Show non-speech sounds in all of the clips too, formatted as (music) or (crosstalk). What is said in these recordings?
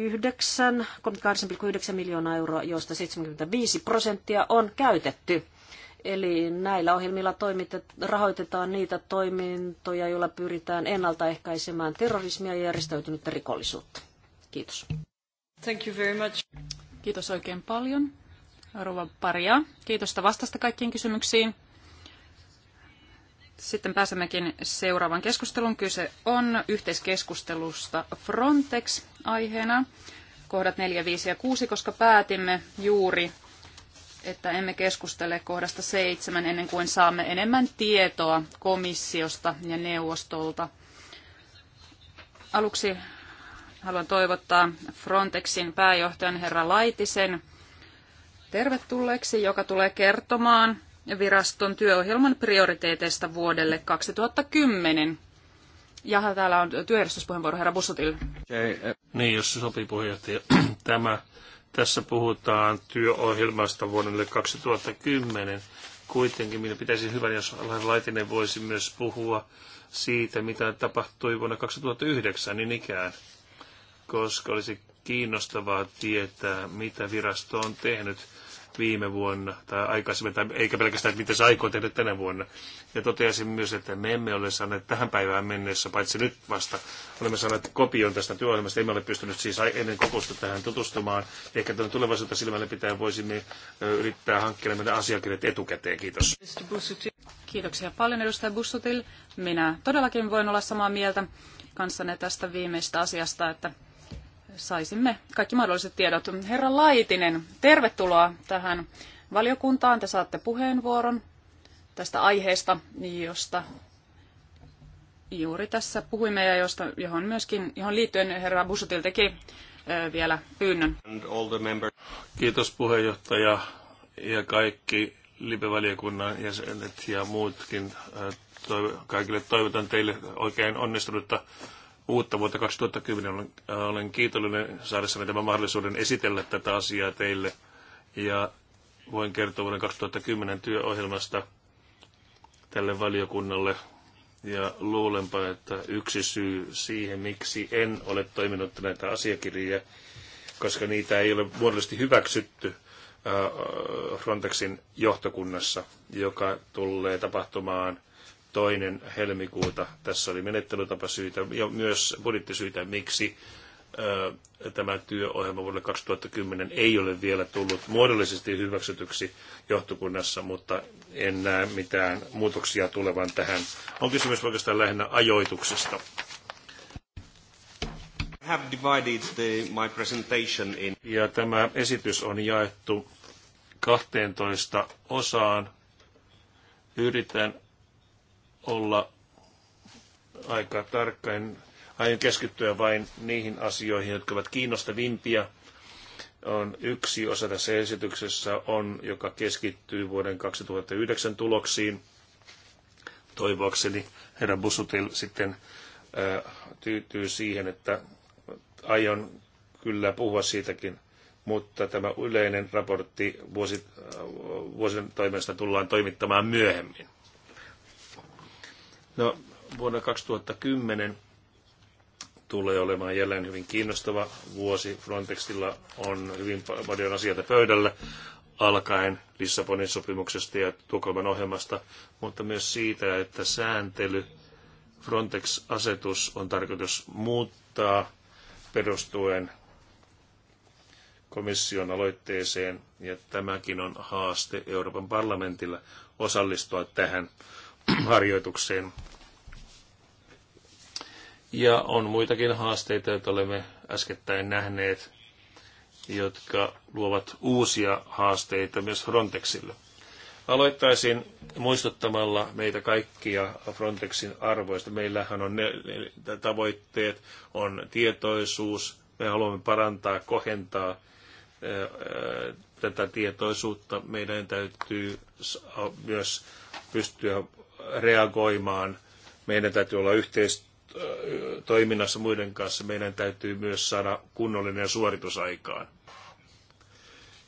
9, miljoonaa euroa, joista 75 prosenttia on käytetty. Eli näillä ohjelmilla toimitet, rahoitetaan niitä toimintoja, joilla pyritään ennaltaehkäisemään terrorismia ja järjestäytynyttä rikollisuutta. Kiitos. Thank you very much. Kiitos oikein paljon. Rouva Paria, kiitos vastasta kaikkiin kysymyksiin. Sitten pääsemmekin seuraavan keskustelun. Kyse on yhteiskeskustelusta Frontex aiheena, kohdat 4, 5 ja 6, koska päätimme juuri, että emme keskustele kohdasta 7 ennen kuin saamme enemmän tietoa komissiosta ja neuvostolta. Aluksi haluan toivottaa Frontexin pääjohtajan herra Laitisen tervetulleeksi, joka tulee kertomaan viraston työohjelman prioriteeteista vuodelle 2010. Ja täällä on työjärjestyspuheenvuoro herra Bussutil. Eh. Niin, jos se sopii puheenjohtaja. (clears throat) Tämä, tässä puhutaan työohjelmasta vuodelle 2010. Kuitenkin minä pitäisin hyvän, jos Laitinen voisi myös puhua siitä, mitä tapahtui vuonna 2009 niin ikään, koska olisi kiinnostavaa tietää, mitä virasto on tehnyt viime vuonna tai aikaisemmin, tai eikä pelkästään, että mitä se aikoo tehdä tänä vuonna. Ja toteaisin myös, että me emme ole saaneet tähän päivään mennessä, paitsi nyt vasta olemme saaneet kopion tästä työohjelmasta. Emme ole pystynyt siis ennen kokousta tähän tutustumaan. Ehkä tämän tulevaisuutta silmällä pitää voisimme yrittää hankkia meidän asiakirjat etukäteen. Kiitos. Kiitoksia paljon edustaja Bussutil. Minä todellakin voin olla samaa mieltä kanssanne tästä viimeistä asiasta, että saisimme kaikki mahdolliset tiedot. Herra Laitinen, tervetuloa tähän valiokuntaan. Te saatte puheenvuoron tästä aiheesta, josta juuri tässä puhuimme ja josta, johon, myöskin, johon liittyen herra Bussutil teki vielä pyynnön. Kiitos puheenjohtaja ja kaikki lipevaliokunnan jäsenet ja muutkin. Kaikille toivotan teille oikein onnistunutta uutta vuotta 2010. Olen, äh, olen kiitollinen saadessani tämän mahdollisuuden esitellä tätä asiaa teille ja voin kertoa vuoden 2010 työohjelmasta tälle valiokunnalle. Ja luulenpa, että yksi syy siihen, miksi en ole toiminut näitä asiakirjoja, koska niitä ei ole muodollisesti hyväksytty äh, Frontexin johtokunnassa, joka tulee tapahtumaan – toinen helmikuuta. Tässä oli menettelytapasyitä ja myös budjettisyitä, miksi tämä työohjelma vuodelle 2010 ei ole vielä tullut muodollisesti hyväksytyksi johtokunnassa, mutta en näe mitään muutoksia tulevan tähän. On kysymys oikeastaan lähinnä ajoituksesta. Have divided the, my presentation in. Ja tämä esitys on jaettu 12 osaan. Yritän olla aika tarkkain. Aion keskittyä vain niihin asioihin, jotka ovat kiinnostavimpia. On yksi osa tässä esityksessä, on, joka keskittyy vuoden 2009 tuloksiin. Toivoakseni herra Busutil sitten äh, tyytyy siihen, että aion kyllä puhua siitäkin, mutta tämä yleinen raportti vuosi, äh, vuosien toimesta tullaan toimittamaan myöhemmin. No, vuonna 2010 tulee olemaan jälleen hyvin kiinnostava vuosi. Frontexilla on hyvin paljon asioita pöydällä alkaen Lissabonin sopimuksesta ja Tukholman ohjelmasta, mutta myös siitä, että sääntely, Frontex-asetus on tarkoitus muuttaa perustuen komission aloitteeseen, ja tämäkin on haaste Euroopan parlamentilla osallistua tähän harjoitukseen. Ja on muitakin haasteita, joita olemme äskettäin nähneet, jotka luovat uusia haasteita myös Frontexille. Aloittaisin muistuttamalla meitä kaikkia Frontexin arvoista. Meillähän on ne, ne tavoitteet, on tietoisuus, me haluamme parantaa, kohentaa ää, tätä tietoisuutta. Meidän täytyy myös pystyä reagoimaan. Meidän täytyy olla yhteistoiminnassa muiden kanssa. Meidän täytyy myös saada kunnollinen suoritus aikaan.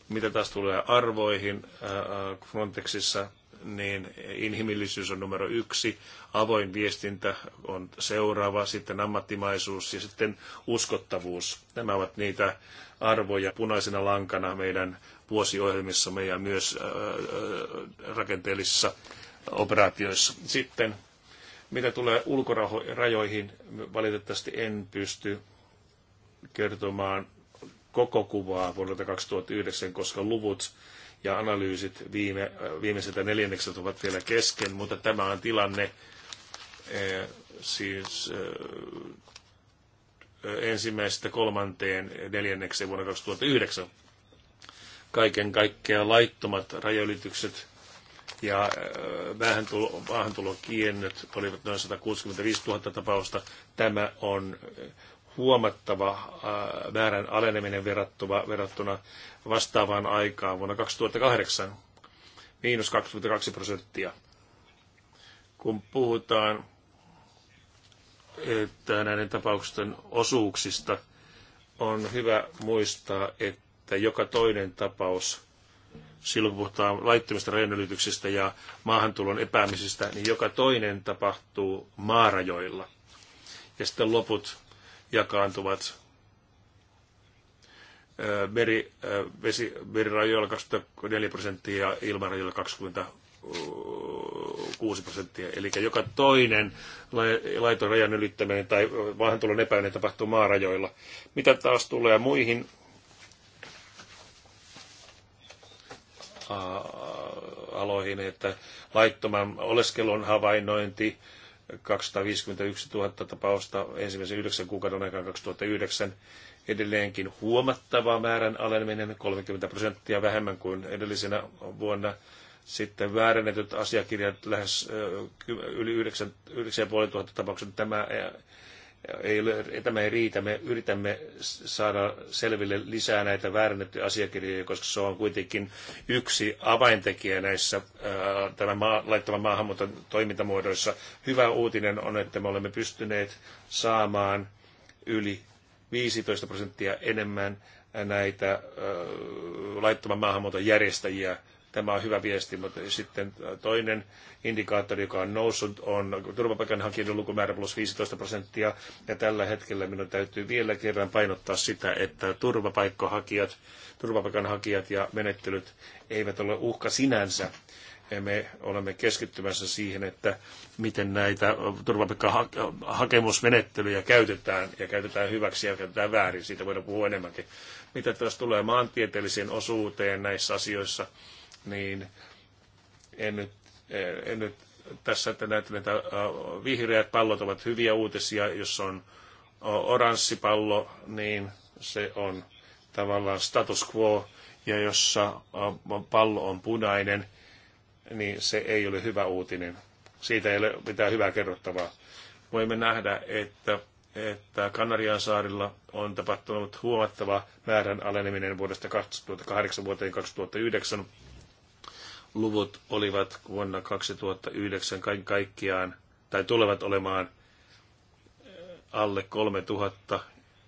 Mitä taas tulee arvoihin äh, Frontexissa, niin inhimillisyys on numero yksi, avoin viestintä on seuraava, sitten ammattimaisuus ja sitten uskottavuus. Nämä ovat niitä arvoja punaisena lankana meidän vuosiohjelmissamme ja myös äh, äh, rakenteellisissa operaatioissa. Sitten mitä tulee ulkorajoihin, valitettavasti en pysty kertomaan koko kuvaa vuodelta 2009, koska luvut ja analyysit viime, äh, viimeiseltä neljännekseltä ovat vielä kesken, mutta tämä on tilanne äh, siis äh, ensimmäisestä kolmanteen neljännekseen vuonna 2009. Kaiken kaikkiaan laittomat rajoitukset ja äh, maahantulo, maahantulon kiennöt olivat noin 165 000 tapausta. Tämä on äh, huomattava äh, määrän aleneminen verrattuna, verrattuna vastaavaan aikaan vuonna 2008, miinus 22 prosenttia. Kun puhutaan että näiden tapausten osuuksista, on hyvä muistaa, että joka toinen tapaus silloin kun puhutaan laittomista rajanylityksistä ja maahantulon epäämisistä, niin joka toinen tapahtuu maarajoilla. Ja sitten loput jakaantuvat meri, vesi, merirajoilla 24 prosenttia ja ilmarajoilla 26 prosenttia. Eli joka toinen laiton rajan ylittäminen tai maahantulon epäinen tapahtuu maarajoilla. Mitä taas tulee muihin aloihin, että laittoman oleskelun havainnointi, 251 000 tapausta ensimmäisen yhdeksän kuukauden aikana 2009, edelleenkin huomattava määrän aleneminen, 30 prosenttia vähemmän kuin edellisenä vuonna. Sitten väärennetyt asiakirjat lähes yli 9500 tapauksen. Tämä ei tämä ei riitä. Me yritämme saada selville lisää näitä väärennettyjä asiakirjoja, koska se on kuitenkin yksi avaintekijä näissä tämän maa, laittoman maahanmuuton toimintamuodoissa. Hyvä uutinen on, että me olemme pystyneet saamaan yli 15 prosenttia enemmän näitä laittoman maahanmuuton järjestäjiä Tämä on hyvä viesti, mutta sitten toinen indikaattori, joka on noussut, on turvapaikanhakijoiden lukumäärä plus 15 prosenttia. Ja tällä hetkellä minun täytyy vielä kerran painottaa sitä, että turvapaikkahakijat, turvapaikanhakijat ja menettelyt eivät ole uhka sinänsä, me olemme keskittymässä siihen, että miten näitä turvapaikkahakemusmenettelyjä käytetään ja käytetään hyväksi ja käytetään väärin. Siitä voidaan puhua enemmänkin. Mitä tässä tulee maantieteelliseen osuuteen näissä asioissa, niin en nyt, en nyt tässä että näitä, näitä vihreät pallot ovat hyviä uutisia, jos on oranssipallo, niin se on tavallaan status quo, ja jossa pallo on punainen, niin se ei ole hyvä uutinen. Siitä ei ole mitään hyvää kerrottavaa. Voimme nähdä, että, että Kanarian saarilla on tapahtunut huomattava määrän aleneminen vuodesta 2008 vuoteen 2009 luvut olivat vuonna 2009 kaiken kaikkiaan, tai tulevat olemaan äh, alle 3000.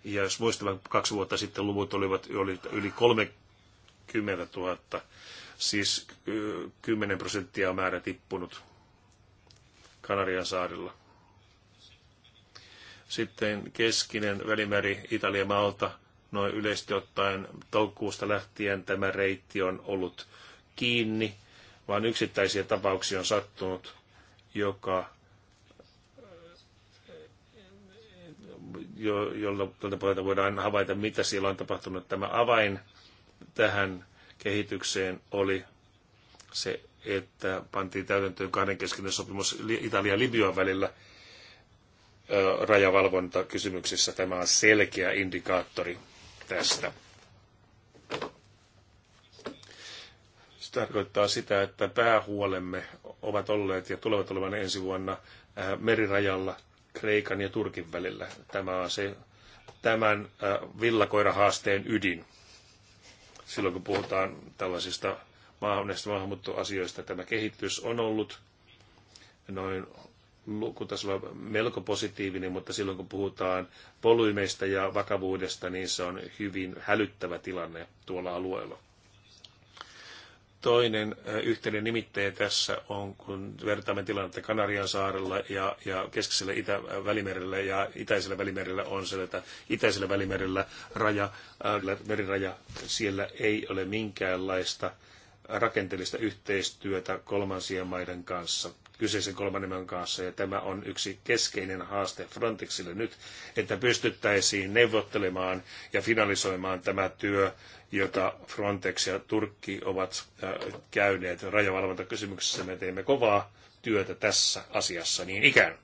Ja jos muistamme, kaksi vuotta sitten luvut olivat yli 30 000, siis 10 äh, prosenttia on määrä tippunut Kanarian saarilla. Sitten keskinen välimeri Italia maalta noin yleisesti ottaen toukkuusta lähtien tämä reitti on ollut kiinni – vaan yksittäisiä tapauksia on sattunut, joka, jo, jolla tältä pohjalta voidaan havaita, mitä siellä on tapahtunut. Tämä avain tähän kehitykseen oli se, että pantiin täytäntöön kahdenkeskinen sopimus Italia ja Libyan välillä rajavalvontakysymyksissä. Tämä on selkeä indikaattori tästä. Se tarkoittaa sitä, että päähuolemme ovat olleet ja tulevat olevan ensi vuonna äh, merirajalla Kreikan ja Turkin välillä. Tämä on se tämän äh, villakoirahaasteen ydin. Silloin kun puhutaan tällaisista näistä maahanmuuttoasioista, tämä kehitys on ollut noin lukutasolla melko positiivinen, mutta silloin kun puhutaan volyymeista ja vakavuudesta, niin se on hyvin hälyttävä tilanne tuolla alueella. Toinen yhteinen nimittäjä tässä on, kun vertaamme tilannetta Kanarian saarella ja, ja keskisellä Itä-Välimerellä ja Itäisellä Välimerellä on se, että Itäisellä Välimerellä raja, ää, meriraja, siellä ei ole minkäänlaista rakenteellista yhteistyötä kolmansien maiden kanssa kyseisen kolmannen maan kanssa, ja tämä on yksi keskeinen haaste Frontexille nyt, että pystyttäisiin neuvottelemaan ja finalisoimaan tämä työ jota Frontex ja Turkki ovat äh, käyneet rajavalvontakysymyksessä. Me teemme kovaa työtä tässä asiassa niin ikään.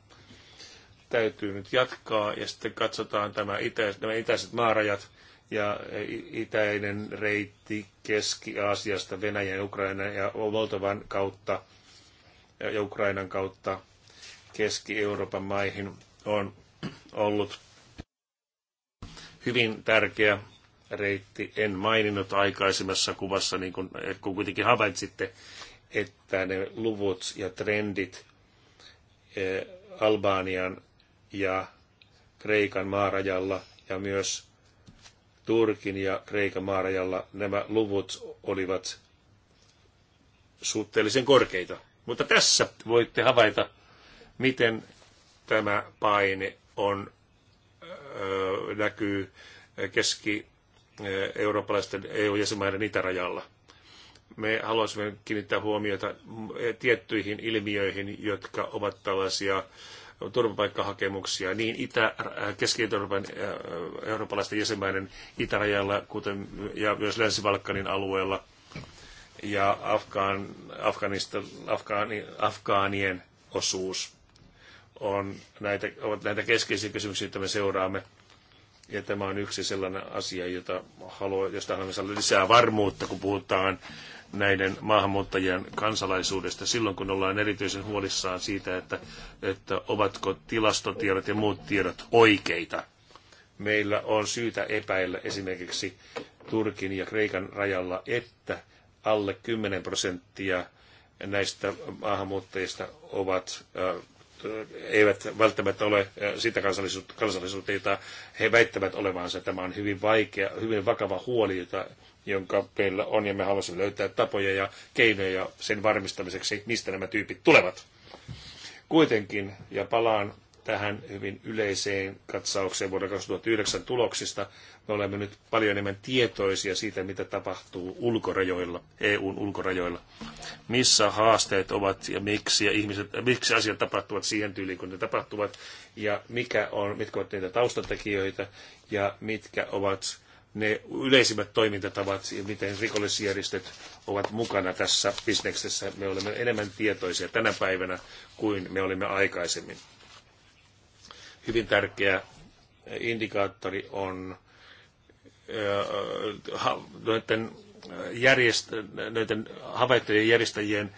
Täytyy nyt jatkaa ja sitten katsotaan tämä itä, nämä itäiset maarajat ja e, itäinen reitti Keski-Aasiasta Venäjän, Ukrainan ja Moldovan kautta ja Ukrainan kautta Keski-Euroopan maihin on ollut hyvin tärkeä reitti en maininnut aikaisemmassa kuvassa, niin kun, eh, kun kuitenkin havaitsitte, että ne luvut ja trendit eh, Albanian ja Kreikan maarajalla ja myös Turkin ja Kreikan maarajalla nämä luvut olivat suhteellisen korkeita. Mutta tässä voitte havaita, miten tämä paine on, öö, näkyy Keski- Eh, eurooppalaisten EU-jäsenmaiden itärajalla. Me haluaisimme kiinnittää huomiota eh, tiettyihin ilmiöihin, jotka ovat tällaisia turvapaikkahakemuksia niin Itä, eh, Keski-Euroopan eurooppalaisten jäsenmaiden itärajalla kuten, ja myös Länsi-Balkanin alueella ja Afgaan, Afgaani, Afgaanien osuus on näitä, ovat näitä keskeisiä kysymyksiä, joita me seuraamme ja tämä on yksi sellainen asia, jota haluaa, josta haluamme saada lisää varmuutta, kun puhutaan näiden maahanmuuttajien kansalaisuudesta silloin, kun ollaan erityisen huolissaan siitä, että, että ovatko tilastotiedot ja muut tiedot oikeita. Meillä on syytä epäillä esimerkiksi Turkin ja Kreikan rajalla, että alle 10 prosenttia näistä maahanmuuttajista ovat eivät välttämättä ole sitä kansallisuutta, kansallisuutta jota he väittävät olevansa. Tämä on hyvin vaikea, hyvin vakava huoli, jota, jonka meillä on, ja me haluaisimme löytää tapoja ja keinoja sen varmistamiseksi, mistä nämä tyypit tulevat. Kuitenkin, ja palaan tähän hyvin yleiseen katsaukseen vuoden 2009 tuloksista. Me olemme nyt paljon enemmän tietoisia siitä, mitä tapahtuu ulkorajoilla, EUn ulkorajoilla. Missä haasteet ovat ja miksi, ja ihmiset, miksi asiat tapahtuvat siihen tyyliin, kun ne tapahtuvat, ja mikä on, mitkä ovat niitä taustatekijöitä, ja mitkä ovat ne yleisimmät toimintatavat ja miten rikollisjärjestöt ovat mukana tässä bisneksessä. Me olemme enemmän tietoisia tänä päivänä kuin me olimme aikaisemmin hyvin tärkeä indikaattori on noiden, järjest, noiden havaittujen järjestäjien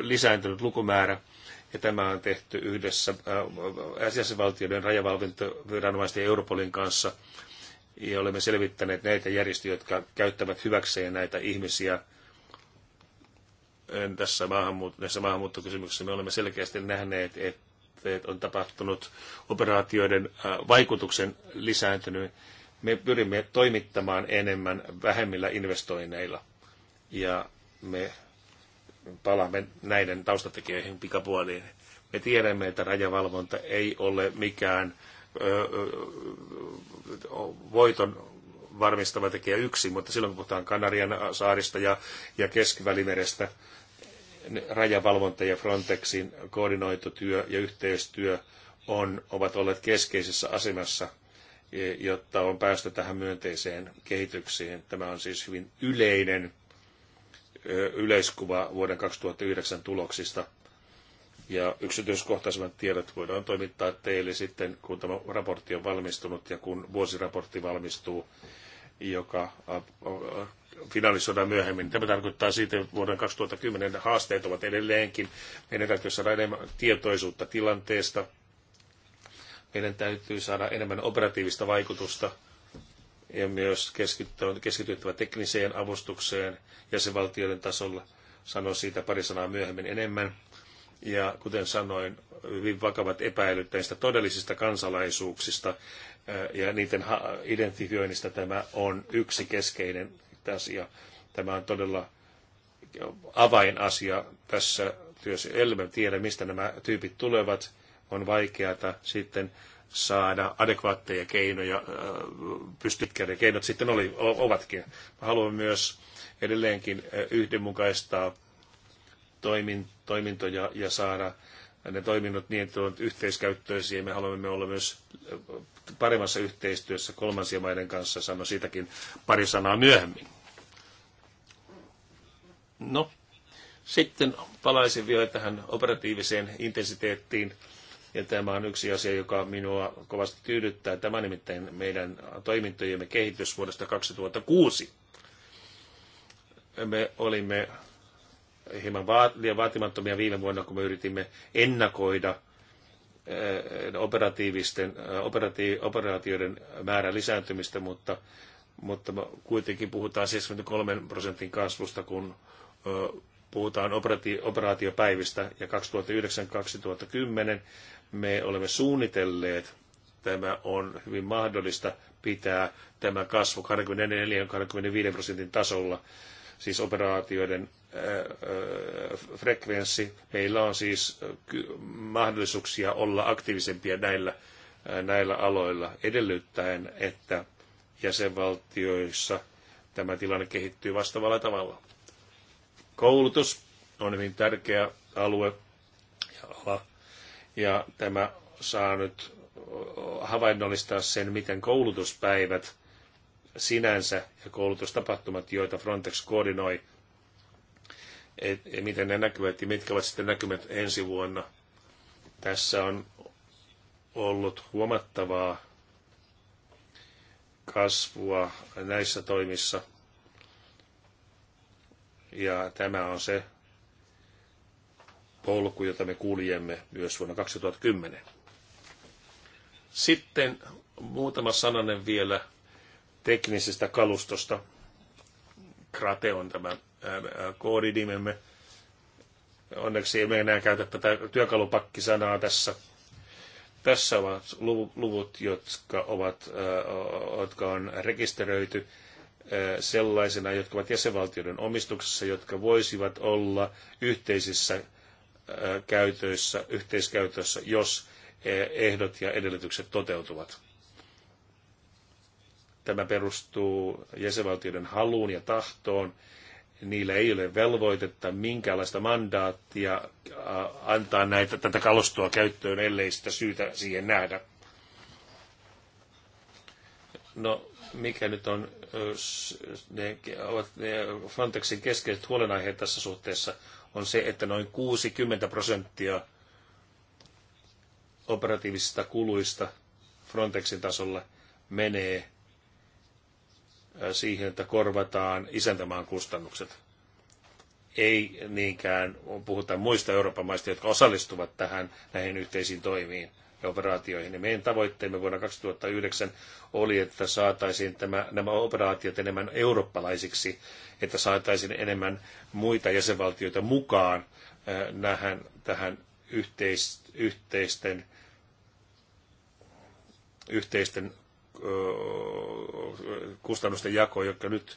lisääntynyt lukumäärä. Ja tämä on tehty yhdessä jäsenvaltioiden rajavalvontaviranomaisten ja Europolin kanssa. Ja olemme selvittäneet näitä järjestöjä, jotka käyttävät hyväkseen näitä ihmisiä tässä maahanmuut- näissä maahanmuuttokysymyksissä. Me olemme selkeästi nähneet, että kasveet on tapahtunut operaatioiden äh, vaikutuksen lisääntynyt. Me pyrimme toimittamaan enemmän vähemmillä investoinneilla ja me palaamme näiden taustatekijöihin pikapuoliin. Me tiedämme, että rajavalvonta ei ole mikään voiton varmistava tekijä yksi, mutta silloin kun puhutaan Kanarian saarista ja, ja keskivälimerestä, rajavalvonta ja Frontexin koordinointotyö ja yhteistyö on, ovat olleet keskeisessä asemassa, e, jotta on päästy tähän myönteiseen kehitykseen. Tämä on siis hyvin yleinen e, yleiskuva vuoden 2009 tuloksista. Ja yksityiskohtaisemmat tiedot voidaan toimittaa teille sitten, kun tämä raportti on valmistunut ja kun vuosiraportti valmistuu, joka finalisoidaan myöhemmin. Tämä tarkoittaa siitä, että vuoden 2010 haasteet ovat edelleenkin. Meidän täytyy saada enemmän tietoisuutta tilanteesta. Meidän täytyy saada enemmän operatiivista vaikutusta ja myös keskityttävä tekniseen avustukseen jäsenvaltioiden tasolla. Sanon siitä pari sanaa myöhemmin enemmän. Ja kuten sanoin, hyvin vakavat epäilyt näistä todellisista kansalaisuuksista ja niiden identifioinnista tämä on yksi keskeinen ja Tämä on todella avainasia tässä työssä. Elmen tiedä, mistä nämä tyypit tulevat. On vaikeata sitten saada adekvaatteja keinoja, äh, pystytkään ne keinot sitten oli, ovatkin. haluan myös edelleenkin äh, yhdenmukaistaa toimintoja ja saada ne toiminnot niin, että ovat yhteiskäyttöisiä. Me haluamme olla myös äh, paremmassa yhteistyössä kolmansien maiden kanssa. Sano siitäkin pari sanaa myöhemmin. No, sitten palaisin vielä tähän operatiiviseen intensiteettiin. Ja tämä on yksi asia, joka minua kovasti tyydyttää. Tämä nimittäin meidän toimintojemme kehitys vuodesta 2006. Me olimme hieman liian vaatimattomia viime vuonna, kun me yritimme ennakoida eh, operatiivisten, eh, operati, operaatioiden määrän lisääntymistä, mutta, mutta kuitenkin puhutaan 73 prosentin kasvusta, kun puhutaan operaatiopäivistä ja 2009-2010 me olemme suunnitelleet, tämä on hyvin mahdollista pitää tämä kasvu 24-25 prosentin tasolla, siis operaatioiden frekvenssi. Meillä on siis mahdollisuuksia olla aktiivisempia näillä, näillä aloilla edellyttäen, että jäsenvaltioissa tämä tilanne kehittyy vastaavalla tavalla. Koulutus on hyvin tärkeä alue ja ala, ja tämä saa nyt havainnollistaa sen, miten koulutuspäivät sinänsä ja koulutustapahtumat, joita Frontex koordinoi, et, et miten ne näkyvät ja mitkä ovat sitten näkymät ensi vuonna. Tässä on ollut huomattavaa kasvua näissä toimissa – ja tämä on se polku, jota me kuljemme myös vuonna 2010. Sitten muutama sananen vielä teknisestä kalustosta. Krate on tämä koodinimemme. Onneksi emme enää käytä tätä työkalupakkisanaa tässä. Tässä ovat luvut, jotka, ovat, jotka on rekisteröity sellaisena, jotka ovat jäsenvaltioiden omistuksessa, jotka voisivat olla yhteisissä käytöissä, yhteiskäytössä, jos ehdot ja edellytykset toteutuvat. Tämä perustuu jäsenvaltioiden haluun ja tahtoon. Niillä ei ole velvoitetta minkäänlaista mandaattia antaa näitä, tätä kalustoa käyttöön, ellei sitä syytä siihen nähdä. No, mikä nyt on ne, ovat ne Frontexin keskeiset huolenaiheet tässä suhteessa, on se, että noin 60 prosenttia operatiivisista kuluista Frontexin tasolla menee siihen, että korvataan isäntämaan kustannukset. Ei niinkään puhuta muista Euroopan maista, jotka osallistuvat tähän näihin yhteisiin toimiin – ja operaatioihin. Ja meidän tavoitteemme vuonna 2009 oli, että saataisiin tämä, nämä operaatiot enemmän eurooppalaisiksi, että saataisiin enemmän muita jäsenvaltioita mukaan äh, nähän, tähän yhteis, yhteisten, yhteisten kustannusten jako, jotka nyt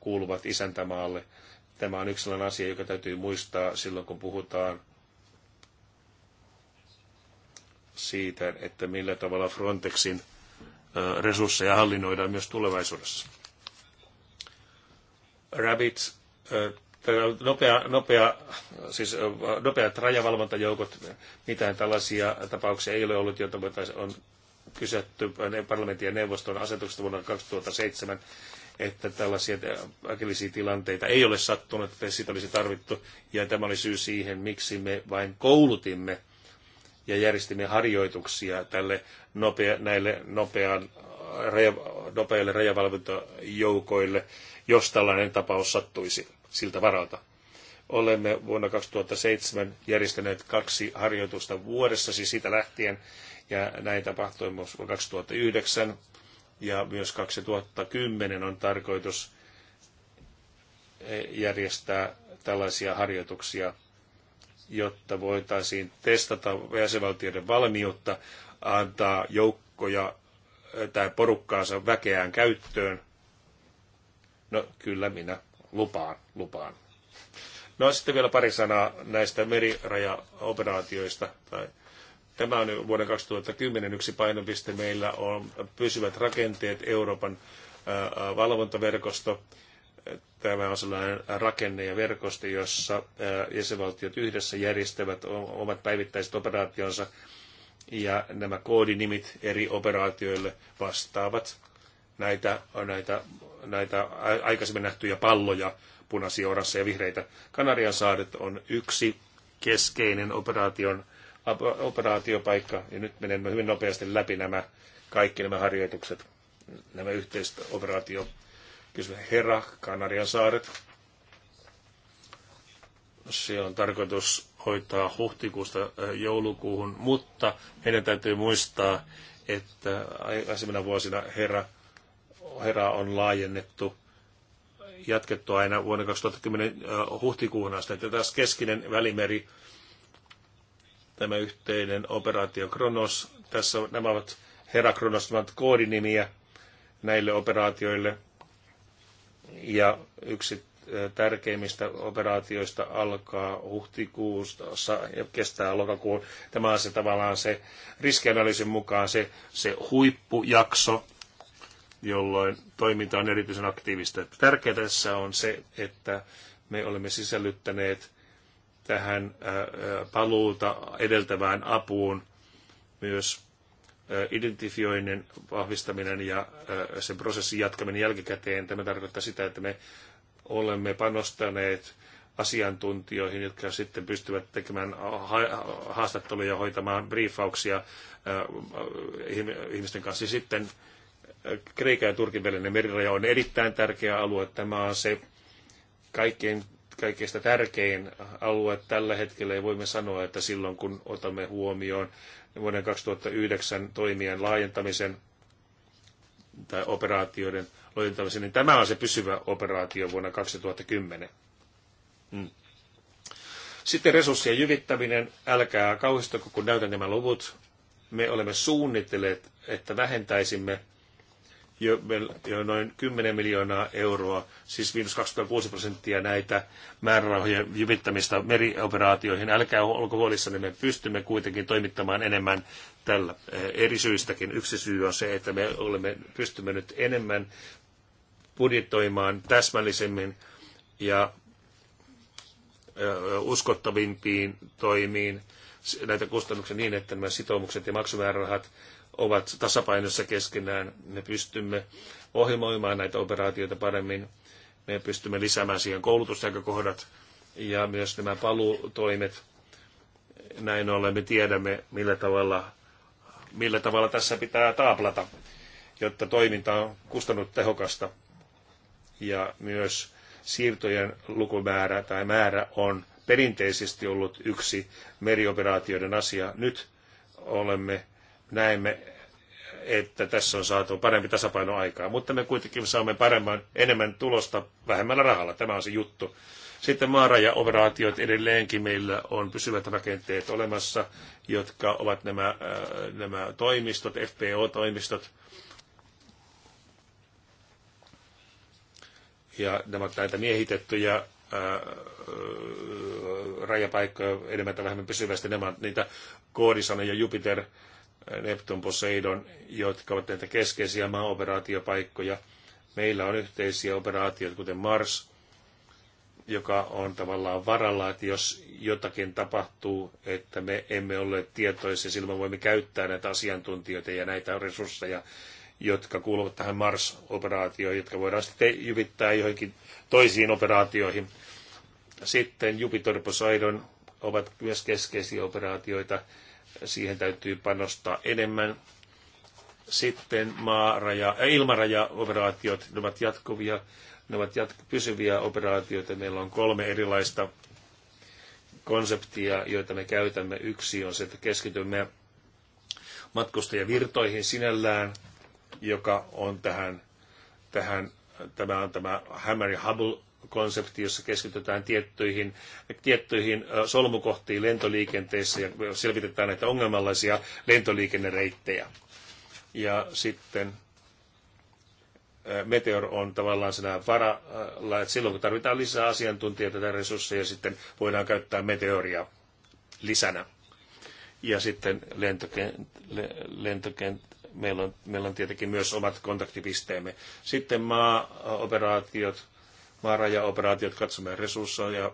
kuuluvat isäntämaalle. Tämä on yksi sellainen asia, joka täytyy muistaa silloin, kun puhutaan siitä, että millä tavalla Frontexin resursseja hallinnoidaan myös tulevaisuudessa. Rabbit, nopea, nopea, siis nopeat rajavalvontajoukot, mitään tällaisia tapauksia ei ole ollut, joita on kysytty parlamentin ja neuvoston asetuksesta vuonna 2007, että tällaisia äkillisiä tilanteita ei ole sattunut, että siitä olisi tarvittu, ja tämä oli syy siihen, miksi me vain koulutimme ja järjestimme harjoituksia tälle nopea, näille nopean, raja, nopeille rajavalvontajoukoille, jos tällainen tapaus sattuisi siltä varalta. Olemme vuonna 2007 järjestäneet kaksi harjoitusta vuodessa, siis siitä lähtien, ja näin tapahtui myös vuonna 2009, ja myös 2010 on tarkoitus eh, järjestää tällaisia harjoituksia jotta voitaisiin testata jäsenvaltioiden valmiutta antaa joukkoja eh, tai porukkaansa väkeään käyttöön. No kyllä minä lupaan, lupaan. No sitten vielä pari sanaa näistä merirajaoperaatioista. Tämä on vuoden 2010 yksi painopiste. Meillä on pysyvät rakenteet Euroopan eh, valvontaverkosto tämä on sellainen rakenne ja verkosto, jossa jäsenvaltiot yhdessä järjestävät omat päivittäiset operaationsa ja nämä koodinimit eri operaatioille vastaavat näitä, näitä, näitä aikaisemmin nähtyjä palloja, punaisia, oransseja ja vihreitä. Kanarian saaret on yksi keskeinen operaation, operaatiopaikka, ja nyt menemme hyvin nopeasti läpi nämä kaikki nämä harjoitukset, nämä yhteiset operaatiopaikka kysymys. herra, Kanarian saaret. Siellä on tarkoitus hoitaa huhtikuusta äh, joulukuuhun, mutta meidän täytyy muistaa, että aikaisemmina vuosina herra, herra on laajennettu jatkettu aina vuonna 2010 äh, huhtikuuhun asti. Ja taas keskinen välimeri, tämä yhteinen operaatio Kronos, tässä nämä ovat Herakronos, nämä ovat koodinimiä näille operaatioille. Ja yksi tärkeimmistä operaatioista alkaa huhtikuussa ja kestää lokakuun. Tämä on se tavallaan se riskianalyysin mukaan se, se huippujakso, jolloin toiminta on erityisen aktiivista. Tärkeää tässä on se, että me olemme sisällyttäneet tähän paluuta edeltävään apuun myös identifioinnin vahvistaminen ja sen prosessin jatkaminen jälkikäteen. Tämä tarkoittaa sitä, että me olemme panostaneet asiantuntijoihin, jotka sitten pystyvät tekemään haastatteluja, hoitamaan briefauksia ihmisten kanssa. Sitten Kreikan ja Turkin välinen meriraja on erittäin tärkeä alue. Tämä on se kaikkein, kaikista tärkein alue tällä hetkellä ja voimme sanoa, että silloin kun otamme huomioon vuoden 2009 toimien laajentamisen tai operaatioiden laajentamisen, niin tämä on se pysyvä operaatio vuonna 2010. Hmm. Sitten resurssien jyvittäminen. Älkää kauhistako, kun näytän nämä luvut. Me olemme suunnitelleet, että vähentäisimme jo, jo noin 10 miljoonaa euroa, siis miinus 26 prosenttia näitä määrärahojen jyvittämistä merioperaatioihin. Älkää olko niin me pystymme kuitenkin toimittamaan enemmän tällä eh, eri syistäkin. Yksi syy on se, että me olemme, pystymme nyt enemmän budjetoimaan täsmällisemmin ja eh, uskottavimpiin toimiin näitä kustannuksia niin, että nämä sitoumukset ja maksumäärärahat ovat tasapainossa keskenään. Me pystymme ohjelmoimaan näitä operaatioita paremmin. Me pystymme lisäämään siihen koulutusnäkökohdat ja myös nämä palutoimet. Näin ollen me tiedämme, millä tavalla, millä tavalla tässä pitää taaplata, jotta toiminta on kustannut tehokasta Ja myös siirtojen lukumäärä tai määrä on perinteisesti ollut yksi merioperaatioiden asia. Nyt olemme näemme, että tässä on saatu parempi tasapaino aikaa, mutta me kuitenkin saamme paremman, enemmän tulosta vähemmällä rahalla. Tämä on se juttu. Sitten maarajaoperaatiot edelleenkin meillä on pysyvät rakenteet olemassa, jotka ovat nämä, äh, nämä toimistot, FPO-toimistot. Ja nämä ovat näitä miehitettyjä äh, rajapaikkoja enemmän tai vähemmän pysyvästi. Nämä ovat niitä koodisanoja Jupiter, Neptun Poseidon, jotka ovat näitä keskeisiä maaoperaatiopaikkoja. Meillä on yhteisiä operaatioita, kuten Mars, joka on tavallaan varalla, että jos jotakin tapahtuu, että me emme ole tietoisia, silloin voimme käyttää näitä asiantuntijoita ja näitä resursseja, jotka kuuluvat tähän Mars-operaatioon, jotka voidaan sitten jyvittää joihinkin toisiin operaatioihin. Sitten Jupiter Poseidon ovat myös keskeisiä operaatioita, siihen täytyy panostaa enemmän. Sitten maaraja, äh, ilmarajaoperaatiot, ne ovat jatkuvia, ne ovat jatku, pysyviä operaatioita. Meillä on kolme erilaista konseptia, joita me käytämme. Yksi on se, että keskitymme matkustajavirtoihin sinällään, joka on tähän, tähän tämä on tämä Hammer ja Hubble konsepti, jossa keskitytään tiettyihin, tiettyihin solmukohtiin lentoliikenteessä ja selvitetään näitä ongelmallisia lentoliikennereittejä. Ja sitten Meteor on tavallaan sinä varalla, että silloin kun tarvitaan lisää asiantuntijoita tai resursseja, sitten voidaan käyttää Meteoria lisänä. Ja sitten lentokent, lentokent, meillä, on, meillä on tietenkin myös omat kontaktipisteemme. Sitten maa-operaatiot, maarajaoperaatiot, katsomme resursseja,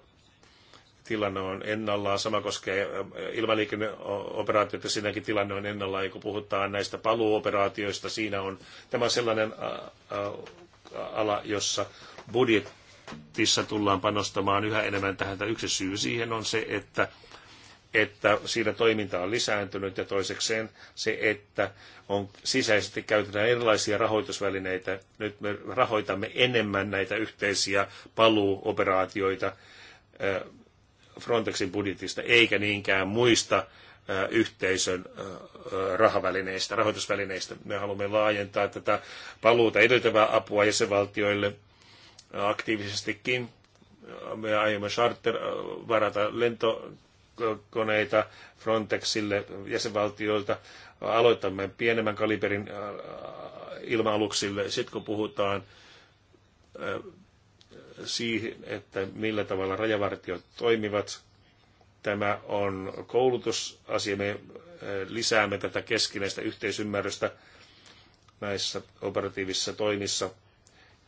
tilanne on ennallaan. Sama koskee eh, ilmaliikenneoperaatioita, siinäkin tilanne on ennallaan. Ja kun puhutaan näistä paluoperaatioista, siinä on tämä on sellainen ala, jossa budjettissa tullaan panostamaan yhä enemmän tähän. Yksi syy siihen on se, että että siinä toiminta on lisääntynyt ja toisekseen se, että on sisäisesti käytetään erilaisia rahoitusvälineitä. Nyt me rahoitamme enemmän näitä yhteisiä paluuoperaatioita Frontexin budjetista, eikä niinkään muista yhteisön rahavälineistä, rahoitusvälineistä. Me haluamme laajentaa tätä paluuta edeltävää apua jäsenvaltioille aktiivisestikin. Me aiomme charter varata lento koneita Frontexille jäsenvaltioilta. Aloitamme pienemmän kaliberin ilma-aluksille. Sitten kun puhutaan siihen, että millä tavalla rajavartiot toimivat, tämä on koulutusasia. Me lisäämme tätä keskinäistä yhteisymmärrystä näissä operatiivisissa toimissa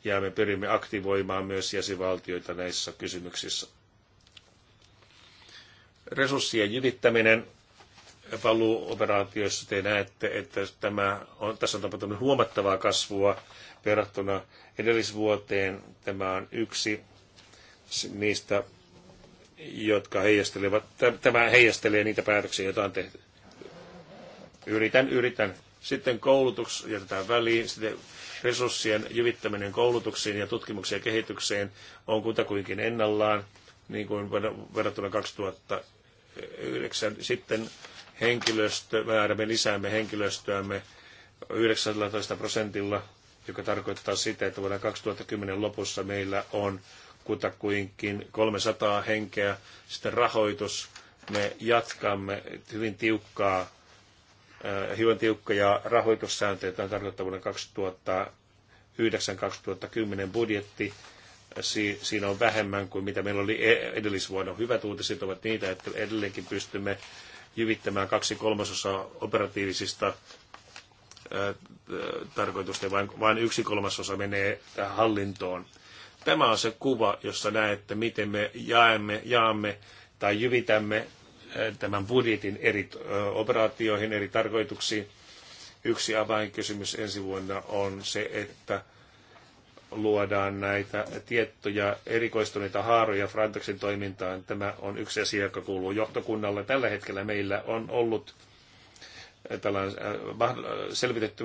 ja me pyrimme aktivoimaan myös jäsenvaltioita näissä kysymyksissä resurssien jyvittäminen paluoperaatioissa te näette, että tämä on, tässä on tapahtunut huomattavaa kasvua verrattuna edellisvuoteen. Tämä on yksi niistä, jotka heijastelevat, tämä heijastelee niitä päätöksiä, joita on tehty. Yritän, yritän. Sitten koulutus jätetään väliin, sitten resurssien jyvittäminen koulutuksiin ja tutkimukseen ja kehitykseen on kutakuinkin ennallaan, niin kuin verrattuna 2000 yhdeksän, sitten henkilöstömäärä, me lisäämme henkilöstöämme 19 prosentilla, joka tarkoittaa sitä, että vuonna 2010 lopussa meillä on kutakuinkin 300 henkeä. Sitten rahoitus, me jatkamme hyvin tiukkaa, hyvin äh, tiukkoja rahoitussääntöjä, tämä tarkoittaa vuonna 2009-2010 budjetti siinä on vähemmän kuin mitä meillä oli e, edellisvuonna. Hyvät uutiset ovat niitä, että edelleenkin pystymme jyvittämään kaksi kolmasosaa operatiivisista tarkoitusten, vain, vain yksi kolmasosa menee hallintoon. Tämä on se kuva, jossa näette, miten me jaemme, jaamme tai jyvitämme tämän budjetin eri operaatioihin, eri tarkoituksiin. Yksi avainkysymys ensi vuonna on se, että luodaan näitä tiettyjä erikoistuneita haaroja Frontexin toimintaan. Tämä on yksi asia, joka kuuluu johtokunnalle. Tällä hetkellä meillä on ollut äh, tällainen äh, äh, selvitetty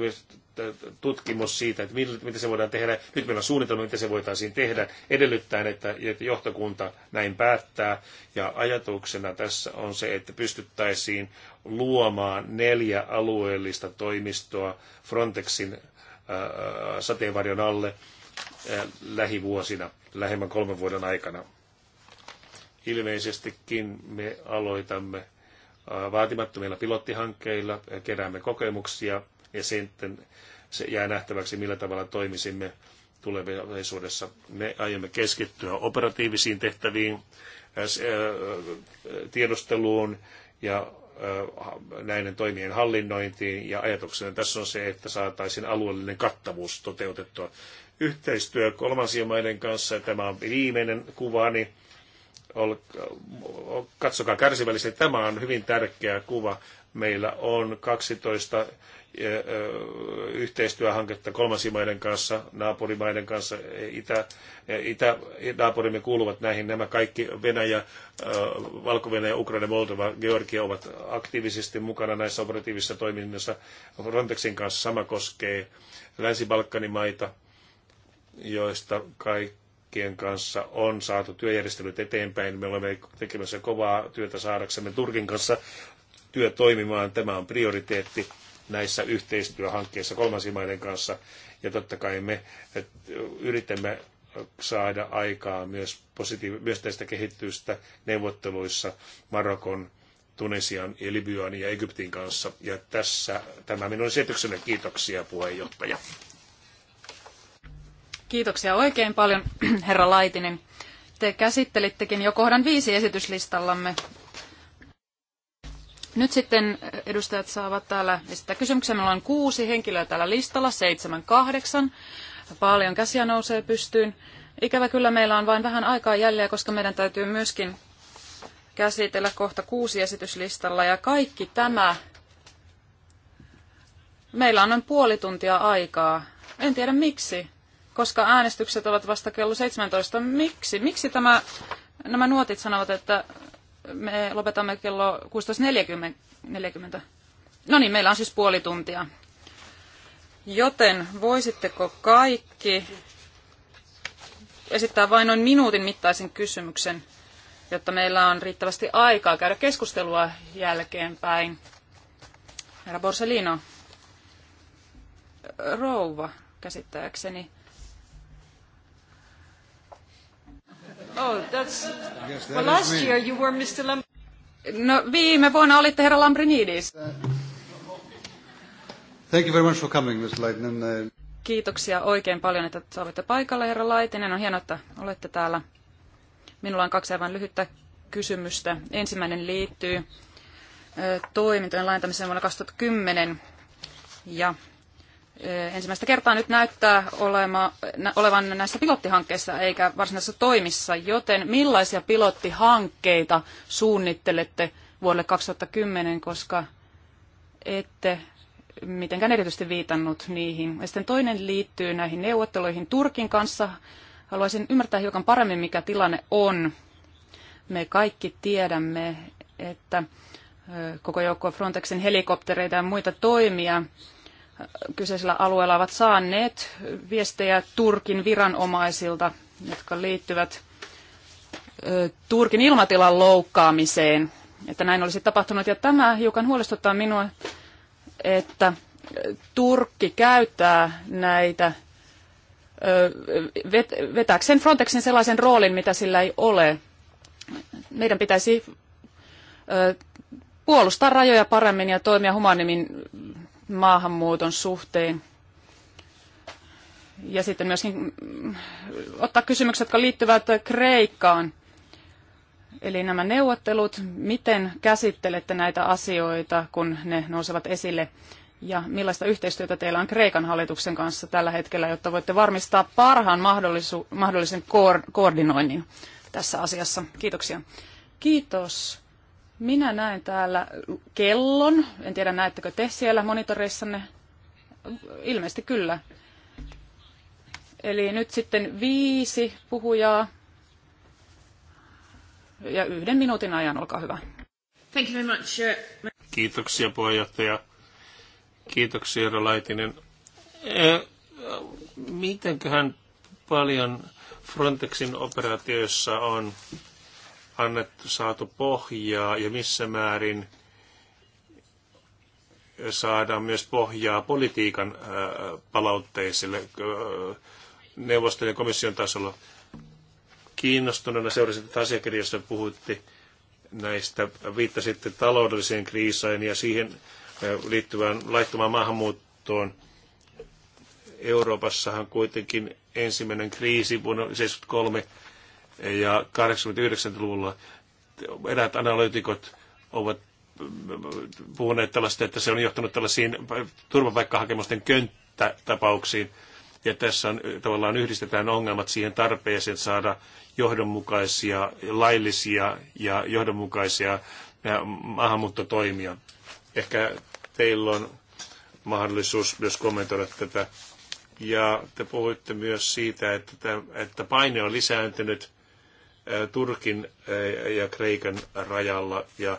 tutkimus siitä, että mitä se voidaan tehdä. Nyt meillä on suunnitelma, mitä se voitaisiin tehdä, edellyttäen, että johtokunta näin päättää. Ja ajatuksena tässä on se, että pystyttäisiin luomaan neljä alueellista toimistoa Frontexin sateenvarjon alle Eh, lähivuosina, lähemmän kolmen vuoden aikana. Ilmeisestikin me aloitamme eh, vaatimattomilla pilottihankkeilla, eh, keräämme kokemuksia ja sitten se jää nähtäväksi, millä tavalla toimisimme tulevaisuudessa. Me aiomme keskittyä operatiivisiin tehtäviin, tiedusteluun ja näiden toimien hallinnointiin ja ajatuksena tässä on se, että saataisiin alueellinen kattavuus toteutettua yhteistyö kolmansien maiden kanssa, tämä on viimeinen kuvani, niin ol, katsokaa kärsivällisesti, tämä on hyvin tärkeä kuva. Meillä on 12 e, e, yhteistyöhanketta kolmansien maiden kanssa, naapurimaiden kanssa, e, itä, itä, naapurimme kuuluvat näihin, nämä kaikki Venäjä, valko -Venäjä, Ukraina, Moldova, Georgia ovat aktiivisesti mukana näissä operatiivisissa toiminnassa. Frontexin kanssa sama koskee Länsi-Balkanin maita, joista kaikkien kanssa on saatu työjärjestelyt eteenpäin. Me olemme tekemässä kovaa työtä saadaksemme Turkin kanssa työ toimimaan. Tämä on prioriteetti näissä yhteistyöhankkeissa kolmansien maiden kanssa. Ja totta kai me yritämme saada aikaa myös, positiiv- myös tästä kehitystä neuvotteluissa Marokon, ja Libyan ja Egyptin kanssa. Ja tässä tämä minun esitykseni. Kiitoksia puheenjohtaja. Kiitoksia oikein paljon, (clears throat) herra Laitinen. Te käsittelittekin jo kohdan viisi esityslistallamme. Nyt sitten edustajat saavat täällä esittää kysymyksiä. Meillä on kuusi henkilöä täällä listalla, seitsemän, kahdeksan. Paljon käsiä nousee pystyyn. Ikävä kyllä meillä on vain vähän aikaa jäljellä, koska meidän täytyy myöskin käsitellä kohta kuusi esityslistalla. Ja kaikki tämä, meillä on noin puoli tuntia aikaa. En tiedä miksi koska äänestykset ovat vasta kello 17. Miksi? Miksi tämä, nämä nuotit sanovat, että me lopetamme kello 16.40? No niin, meillä on siis puoli tuntia. Joten voisitteko kaikki esittää vain noin minuutin mittaisen kysymyksen, jotta meillä on riittävästi aikaa käydä keskustelua jälkeenpäin. Herra Borsellino, rouva käsittääkseni. Oh, that's... that well, last year you were Mr. Lam... No, viime vuonna olitte herra Lambrinidis. Thank you very much for coming, Ms. Leitinen. Uh, Kiitoksia oikein paljon, että olette paikalla, herra Laitinen. On hienoa, että olette täällä. Minulla on kaksi aivan lyhyttä kysymystä. Ensimmäinen liittyy toimintojen laajentamiseen vuonna 2010 ja ensimmäistä kertaa nyt näyttää olema, olevan näissä pilottihankkeissa eikä varsinaisissa toimissa, joten millaisia pilottihankkeita suunnittelette vuodelle 2010, koska ette mitenkään erityisesti viitannut niihin. Ja sitten toinen liittyy näihin neuvotteluihin Turkin kanssa. Haluaisin ymmärtää hiukan paremmin, mikä tilanne on. Me kaikki tiedämme, että koko joukko Frontexin helikoptereita ja muita toimia kyseisellä alueella ovat saaneet viestejä Turkin viranomaisilta, jotka liittyvät Turkin ilmatilan loukkaamiseen, että näin olisi tapahtunut. Ja tämä hiukan huolestuttaa minua, että Turkki käyttää näitä vetääkseen Frontexin sellaisen roolin, mitä sillä ei ole. Meidän pitäisi puolustaa rajoja paremmin ja toimia humanimmin maahanmuuton suhteen. Ja sitten myöskin mm, ottaa kysymykset, jotka liittyvät Kreikkaan. Eli nämä neuvottelut, miten käsittelette näitä asioita, kun ne nousevat esille? Ja millaista yhteistyötä teillä on Kreikan hallituksen kanssa tällä hetkellä, jotta voitte varmistaa parhaan mahdollisu- mahdollisen koor- koordinoinnin tässä asiassa? Kiitoksia. Kiitos minä näen täällä kellon. En tiedä, näettekö te siellä monitoreissanne? Ilmeisesti kyllä. Eli nyt sitten viisi puhujaa ja yhden minuutin ajan, olkaa hyvä. Thank you very much. Uh, Kiitoksia puheenjohtaja. Kiitoksia Eero Laitinen. E, mitenköhän paljon Frontexin operaatioissa on annettu, saatu pohjaa ja missä määrin saadaan myös pohjaa politiikan äh, palautteisille äh, neuvoston ja komission tasolla. Kiinnostuneena seurasin tätä asiakirjaa, puhutti näistä, viittasitte taloudelliseen kriisiin ja siihen äh, liittyvään laittomaan maahanmuuttoon. Euroopassahan kuitenkin ensimmäinen kriisi vuonna 1973 ja 89-luvulla eräät analyytikot ovat puhuneet tällaista, että se on johtanut tällaisiin turvapaikkahakemusten könttätapauksiin. Ja tässä on, tavallaan yhdistetään ongelmat siihen tarpeeseen saada johdonmukaisia, laillisia ja johdonmukaisia maahanmuuttotoimia. Ehkä teillä on mahdollisuus myös kommentoida tätä. Ja te puhuitte myös siitä, että, että paine on lisääntynyt Turkin ja Kreikan rajalla ja,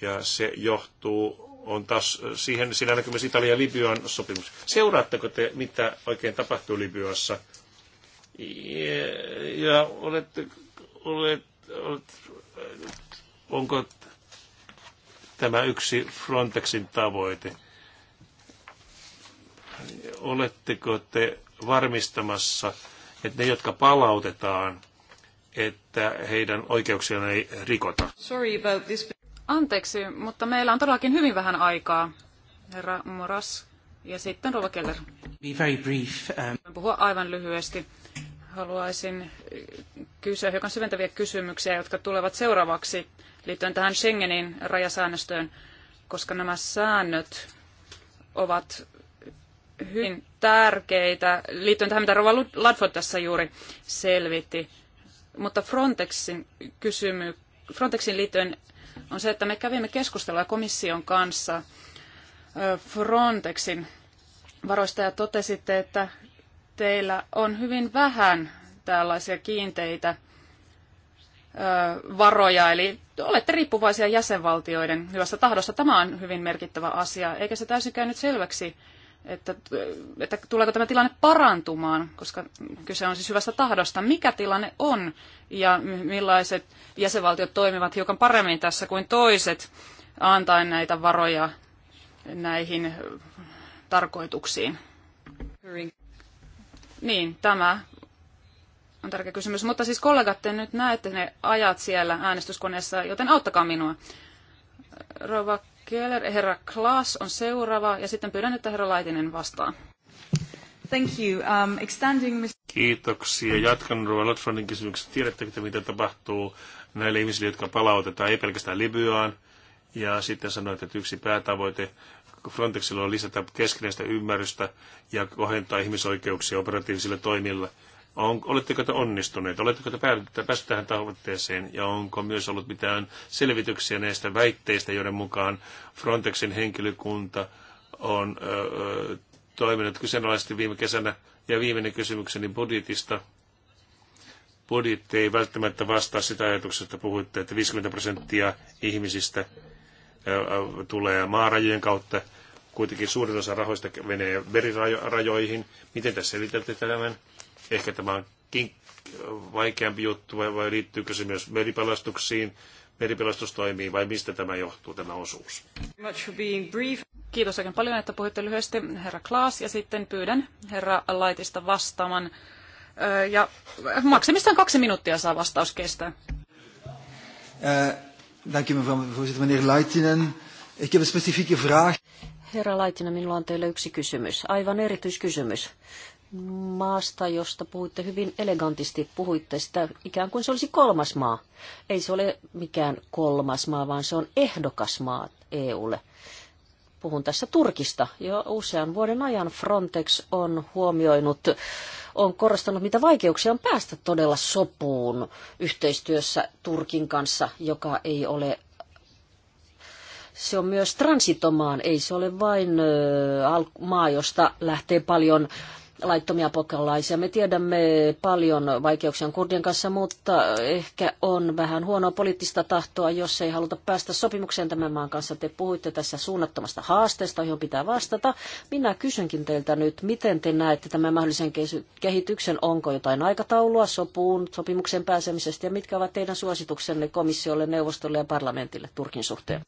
ja se johtuu, on taas siihen näkyy myös Italia ja Libyan sopimus. Seuraatteko te, mitä oikein tapahtuu Libyassa? Ja, ja olette, olet, olet, onko tämä yksi Frontexin tavoite? Oletteko te varmistamassa, että ne, jotka palautetaan – että heidän oikeuksiaan ei rikota. Sorry about this. Anteeksi, mutta meillä on todellakin hyvin vähän aikaa, herra Moras. Ja sitten Rova Keller. Be very brief. Um... Puhua aivan lyhyesti. Haluaisin äh, kysyä hiukan syventäviä kysymyksiä, jotka tulevat seuraavaksi liittyen tähän Schengenin rajasäännöstöön, koska nämä säännöt ovat hyvin tärkeitä liittyen tähän, mitä Rova Ladford tässä juuri selvitti mutta Frontexin kysymy, Frontexin liittyen on se, että me kävimme keskustelua komission kanssa Frontexin varoista ja totesitte, että teillä on hyvin vähän tällaisia kiinteitä varoja, eli olette riippuvaisia jäsenvaltioiden hyvästä tahdosta. Tämä on hyvin merkittävä asia, eikä se täysin käynyt selväksi että, että tuleeko tämä tilanne parantumaan, koska kyse on siis hyvästä tahdosta. Mikä tilanne on ja millaiset jäsenvaltiot toimivat hiukan paremmin tässä kuin toiset, antaen näitä varoja näihin tarkoituksiin? Niin, tämä on tärkeä kysymys. Mutta siis kollegat, te nyt näette ne ajat siellä äänestyskoneessa, joten auttakaa minua. Rova Keller, herra Klaas on seuraava ja sitten pyydän, että herra Laitinen vastaa. Thank you. Um, extending... Kiitoksia. Jatkan Ruoan Lotfronin kysymyksestä. Tiedättekö te, mitä tapahtuu näille ihmisille, jotka palautetaan, ei pelkästään Libyaan? Ja sitten sanoit, että yksi päätavoite Frontexilla on lisätä keskinäistä ymmärrystä ja kohentaa ihmisoikeuksia operatiivisilla toimilla. On, oletteko te onnistuneet? Oletteko te päässeet tähän tavoitteeseen? Ja onko myös ollut mitään selvityksiä näistä väitteistä, joiden mukaan Frontexin henkilökunta on öö, toiminut kyseenalaisesti viime kesänä? Ja viimeinen kysymykseni budjetista. Budjetti ei välttämättä vastaa sitä ajatuksesta, että puhuitte, että 50 prosenttia ihmisistä tulee maarajojen kautta. Kuitenkin suurin osa rahoista menee verirajoihin. Miten tässä selitätte tämän? Ehkä tämä on vaikeampi juttu vai, vai liittyykö se myös meripelastuksiin, meripelastustoimiin vai mistä tämä johtuu, tämä osuus? Kiitos oikein paljon, että puhuitte lyhyesti, herra Klaas, ja sitten pyydän herra Laitista vastaamaan. Ja maksimissaan kaksi minuuttia saa vastaus kestää. Dank u voorzitter, meneer Laitinen. Ik heb een specifieke vraag. Herra Laitinen, minulla on teille yksi kysymys, aivan erityiskysymys maasta, josta puhuitte hyvin elegantisti. Puhuitte sitä ikään kuin se olisi kolmas maa. Ei se ole mikään kolmas maa, vaan se on ehdokas maa EUlle. Puhun tässä Turkista. Jo usean vuoden ajan Frontex on huomioinut, on korostanut, mitä vaikeuksia on päästä todella sopuun yhteistyössä Turkin kanssa, joka ei ole se on myös transitomaan, ei se ole vain maa, josta lähtee paljon laittomia pakolaisia. Me tiedämme paljon vaikeuksia kurdien kanssa, mutta ehkä on vähän huonoa poliittista tahtoa, jos ei haluta päästä sopimukseen tämän maan kanssa. Te puhuitte tässä suunnattomasta haasteesta, johon pitää vastata. Minä kysynkin teiltä nyt, miten te näette tämän mahdollisen kehityksen? Onko jotain aikataulua sopuun sopimuksen pääsemisestä ja mitkä ovat teidän suosituksenne komissiolle, neuvostolle ja parlamentille Turkin suhteen?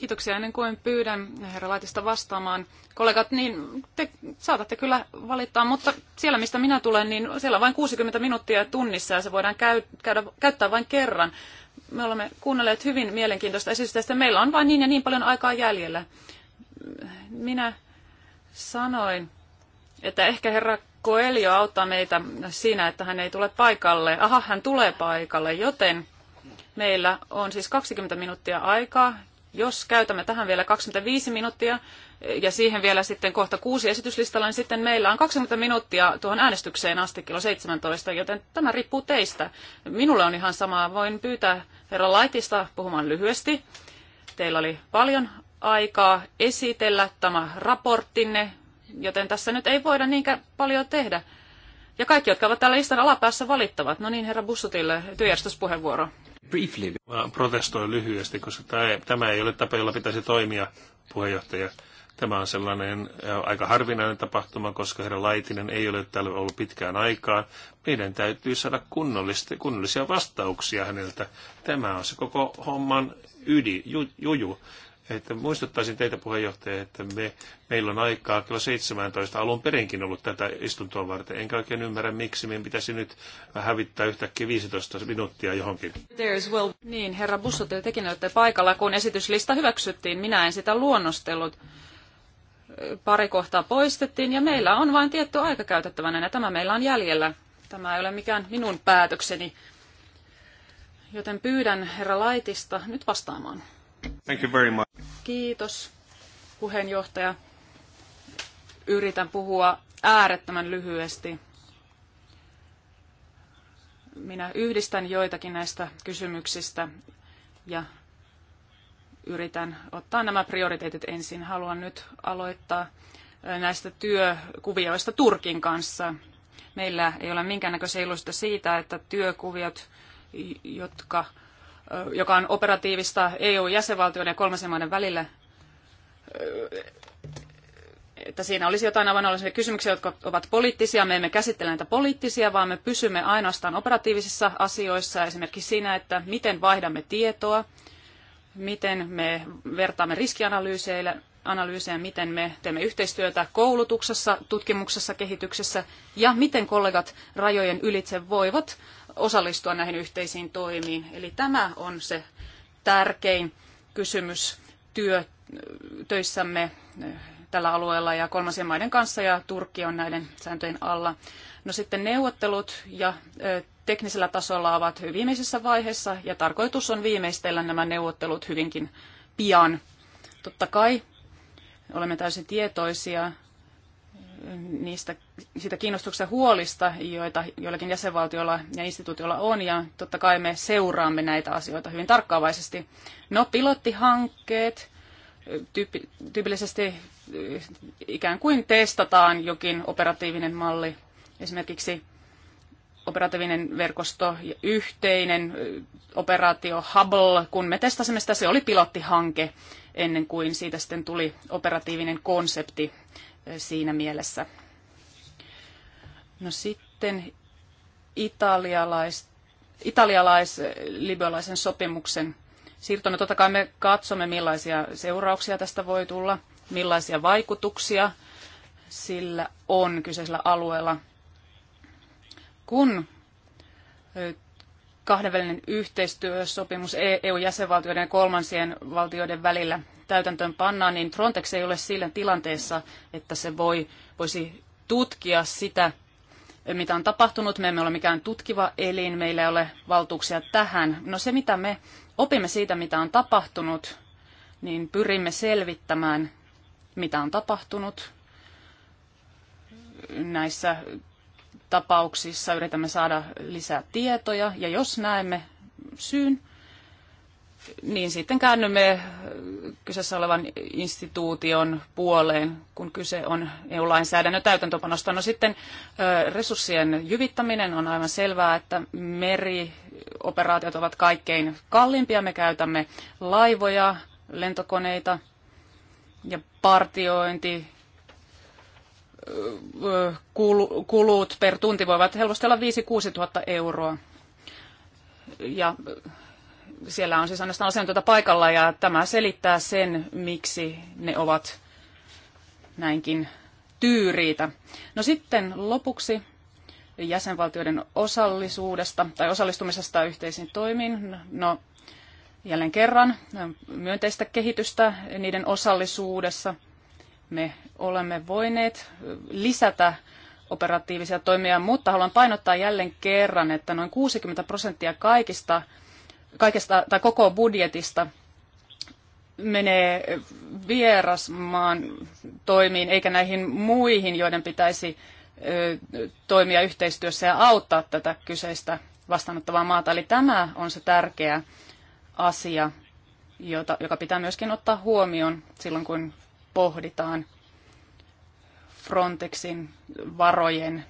Kiitoksia ennen kuin pyydän herra Laitista vastaamaan. Kollegat, niin te saatatte kyllä valittaa, mutta siellä mistä minä tulen, niin siellä on vain 60 minuuttia tunnissa ja se voidaan käy, käydä, käyttää vain kerran. Me olemme kuunnelleet hyvin mielenkiintoista esitystä, meillä on vain niin ja niin paljon aikaa jäljellä. Minä sanoin, että ehkä herra Koelio auttaa meitä siinä, että hän ei tule paikalle. Aha, hän tulee paikalle, joten meillä on siis 20 minuuttia aikaa jos käytämme tähän vielä 25 minuuttia eh, ja siihen vielä sitten kohta kuusi esityslistalla, niin sitten meillä on 20 minuuttia tuohon äänestykseen asti kello 17, joten tämä riippuu teistä. Minulle on ihan samaa. Voin pyytää herra Laitista puhumaan lyhyesti. Teillä oli paljon aikaa esitellä tämä raporttinne, joten tässä nyt ei voida niinkään paljon tehdä. Ja kaikki, jotka ovat täällä listan alapäässä, valittavat. No niin, herra Bussutille työjärjestyspuheenvuoro. Briefly. Mä protestoin lyhyesti, koska tämä ei ole tapa, jolla pitäisi toimia, puheenjohtaja. Tämä on sellainen aika harvinainen tapahtuma, koska herra Laitinen ei ole täällä ollut pitkään aikaa. Meidän täytyy saada kunnollisia vastauksia häneltä. Tämä on se koko homman ydi, ju, juju että muistuttaisin teitä puheenjohtaja, että me, meillä on aikaa kello 17 alun perinkin ollut tätä istuntoa varten. Enkä oikein ymmärrä, miksi meidän pitäisi nyt hävittää yhtäkkiä 15 minuuttia johonkin. Well... Niin, herra Bussotil, tekin olette paikalla, kun esityslista hyväksyttiin. Minä en sitä luonnostellut. Pari kohtaa poistettiin ja meillä on vain tietty aika käytettävänä ja tämä meillä on jäljellä. Tämä ei ole mikään minun päätökseni. Joten pyydän herra Laitista nyt vastaamaan. Thank you very much. Kiitos puheenjohtaja. Yritän puhua äärettömän lyhyesti. Minä yhdistän joitakin näistä kysymyksistä ja yritän ottaa nämä prioriteetit ensin. Haluan nyt aloittaa äh, näistä työkuvioista Turkin kanssa. Meillä ei ole minkäännäköisiä iluista siitä, että työkuviot, jotka joka on operatiivista EU-jäsenvaltioiden ja kolmansien maiden välillä, että siinä olisi jotain aivan olennaisia kysymyksiä, jotka ovat poliittisia. Me emme käsittele näitä poliittisia, vaan me pysymme ainoastaan operatiivisissa asioissa, esimerkiksi siinä, että miten vaihdamme tietoa, miten me vertaamme riskianalyysejä, analyysejä, miten me teemme yhteistyötä koulutuksessa, tutkimuksessa, kehityksessä ja miten kollegat rajojen ylitse voivat osallistua näihin yhteisiin toimiin. Eli tämä on se tärkein kysymys työ, töissämme eh, tällä alueella ja kolmansien maiden kanssa ja Turkki on näiden sääntöjen alla. No sitten neuvottelut ja eh, teknisellä tasolla ovat viimeisessä vaiheessa ja tarkoitus on viimeistellä nämä neuvottelut hyvinkin pian. Totta kai olemme täysin tietoisia niistä, siitä kiinnostuksesta huolista, joita joillakin jäsenvaltioilla ja instituutioilla on, ja totta kai me seuraamme näitä asioita hyvin tarkkaavaisesti. No, pilottihankkeet tyyppi, tyypillisesti eh, ikään kuin testataan jokin operatiivinen malli, esimerkiksi operatiivinen verkosto ja yhteinen eh, operaatio Hubble, kun me testasimme sitä, se oli pilottihanke ennen kuin siitä sitten tuli operatiivinen konsepti siinä mielessä. No sitten italialais, italialais-libyalaisen sopimuksen siirtona. No totta kai me katsomme, millaisia seurauksia tästä voi tulla, millaisia vaikutuksia sillä on kyseisellä alueella. Kun kahdenvälinen yhteistyösopimus EU-jäsenvaltioiden ja kolmansien valtioiden välillä täytäntöön pannaan, niin Frontex ei ole sillä tilanteessa, että se voi, voisi tutkia sitä, mitä on tapahtunut. Me emme ole mikään tutkiva elin, meillä ei ole valtuuksia tähän. No se, mitä me opimme siitä, mitä on tapahtunut, niin pyrimme selvittämään, mitä on tapahtunut näissä tapauksissa yritämme saada lisää tietoja ja jos näemme syyn, niin sitten käännymme kyseessä olevan instituution puoleen, kun kyse on EU-lainsäädännön täytäntöpanosta. No sitten resurssien jyvittäminen on aivan selvää, että merioperaatiot ovat kaikkein kalliimpia. Me käytämme laivoja, lentokoneita ja partiointi kulut per tunti voivat helposti olla 5-6 tuhatta euroa. Ja äh, siellä on siis ainoastaan asiantuntijoita paikalla ja tämä selittää sen, miksi ne ovat näinkin tyyriitä. No sitten lopuksi jäsenvaltioiden osallisuudesta tai osallistumisesta yhteisiin toimiin. No jälleen kerran äh, myönteistä kehitystä niiden osallisuudessa – me olemme voineet lisätä operatiivisia toimia, mutta haluan painottaa jälleen kerran, että noin 60 prosenttia kaikista, kaikista tai koko budjetista menee vierasmaan toimiin, eikä näihin muihin, joiden pitäisi toimia yhteistyössä ja auttaa tätä kyseistä vastaanottavaa maata. Eli tämä on se tärkeä asia, jota, joka pitää myöskin ottaa huomioon silloin, kun pohditaan Frontexin varojen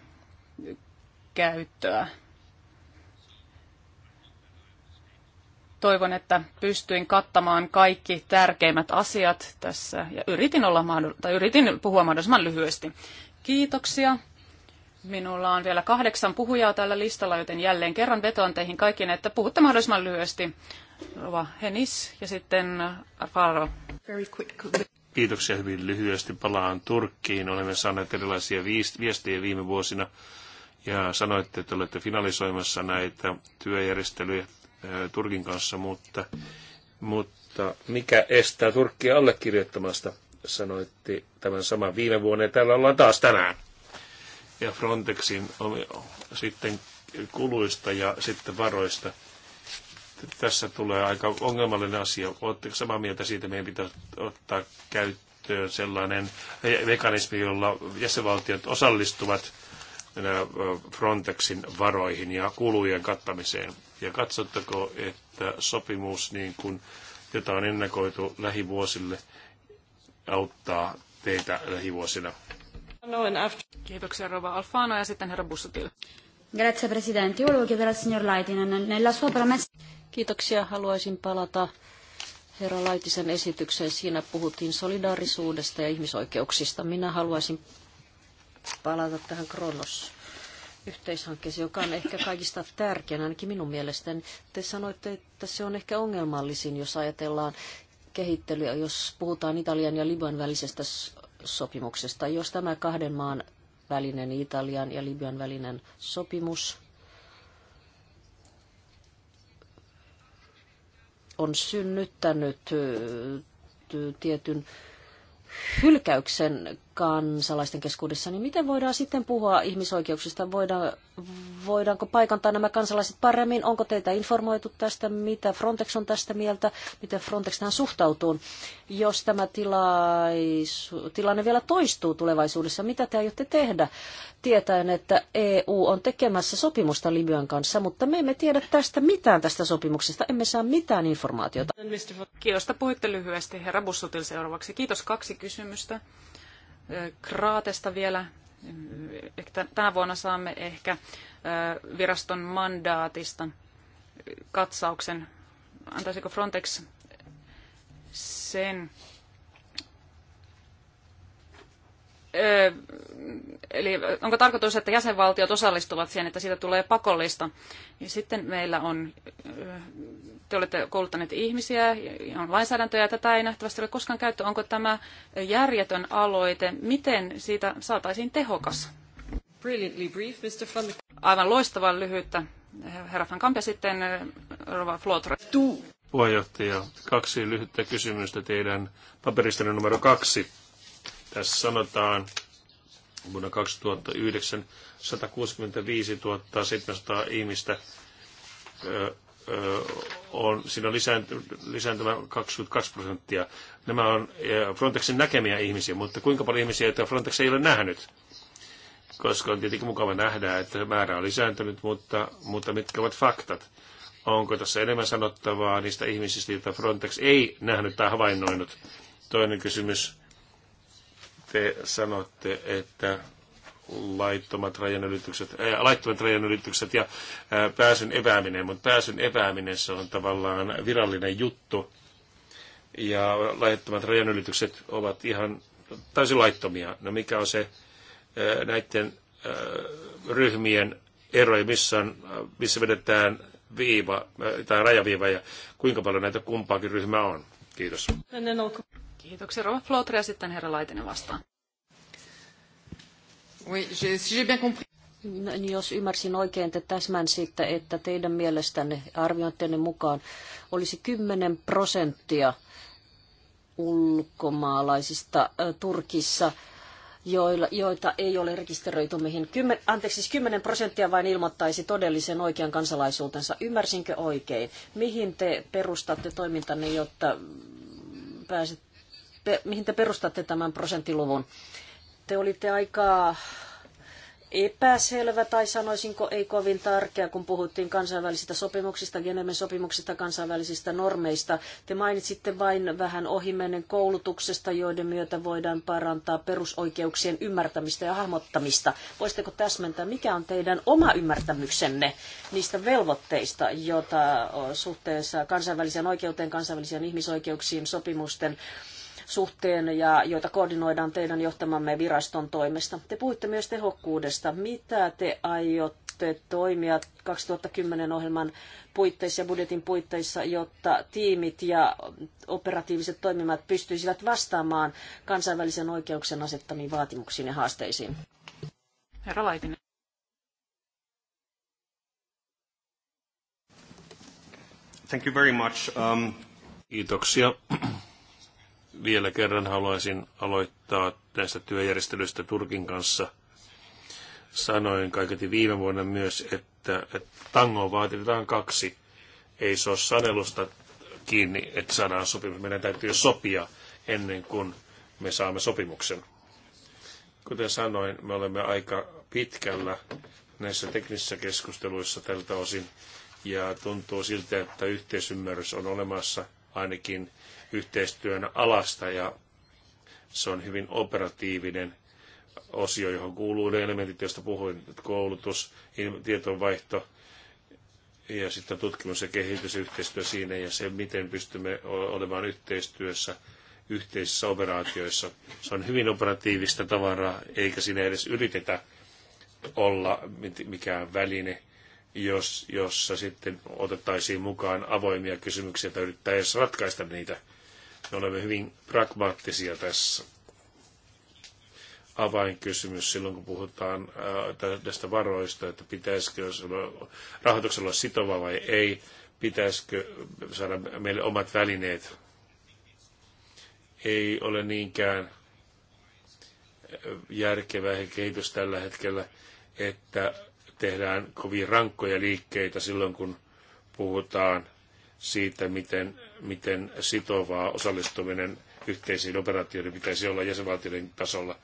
käyttöä. Toivon, että pystyin kattamaan kaikki tärkeimmät asiat tässä ja yritin, olla tai yritin puhua mahdollisimman lyhyesti. Kiitoksia. Minulla on vielä kahdeksan puhujaa tällä listalla, joten jälleen kerran vetoan teihin kaikkiin, että puhutte mahdollisimman lyhyesti. Rova Henis ja sitten Alfaro. Kiitoksia hyvin lyhyesti. Palaan Turkkiin. Olemme saaneet erilaisia viestejä viime vuosina ja sanoitte, että olette finalisoimassa näitä työjärjestelyjä Turkin kanssa, mutta, mutta mikä estää Turkkia allekirjoittamasta, sanoitti tämän saman viime vuonna ja täällä ollaan taas tänään. Ja Frontexin sitten kuluista ja sitten varoista tässä tulee aika ongelmallinen asia. Oletteko samaa mieltä siitä, että meidän pitää ottaa käyttöön sellainen mekanismi, jolla jäsenvaltiot osallistuvat äh, Frontexin varoihin ja kulujen kattamiseen? Ja katsotteko, että sopimus, niin kuin, jota on ennakoitu lähivuosille, auttaa teitä lähivuosina? Kiitoksia Rova Alfano ja sitten herra Bussutil. Grazie Presidente. Io volevo chiedere al signor Leitinen, nella sua promessa Kiitoksia. Haluaisin palata herra Laitisen esitykseen. Siinä puhuttiin solidaarisuudesta ja ihmisoikeuksista. Minä haluaisin palata tähän Kronos yhteishankkeeseen, joka on ehkä kaikista tärkein, ainakin minun mielestäni. Te sanoitte, että se on ehkä ongelmallisin, jos ajatellaan kehittelyä, jos puhutaan Italian ja Libyan välisestä sopimuksesta. Jos tämä kahden maan välinen Italian ja Libyan välinen sopimus on synnyttänyt tietyn hylkäyksen kansalaisten keskuudessa, niin miten voidaan sitten puhua ihmisoikeuksista? Voidaan, voidaanko paikantaa nämä kansalaiset paremmin? Onko teitä informoitu tästä? Mitä Frontex on tästä mieltä? Miten Frontex tähän suhtautuu? Jos tämä tilaisu, tilanne vielä toistuu tulevaisuudessa, mitä te aiotte tehdä? Tietäen, että EU on tekemässä sopimusta Libyan kanssa, mutta me emme tiedä tästä mitään tästä sopimuksesta. Emme saa mitään informaatiota. Kiitos, puhuitte lyhyesti. Herra Bussutil seuraavaksi. Kiitos kaksi kysymystä. Kraatesta vielä. Tänä vuonna saamme ehkä viraston mandaatista katsauksen. Antaisiko Frontex sen eli onko tarkoitus, että jäsenvaltiot osallistuvat siihen, että siitä tulee pakollista. Ja sitten meillä on, te olette kouluttaneet ihmisiä, on lainsäädäntöjä, tätä ei nähtävästi ole koskaan käytetty. Onko tämä järjetön aloite? Miten siitä saataisiin tehokas? Aivan loistavan lyhyttä. Herra Van Kamp ja sitten Rova Flotra. Puheenjohtaja, kaksi lyhyttä kysymystä teidän paperistanne numero kaksi tässä sanotaan vuonna 2009 165 700 ihmistä on, siinä on lisääntymä 22 prosenttia. Nämä on Frontexin näkemiä ihmisiä, mutta kuinka paljon ihmisiä, joita Frontex ei ole nähnyt? Koska on tietenkin mukava nähdä, että määrä on lisääntynyt, mutta, mutta mitkä ovat faktat? Onko tässä enemmän sanottavaa niistä ihmisistä, joita Frontex ei nähnyt tai havainnoinut? Toinen kysymys te sanotte, että laittomat rajanylitykset, äh, laittomat rajanylitykset ja äh, pääsyn epääminen, mutta pääsyn epääminen se on tavallaan virallinen juttu ja laittomat rajanylitykset ovat ihan täysin laittomia. No mikä on se äh, näiden äh, ryhmien ero missä, on, missä vedetään viiva, äh, tai rajaviiva ja kuinka paljon näitä kumpaakin ryhmää on? Kiitos. No, no, no. Kiitoksia Rova Flotre ja sitten herra Laitinen vastaan. Oui, je, si bien compris. No, niin jos ymmärsin oikein, te siitä, että teidän mielestänne arviointienne mukaan olisi 10 prosenttia ulkomaalaisista Turkissa, joilla, joita ei ole rekisteröity mihin. Kymmen, anteeksi, siis 10 prosenttia vain ilmoittaisi todellisen oikean kansalaisuutensa. Ymmärsinkö oikein? Mihin te perustatte toimintanne, jotta pääset te, mihin te perustatte tämän prosenttiluvun? Te olitte aika epäselvä tai sanoisinko ei kovin tärkeä, kun puhuttiin kansainvälisistä sopimuksista, Genemen sopimuksista, kansainvälisistä normeista. Te mainitsitte vain vähän ohimennen koulutuksesta, joiden myötä voidaan parantaa perusoikeuksien ymmärtämistä ja hahmottamista. Voisitteko täsmentää, mikä on teidän oma ymmärtämyksenne niistä velvoitteista, joita suhteessa kansainväliseen oikeuteen, kansainvälisiin ihmisoikeuksiin, sopimusten suhteen ja joita koordinoidaan teidän johtamamme viraston toimesta. Te puhuitte myös tehokkuudesta. Mitä te aiotte toimia 2010 ohjelman puitteissa ja budjetin puitteissa, jotta tiimit ja operatiiviset toimimat pystyisivät vastaamaan kansainvälisen oikeuksen asettamiin vaatimuksiin ja haasteisiin? Herra Laitinen. Thank you very much. Um... Kiitoksia vielä kerran haluaisin aloittaa näistä työjärjestelyistä Turkin kanssa. Sanoin kaiketi viime vuonna myös, että, että tango vaatitetaan kaksi. Ei se ole sanelusta kiinni, että saadaan sopimus. Meidän täytyy sopia ennen kuin me saamme sopimuksen. Kuten sanoin, me olemme aika pitkällä näissä teknisissä keskusteluissa tältä osin. Ja tuntuu siltä, että yhteisymmärrys on olemassa ainakin yhteistyön alasta ja se on hyvin operatiivinen osio, johon kuuluu ne elementit, joista puhuin, koulutus, tietovaihto ja sitten tutkimus- ja kehitysyhteistyö siinä ja se, miten pystymme olemaan yhteistyössä yhteisissä operaatioissa. Se on hyvin operatiivista tavaraa, eikä siinä edes yritetä olla mikään väline, jos, jossa sitten otettaisiin mukaan avoimia kysymyksiä tai yrittää edes ratkaista niitä me olemme hyvin pragmaattisia tässä. Avainkysymys silloin, kun puhutaan tästä varoista, että pitäisikö rahoituksella olla sitova vai ei, pitäisikö saada meille omat välineet. Ei ole niinkään järkevä kehitys tällä hetkellä, että tehdään kovin rankkoja liikkeitä silloin, kun puhutaan siitä, miten miten sitovaa osallistuminen yhteisiin operaatioihin pitäisi olla jäsenvaltioiden tasolla.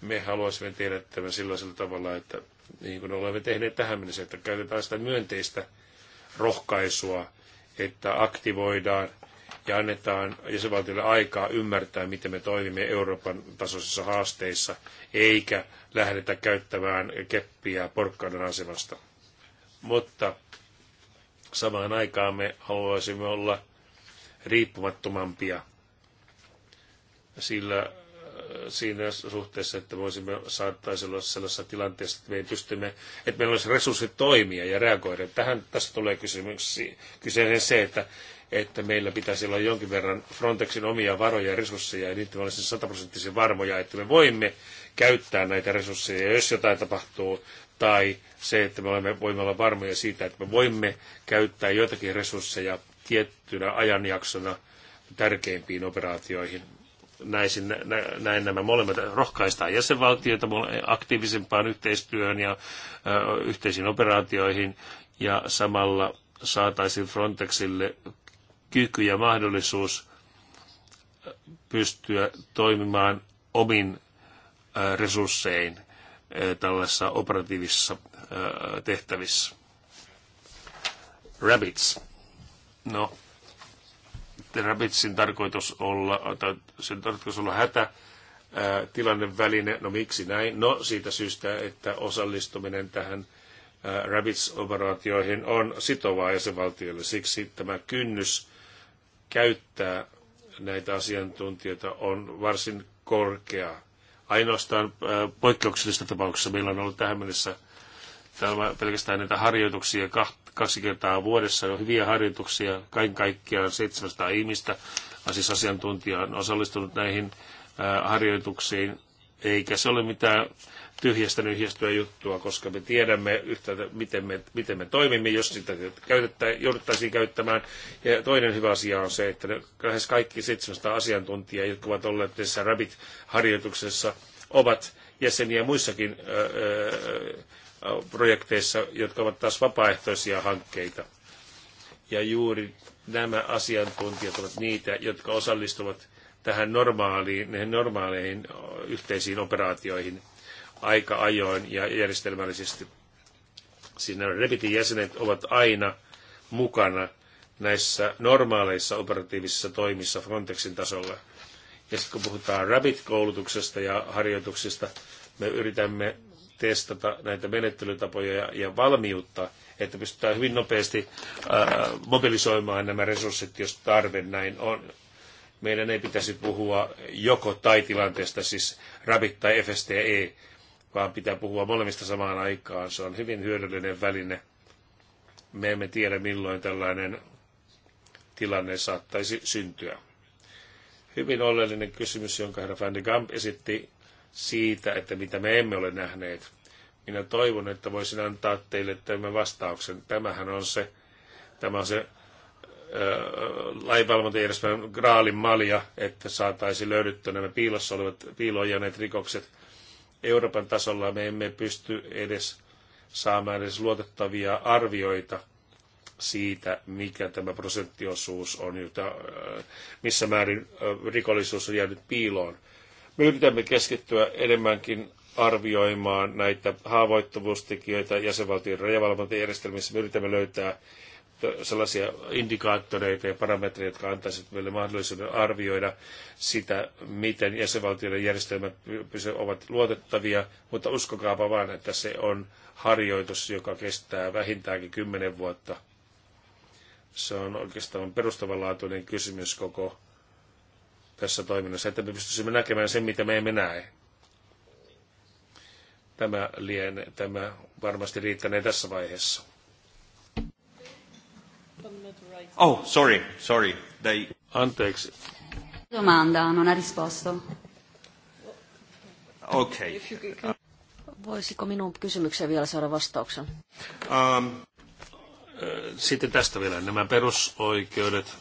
Me haluaisimme tehdä tämän sellaisella tavalla, että niin kuin olemme tehneet tähän mennessä, että käytetään sitä myönteistä rohkaisua, että aktivoidaan ja annetaan jäsenvaltioille aikaa ymmärtää, miten me toimimme Euroopan tasoisissa haasteissa, eikä lähdetä käyttämään keppiä porkkanan asemasta. Mutta samaan aikaan me haluaisimme olla riippumattomampia sillä äh, siinä suhteessa, että voisimme saattaisi olla sellaisessa tilanteessa, että me ei pystymme, että meillä olisi resurssit toimia ja reagoida. Tähän tässä tulee kysymyksi, se, että, että meillä pitäisi olla jonkin verran Frontexin omia varoja ja resursseja, ja niitä olisi sataprosenttisen varmoja, että me voimme käyttää näitä resursseja, jos jotain tapahtuu, tai se, että me olemme, voimme olla varmoja siitä, että me voimme käyttää joitakin resursseja tiettynä ajanjaksona tärkeimpiin operaatioihin. Näisin, nä, näin nämä molemmat rohkaistaan jäsenvaltioita aktiivisempaan yhteistyöhön ja ö, yhteisiin operaatioihin ja samalla saataisiin Frontexille kyky ja mahdollisuus pystyä toimimaan omin resurssein tällaisissa operatiivisissa tehtävissä. Rabbits. No, Rabbitsin tarkoitus olla, tai sen tarkoitus olla hätä, väline, No miksi näin? No siitä syystä, että osallistuminen tähän Rabbits-operaatioihin on sitovaa jäsenvaltioille. Siksi tämä kynnys käyttää näitä asiantuntijoita on varsin korkea. Ainoastaan poikkeuksellisessa tapauksissa meillä on ollut tähän mennessä Täällä on pelkästään näitä harjoituksia kaksi kertaa vuodessa, on hyviä harjoituksia, kaiken kaikkiaan 700 ihmistä, siis asiantuntija on osallistunut näihin harjoituksiin, eikä se ole mitään tyhjästä nyhjästyä juttua, koska me tiedämme yhtä, miten me, miten me toimimme, jos sitä jouduttaisiin käyttämään. Ja toinen hyvä asia on se, että ne, lähes kaikki 700 asiantuntijaa, jotka ovat olleet tässä Rabbit-harjoituksessa, ovat jäseniä muissakin ö, ö, projekteissa, jotka ovat taas vapaaehtoisia hankkeita. Ja juuri nämä asiantuntijat ovat niitä, jotka osallistuvat tähän normaaliin, näihin normaaleihin yhteisiin operaatioihin aika ajoin ja järjestelmällisesti. Siinä nämä Rebitin jäsenet ovat aina mukana näissä normaaleissa operatiivisissa toimissa Frontexin tasolla. Ja sitten kun puhutaan Rabbit-koulutuksesta ja harjoituksista, me yritämme testata näitä menettelytapoja ja valmiutta, että pystytään hyvin nopeasti mobilisoimaan nämä resurssit, jos tarve näin on. Meidän ei pitäisi puhua joko siis tai tilanteesta, siis Rabbit tai FSTE, vaan pitää puhua molemmista samaan aikaan. Se on hyvin hyödyllinen väline. Me emme tiedä, milloin tällainen tilanne saattaisi syntyä. Hyvin oleellinen kysymys, jonka herra Fanny Gamp esitti, siitä, että mitä me emme ole nähneet. Minä toivon, että voisin antaa teille tämän vastauksen. Tämähän on se, tämä on se lainvalvontajärjestelmän graalin malja, että saataisiin löydettyä nämä piilossa olevat piilojaneet rikokset. Euroopan tasolla me emme pysty edes saamaan edes luotettavia arvioita siitä, mikä tämä prosenttiosuus on, jota, missä määrin rikollisuus on jäänyt piiloon. Me yritämme keskittyä enemmänkin arvioimaan näitä haavoittuvuustekijöitä jäsenvaltion rajavalvontajärjestelmissä. Me yritämme löytää sellaisia indikaattoreita ja parametreja, jotka antaisivat meille mahdollisuuden arvioida sitä, miten jäsenvaltioiden järjestelmät ovat luotettavia, mutta uskokaapa vain, että se on harjoitus, joka kestää vähintäänkin kymmenen vuotta. Se on oikeastaan perustavanlaatuinen kysymys koko tässä toiminnassa, että me pystyisimme näkemään sen, mitä me emme näe. Tämä, lien, tämä varmasti riittänee tässä vaiheessa. Oh, sorry, sorry. They... Anteeksi. Domanda, non ha risposto. Okay. Voisiko minun kysymykseen vielä saada vastauksen? Um, sitten tästä vielä. Nämä perusoikeudet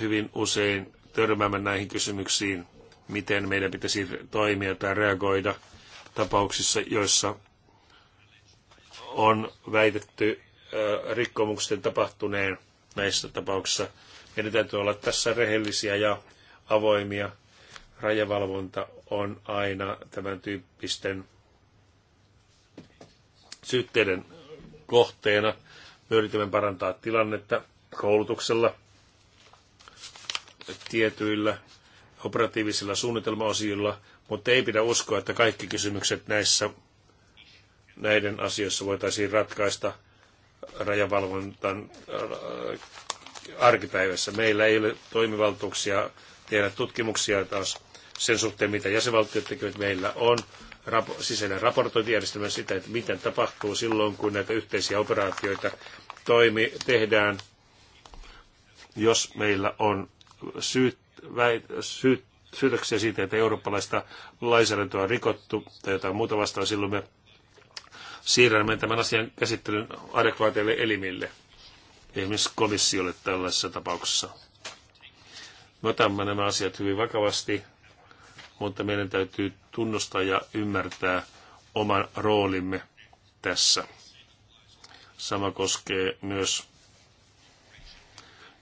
hyvin usein törmäämme näihin kysymyksiin, miten meidän pitäisi toimia tai reagoida tapauksissa, joissa on väitetty rikkomuksen tapahtuneen näissä tapauksissa. Meidän täytyy olla tässä rehellisiä ja avoimia. Rajavalvonta on aina tämän tyyppisten syytteiden kohteena. Me yritämme parantaa tilannetta koulutuksella – tietyillä operatiivisilla suunnitelmaosioilla, mutta ei pidä uskoa, että kaikki kysymykset näissä näiden asioissa voitaisiin ratkaista rajavalvontan äh, arkipäivässä. Meillä ei ole toimivaltuuksia tehdä tutkimuksia taas sen suhteen, mitä jäsenvaltiot tekevät. Meillä on rapo- sisäinen raportointijärjestelmä sitä, että miten tapahtuu silloin, kun näitä yhteisiä operaatioita toimi, tehdään, jos meillä on syyt, väit, syyt, syytöksiä siitä, että eurooppalaista lainsäädäntöä on rikottu tai jotain muuta vastaan, silloin me siirrämme tämän asian käsittelyn adekvaateille elimille, esimerkiksi komissiolle tällaisessa tapauksessa. Me otamme nämä asiat hyvin vakavasti, mutta meidän täytyy tunnustaa ja ymmärtää oman roolimme tässä. Sama koskee myös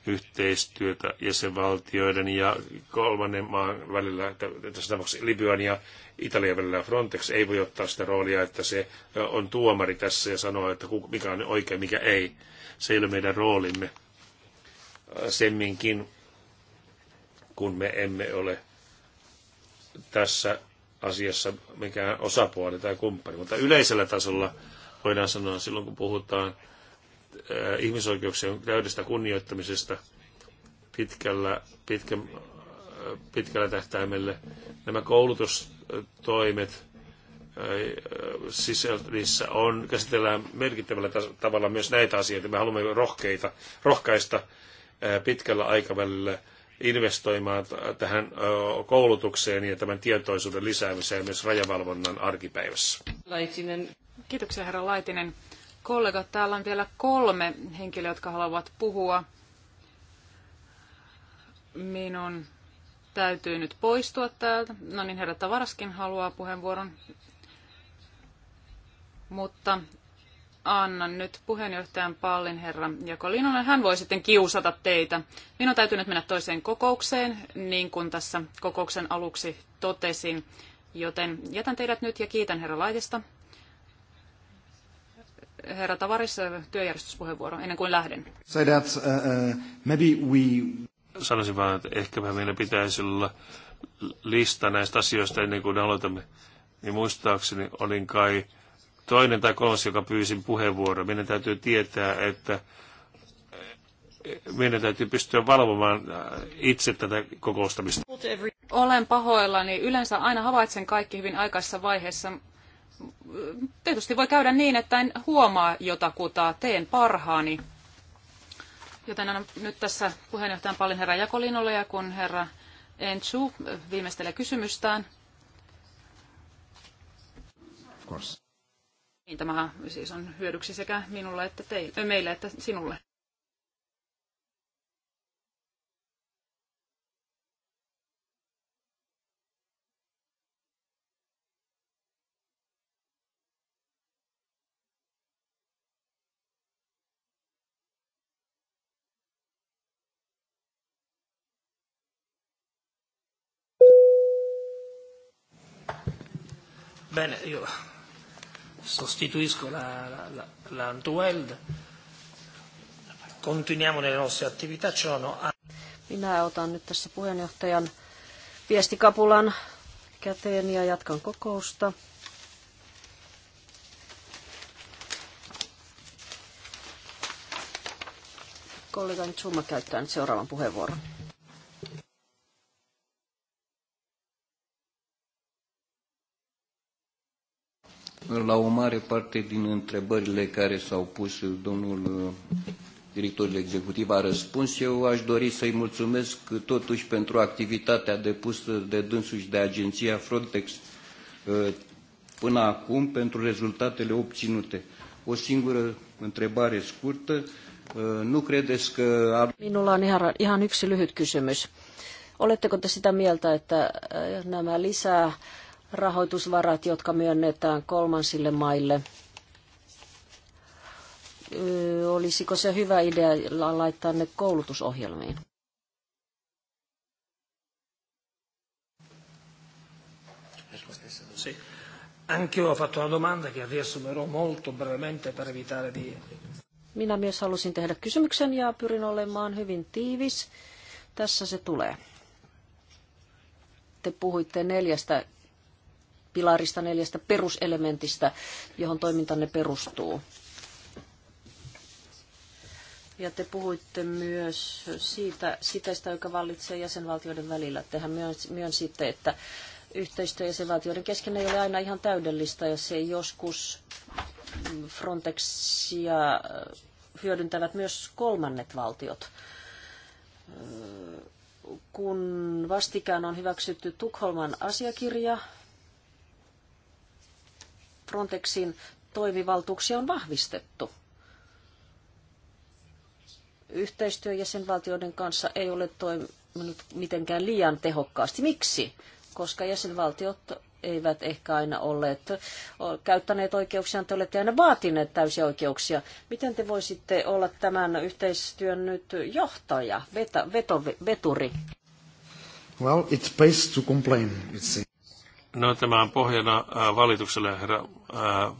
yhteistyötä jäsenvaltioiden ja kolmannen maan välillä, tässä tapauksessa Libyan ja Italian välillä Frontex ei voi ottaa sitä roolia, että se on tuomari tässä ja sanoo, että mikä on oikein, mikä ei. Se ei ole meidän roolimme semminkin, kun me emme ole tässä asiassa mikään osapuoli tai kumppani. Mutta yleisellä tasolla voidaan sanoa silloin, kun puhutaan Äh, ihmisoikeuksien täydestä kunnioittamisesta pitkällä, pitkä, äh, pitkällä tähtäimellä. Nämä koulutustoimet äh, sisältöissä on, käsitellään merkittävällä tavalla myös näitä asioita. Me haluamme rohkeita, rohkaista pitkällä aikavälillä investoimaan tähän koulutukseen ja tämän tietoisuuden lisäämiseen myös rajavalvonnan arkipäivässä. Laitinen. Kiitoksia herra Laitinen kollegat, täällä on vielä kolme henkilöä, jotka haluavat puhua. Minun täytyy nyt poistua täältä. No niin, herra Tavaraskin haluaa puheenvuoron. Mutta annan nyt puheenjohtajan pallin herra Jakolinolle. Hän voi sitten kiusata teitä. Minun täytyy nyt mennä toiseen kokoukseen, niin kuin tässä kokouksen aluksi totesin. Joten jätän teidät nyt ja kiitän herra Laitista herra Tavaris työjärjestyspuheenvuoro ennen kuin lähden. that, uh, uh, maybe we... Sanoisin vaan, että ehkä meillä pitäisi olla lista näistä asioista ennen kuin aloitamme. Niin muistaakseni olin kai toinen tai kolmas, joka pyysin puheenvuoroa. Meidän täytyy tietää, että meidän täytyy pystyä valvomaan äh, itse tätä kokoustamista. Olen pahoillani. Yleensä aina havaitsen kaikki hyvin aikaisessa vaiheessa, tietysti voi käydä niin, että en huomaa jotakuta, teen parhaani. Joten annan nyt tässä puheenjohtajan paljon herra Jakolinolle ja kun herra Enchu viimeistelee kysymystään. Of course. Niin, tämä siis on hyödyksi sekä minulle että teille, meille että sinulle. Bene, io sostituisco la, la, la Antweld. Continuiamo nelle nostre attività. Ciò Minä otan nyt tässä puheenjohtajan viestikapulan käteen ja jatkan kokousta. Kollegani Zuma käyttää nyt seuraavan puheenvuoron. la o mare parte din întrebările care s-au pus domnul uh, directorul executiv a răspuns. Eu aș dori să-i mulțumesc totuși pentru activitatea depusă de dânsuși de agenția Frontex uh, până acum pentru rezultatele obținute. O singură întrebare scurtă. Uh, nu credeți că... Minulla on ihan, ihan yksi lyhyt kysymys. Oletteko te sitä mieltä, että nämä lisää rahoitusvarat, jotka myönnetään kolmansille maille. Olisiko se hyvä idea laittaa ne koulutusohjelmiin? Sì. ho fatto una domanda che riassumerò molto brevemente per evitare di... Minä myös halusin tehdä kysymyksen ja pyrin olemaan hyvin tiivis. Tässä se tulee. Te puhuitte neljästä pilarista neljästä peruselementistä, johon toimintanne perustuu. Ja te puhuitte myös siitä, sitä, joka vallitsee jäsenvaltioiden välillä. Tehän myönsitte, että yhteistyö jäsenvaltioiden kesken ei ole aina ihan täydellistä ja se joskus Frontexia hyödyntävät myös kolmannet valtiot. Kun vastikään on hyväksytty Tukholman asiakirja, Frontexin toimivaltuuksia on vahvistettu. Yhteistyö jäsenvaltioiden kanssa ei ole toiminut mitenkään liian tehokkaasti. Miksi? Koska jäsenvaltiot eivät ehkä aina olleet käyttäneet oikeuksiaan, te olette aina vaatineet täysiä oikeuksia. Miten te voisitte olla tämän yhteistyön nyt johtaja, veto, veto, veturi? Well, it pays to complain, it No tämä on pohjana äh, valitukselle, herra äh,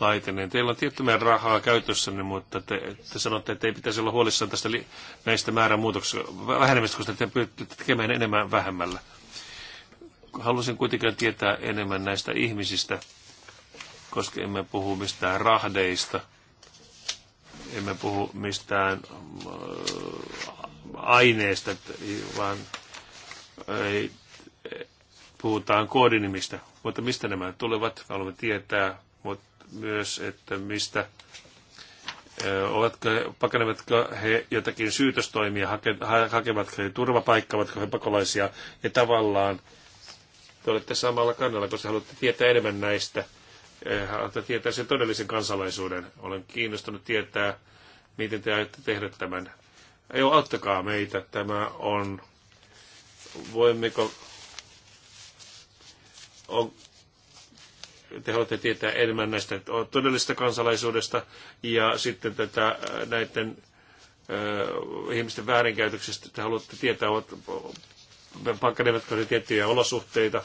Laitinen. Teillä on tiettyä rahaa käytössänne, mutta te, te sanotte, että ei pitäisi olla huolissaan tästä li, näistä määränmuutoksista vähenemistä, koska te pyritte tekemään enemmän vähemmällä. Haluaisin kuitenkin tietää enemmän näistä ihmisistä, koska emme puhu mistään rahdeista, emme puhu mistään äh, aineesta, vaan ei, puhutaan koodinimistä, mutta mistä nämä tulevat, haluamme tietää, mutta myös, että mistä ovatko, pakenevatko he jotakin syytöstoimia, hake, hakevatko he turvapaikkaa, ovatko he pakolaisia, ja tavallaan te olette samalla kannalla, koska haluatte tietää enemmän näistä, haluatte tietää sen todellisen kansalaisuuden. Olen kiinnostunut tietää, miten te aiotte tehdä tämän. Ei auttakaa meitä, tämä on, voimmeko on, te haluatte tietää enemmän näistä todellisesta kansalaisuudesta ja sitten tätä äh, näiden ö, äh, ihmisten väärinkäytöksestä, Te haluatte tietää, ovat, äh, pakkanevatko ne tiettyjä olosuhteita.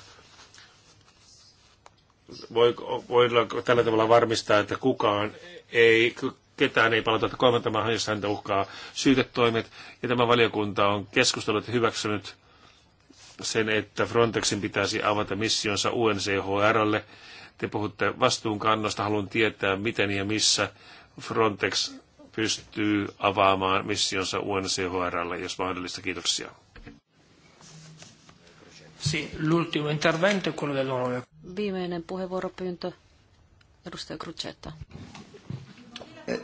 Voidaanko tällä tavalla varmistaa, että kukaan ei ketään ei palata kolmantamaan, jos häntä uhkaa syytetoimet. Ja tämä valiokunta on keskustellut ja hyväksynyt sen, että Frontexin pitäisi avata missionsa UNCHRlle. Te puhutte vastuunkannosta, haluan tietää, miten ja missä Frontex pystyy avaamaan missionsa UNCHRlle, jos mahdollista. Kiitoksia. Viimeinen puheenvuoropyyntö, edustaja crucetta. Eh,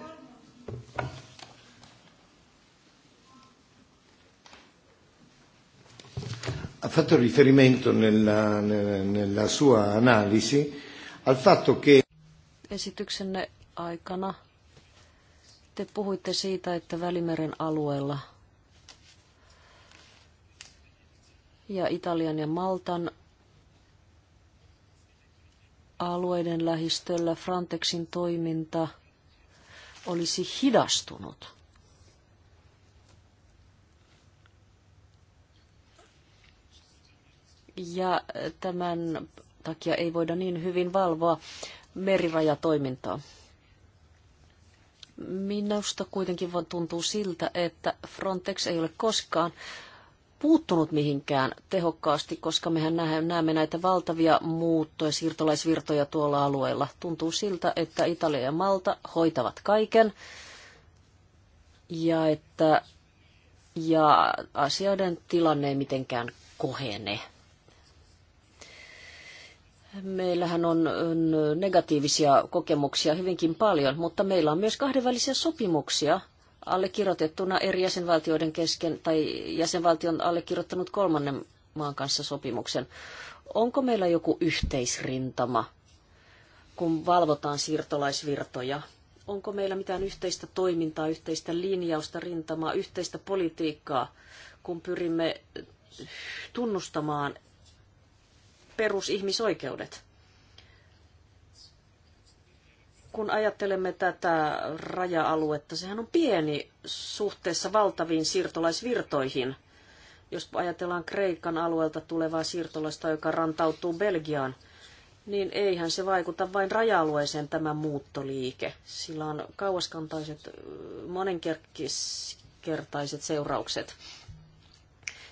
ha fatto riferimento nella, nella sua analisi al fatto che... Esityksenne aikana te puhuitte siitä, että Välimeren alueella ja Italian ja Maltan alueiden lähistöllä Frontexin toiminta olisi hidastunut. ja tämän takia ei voida niin hyvin valvoa merirajatoimintaa. Minusta kuitenkin vaan tuntuu siltä, että Frontex ei ole koskaan puuttunut mihinkään tehokkaasti, koska mehän näemme näitä valtavia muuttoja, siirtolaisvirtoja tuolla alueella. Tuntuu siltä, että Italia ja Malta hoitavat kaiken ja että ja asioiden tilanne ei mitenkään kohene. Meillähän on negatiivisia kokemuksia hyvinkin paljon, mutta meillä on myös kahdenvälisiä sopimuksia allekirjoitettuna eri jäsenvaltioiden kesken tai jäsenvaltion allekirjoittanut kolmannen maan kanssa sopimuksen. Onko meillä joku yhteisrintama, kun valvotaan siirtolaisvirtoja? Onko meillä mitään yhteistä toimintaa, yhteistä linjausta, rintamaa, yhteistä politiikkaa, kun pyrimme tunnustamaan perusihmisoikeudet. Kun ajattelemme tätä raja-aluetta, sehän on pieni suhteessa valtaviin siirtolaisvirtoihin. Jos ajatellaan Kreikan alueelta tulevaa siirtolaista, joka rantautuu Belgiaan, niin eihän se vaikuta vain raja-alueeseen tämä muuttoliike. Sillä on kauaskantaiset, monenkertaiset seuraukset.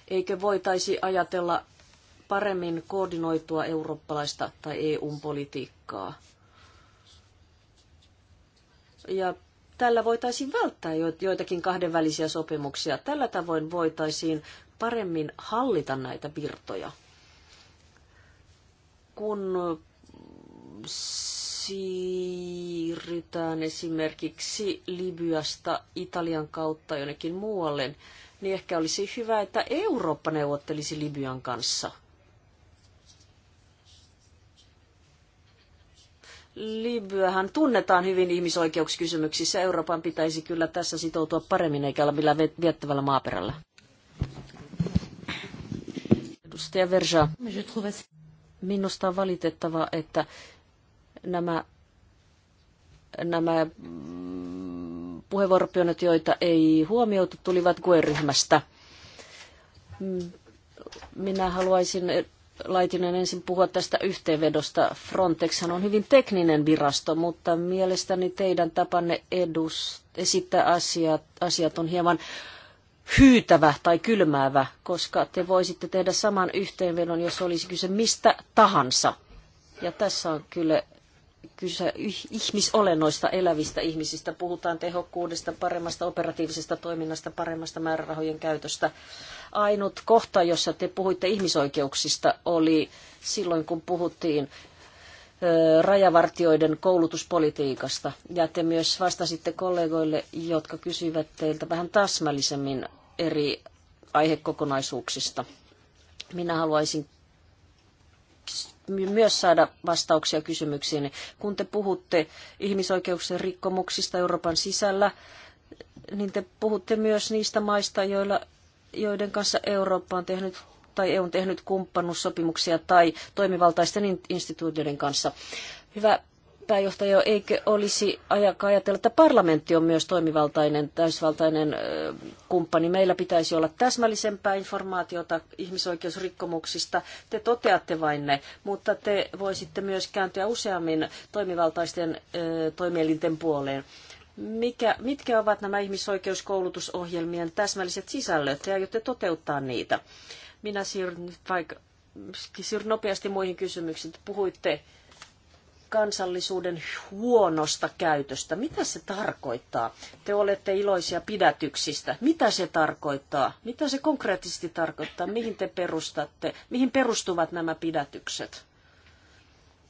Eikö voitaisi ajatella paremmin koordinoitua eurooppalaista tai EU-politiikkaa. Ja tällä voitaisiin välttää joitakin kahdenvälisiä sopimuksia. Tällä tavoin voitaisiin paremmin hallita näitä virtoja. Kun siirrytään esimerkiksi Libyasta Italian kautta jonnekin muualle, niin ehkä olisi hyvä, että Eurooppa neuvottelisi Libyan kanssa – Libyähän tunnetaan hyvin ihmisoikeuskysymyksissä. Euroopan pitäisi kyllä tässä sitoutua paremmin eikä olla millään viettävällä maaperällä. Edustaja Verja, minusta on valitettava, että nämä, nämä mm, puheenvuoropionot, joita ei huomioitu, tulivat GUE-ryhmästä. Mm, minä haluaisin Laitinen ensin puhua tästä yhteenvedosta. Frontex on hyvin tekninen virasto, mutta mielestäni teidän tapanne edus, esittää asiat, asiat on hieman hyytävä tai kylmäävä, koska te voisitte tehdä saman yhteenvedon, jos olisi kyse mistä tahansa. Ja tässä on kyllä kyse ihmisolennoista, elävistä ihmisistä. Puhutaan tehokkuudesta, paremmasta operatiivisesta toiminnasta, paremmasta määrärahojen käytöstä. Ainut kohta, jossa te puhuitte ihmisoikeuksista, oli silloin, kun puhuttiin rajavartioiden koulutuspolitiikasta. Ja te myös vastasitte kollegoille, jotka kysyivät teiltä vähän täsmällisemmin eri aihekokonaisuuksista. Minä haluaisin myös saada vastauksia kysymyksiin. Kun te puhutte ihmisoikeuksien rikkomuksista Euroopan sisällä, niin te puhutte myös niistä maista, joilla, joiden kanssa Eurooppa on tehnyt tai EU on tehnyt kumppanuussopimuksia tai toimivaltaisten instituutioiden kanssa. Hyvä pääjohtaja, eikö olisi ajatella, että parlamentti on myös toimivaltainen, täysvaltainen kumppani. Meillä pitäisi olla täsmällisempää informaatiota ihmisoikeusrikkomuksista. Te toteatte vain ne, mutta te voisitte myös kääntyä useammin toimivaltaisten toimielinten puoleen. Mikä, mitkä ovat nämä ihmisoikeuskoulutusohjelmien täsmälliset sisällöt? Te aiotte toteuttaa niitä. Minä siirryn, vaikka, siirryn nopeasti muihin kysymyksiin. Puhuitte kansallisuuden huonosta käytöstä. Mitä se tarkoittaa? Te olette iloisia pidätyksistä. Mitä se tarkoittaa? Mitä se konkreettisesti tarkoittaa? Mihin te perustatte? Mihin perustuvat nämä pidätykset?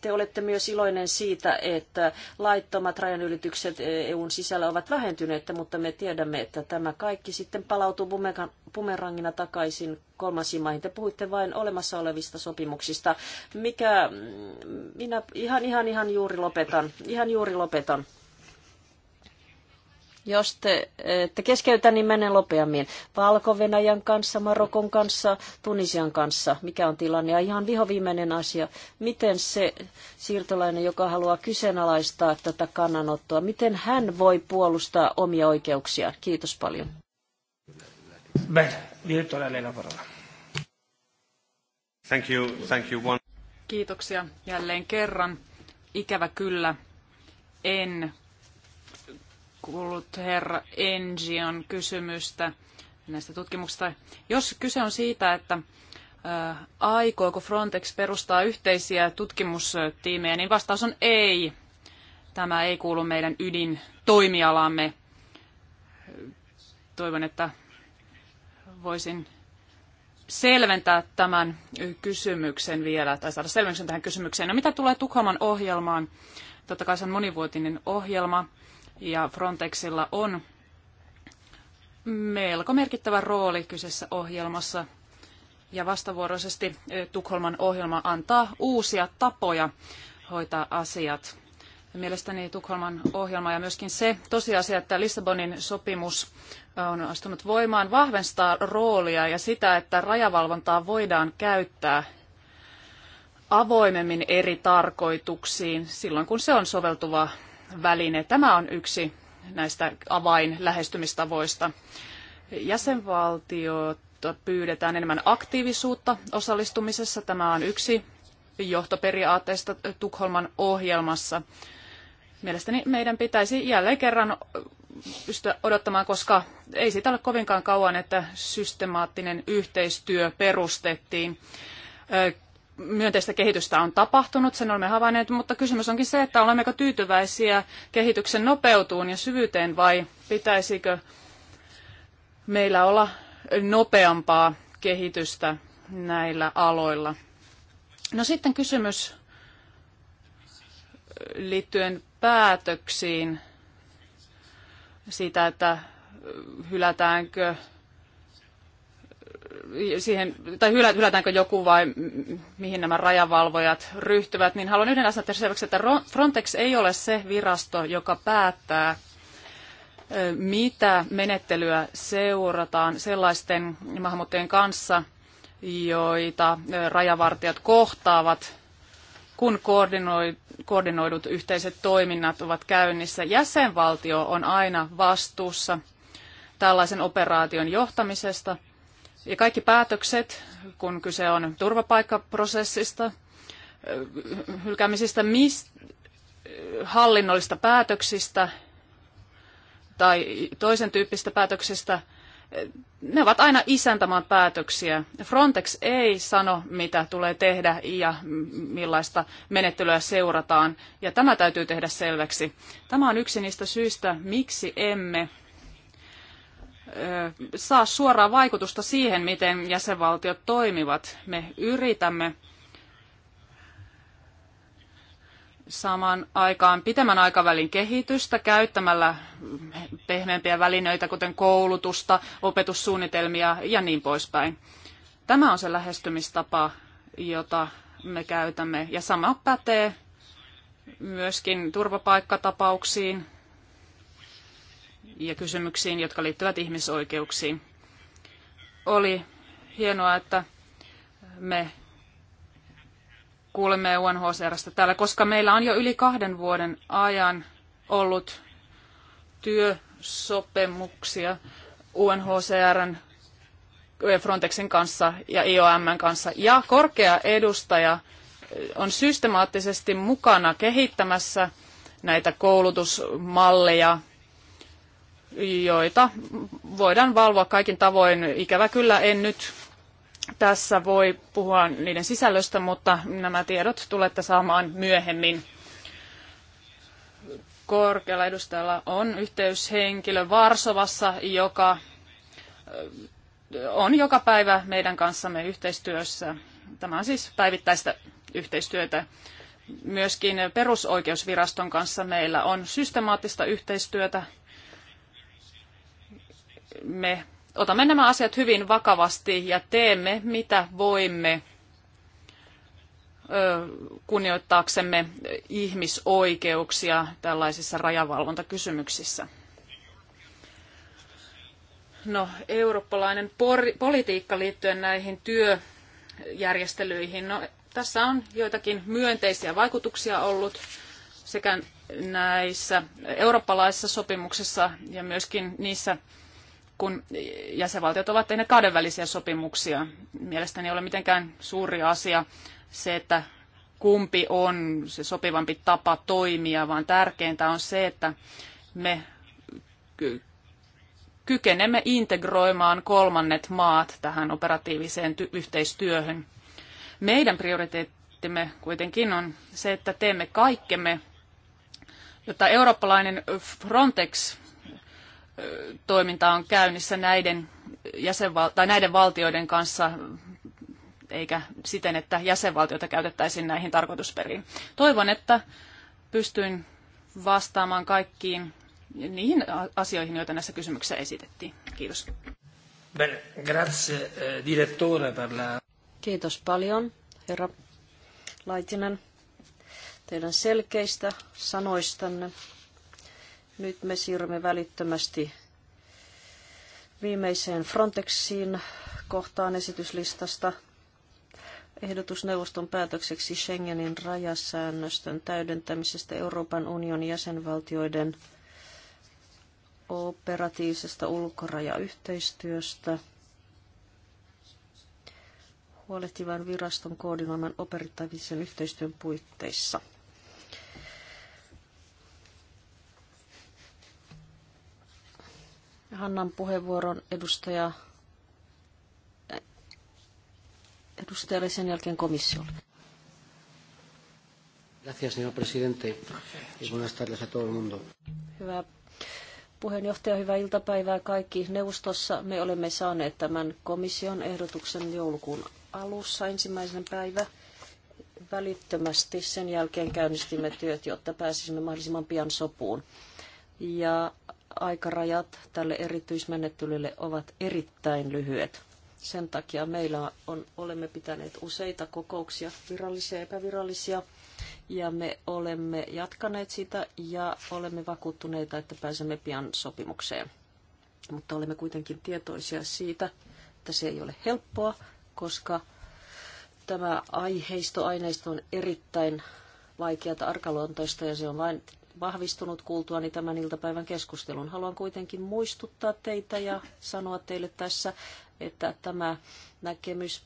te olette myös iloinen siitä, että laittomat rajanylitykset EUn sisällä ovat vähentyneet, mutta me tiedämme, että tämä kaikki sitten palautuu bumerangina takaisin kolmansiin maihin. Te puhuitte vain olemassa olevista sopimuksista. Mikä, mm, minä ihan, ihan, ihan juuri lopetan. Ihan juuri lopetan. Jos te te keskeytä, niin menen lopeammin. Valko-Venäjän kanssa, Marokon kanssa, Tunisian kanssa. Mikä on tilanne? Ja ihan vihoviimeinen asia. Miten se siirtolainen, joka haluaa kyseenalaistaa tätä kannanottoa, miten hän voi puolustaa omia oikeuksiaan? Kiitos paljon. Thank you, thank you one. Kiitoksia jälleen kerran. Ikävä kyllä en kuullut herra Engion kysymystä näistä tutkimuksista. Jos kyse on siitä, että aikooko Frontex perustaa yhteisiä tutkimustiimejä, niin vastaus on ei. Tämä ei kuulu meidän ydintoimialamme. Toivon, että voisin selventää tämän kysymyksen vielä, tai saada selvennyksen tähän kysymykseen. No mitä tulee Tukholman ohjelmaan? Totta kai se on monivuotinen ohjelma ja Frontexilla on melko merkittävä rooli kyseessä ohjelmassa ja vastavuoroisesti Tukholman ohjelma antaa uusia tapoja hoitaa asiat. Mielestäni Tukholman ohjelma ja myöskin se tosiasia, että Lissabonin sopimus on astunut voimaan, vahvistaa roolia ja sitä, että rajavalvontaa voidaan käyttää avoimemmin eri tarkoituksiin silloin, kun se on soveltuvaa väline. Tämä on yksi näistä avainlähestymistavoista. lähestymistavoista. Jäsenvaltiot pyydetään enemmän aktiivisuutta osallistumisessa. Tämä on yksi johtoperiaatteista Tukholman ohjelmassa. Mielestäni meidän pitäisi jälleen kerran pystyä odottamaan, koska ei siitä ole kovinkaan kauan, että systemaattinen yhteistyö perustettiin myönteistä kehitystä on tapahtunut, sen olemme havainneet, mutta kysymys onkin se, että olemmeko tyytyväisiä kehityksen nopeutuun ja syvyyteen vai pitäisikö meillä olla nopeampaa kehitystä näillä aloilla. No sitten kysymys liittyen päätöksiin siitä, että hylätäänkö siihen, tai hylätäänkö joku vai mihin nämä rajavalvojat ryhtyvät, niin haluan yhden asian tehdä selväksi, että Frontex ei ole se virasto, joka päättää, mitä menettelyä seurataan sellaisten maahanmuuttajien kanssa, joita rajavartijat kohtaavat, kun koordinoidut yhteiset toiminnat ovat käynnissä. Jäsenvaltio on aina vastuussa tällaisen operaation johtamisesta – ja kaikki päätökset, kun kyse on turvapaikkaprosessista, hylkäämisistä, mis, hallinnollista päätöksistä tai toisen tyyppistä päätöksistä, ne ovat aina isäntämaan päätöksiä. Frontex ei sano, mitä tulee tehdä ja millaista menettelyä seurataan, ja tämä täytyy tehdä selväksi. Tämä on yksi niistä syistä, miksi emme saa suoraa vaikutusta siihen, miten jäsenvaltiot toimivat. Me yritämme samaan aikaan pitemmän aikavälin kehitystä käyttämällä pehmeämpiä välineitä, kuten koulutusta, opetussuunnitelmia ja niin poispäin. Tämä on se lähestymistapa, jota me käytämme. Ja sama pätee myöskin turvapaikkatapauksiin, ja kysymyksiin, jotka liittyvät ihmisoikeuksiin. Oli hienoa, että me kuulemme UNHCRstä täällä, koska meillä on jo yli kahden vuoden ajan ollut työsopimuksia UNHCRn Frontexin kanssa ja IOMn kanssa. Ja korkea edustaja on systemaattisesti mukana kehittämässä näitä koulutusmalleja joita voidaan valvoa kaikin tavoin. Ikävä kyllä en nyt tässä voi puhua niiden sisällöstä, mutta nämä tiedot tulette saamaan myöhemmin. Korkealla edustajalla on yhteyshenkilö Varsovassa, joka on joka päivä meidän kanssamme yhteistyössä. Tämä on siis päivittäistä yhteistyötä. Myöskin perusoikeusviraston kanssa meillä on systemaattista yhteistyötä me otamme nämä asiat hyvin vakavasti ja teemme mitä voimme kunnioittaaksemme ihmisoikeuksia tällaisissa rajavalvontakysymyksissä. No, eurooppalainen politiikka liittyen näihin työjärjestelyihin. No, tässä on joitakin myönteisiä vaikutuksia ollut sekä näissä eurooppalaisissa sopimuksissa ja myöskin niissä kun jäsenvaltiot ovat tehneet kahdenvälisiä sopimuksia. Mielestäni ei ole mitenkään suuri asia se, että kumpi on se sopivampi tapa toimia, vaan tärkeintä on se, että me ky- kykenemme integroimaan kolmannet maat tähän operatiiviseen yhteistyöhön. Meidän prioriteettimme kuitenkin on se, että teemme kaikkemme, jotta eurooppalainen Frontex toiminta on käynnissä näiden, jäsenval- tai näiden valtioiden kanssa, eikä siten, että jäsenvaltioita käytettäisiin näihin tarkoitusperiin. Toivon, että pystyin vastaamaan kaikkiin niihin asioihin, joita näissä kysymyksissä esitettiin. Kiitos. grazie, eh, direttore, per la... Kiitos paljon, herra Laitinen, teidän selkeistä sanoistanne. Nyt me siirrymme välittömästi viimeiseen Frontexin kohtaan esityslistasta. Ehdotus neuvoston päätökseksi Schengenin rajasäännöstön täydentämisestä Euroopan unionin jäsenvaltioiden operatiivisesta ulkorajayhteistyöstä huolehtivan viraston koordinoiman operatiivisen yhteistyön puitteissa. Annan puheenvuoron edustaja, edustajalle sen jälkeen komissiolle. Gracias, señor presidente. Y buenas tardes a todo el mundo. Hyvä puheenjohtaja, hyvää iltapäivää kaikki neuvostossa. Me olemme saaneet tämän komission ehdotuksen joulukuun alussa ensimmäisen päivä välittömästi. Sen jälkeen käynnistimme työt, jotta pääsisimme mahdollisimman pian sopuun. Ja aikarajat tälle erityismenettelylle ovat erittäin lyhyet. Sen takia meillä on, olemme pitäneet useita kokouksia, virallisia ja epävirallisia, ja me olemme jatkaneet sitä ja olemme vakuuttuneita, että pääsemme pian sopimukseen. Mutta olemme kuitenkin tietoisia siitä, että se ei ole helppoa, koska tämä aiheisto, aineisto on erittäin vaikeata arkaluontoista ja se on vain vahvistunut kuultuani tämän iltapäivän keskustelun. Haluan kuitenkin muistuttaa teitä ja sanoa teille tässä, että tämä näkemys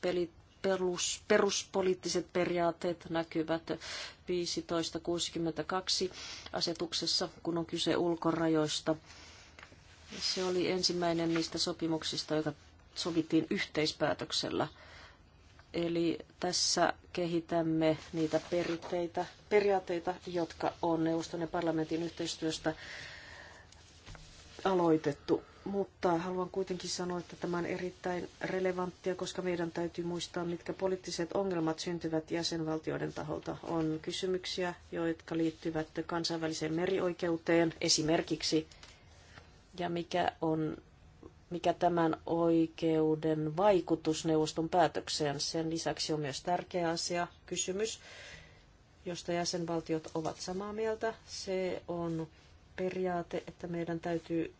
perus, peruspoliittiset periaatteet näkyvät 1562 asetuksessa, kun on kyse ulkorajoista. Se oli ensimmäinen niistä sopimuksista, joka sovittiin yhteispäätöksellä – Eli tässä kehitämme niitä periteitä, periaatteita, jotka on neuvoston ja parlamentin yhteistyöstä aloitettu. Mutta haluan kuitenkin sanoa, että tämä on erittäin relevanttia, koska meidän täytyy muistaa, mitkä poliittiset ongelmat syntyvät jäsenvaltioiden taholta. On kysymyksiä, jotka liittyvät kansainväliseen merioikeuteen esimerkiksi, ja mikä on mikä tämän oikeuden vaikutus neuvoston päätökseen. Sen lisäksi on myös tärkeä asia, kysymys, josta jäsenvaltiot ovat samaa mieltä. Se on periaate, että meidän täytyy,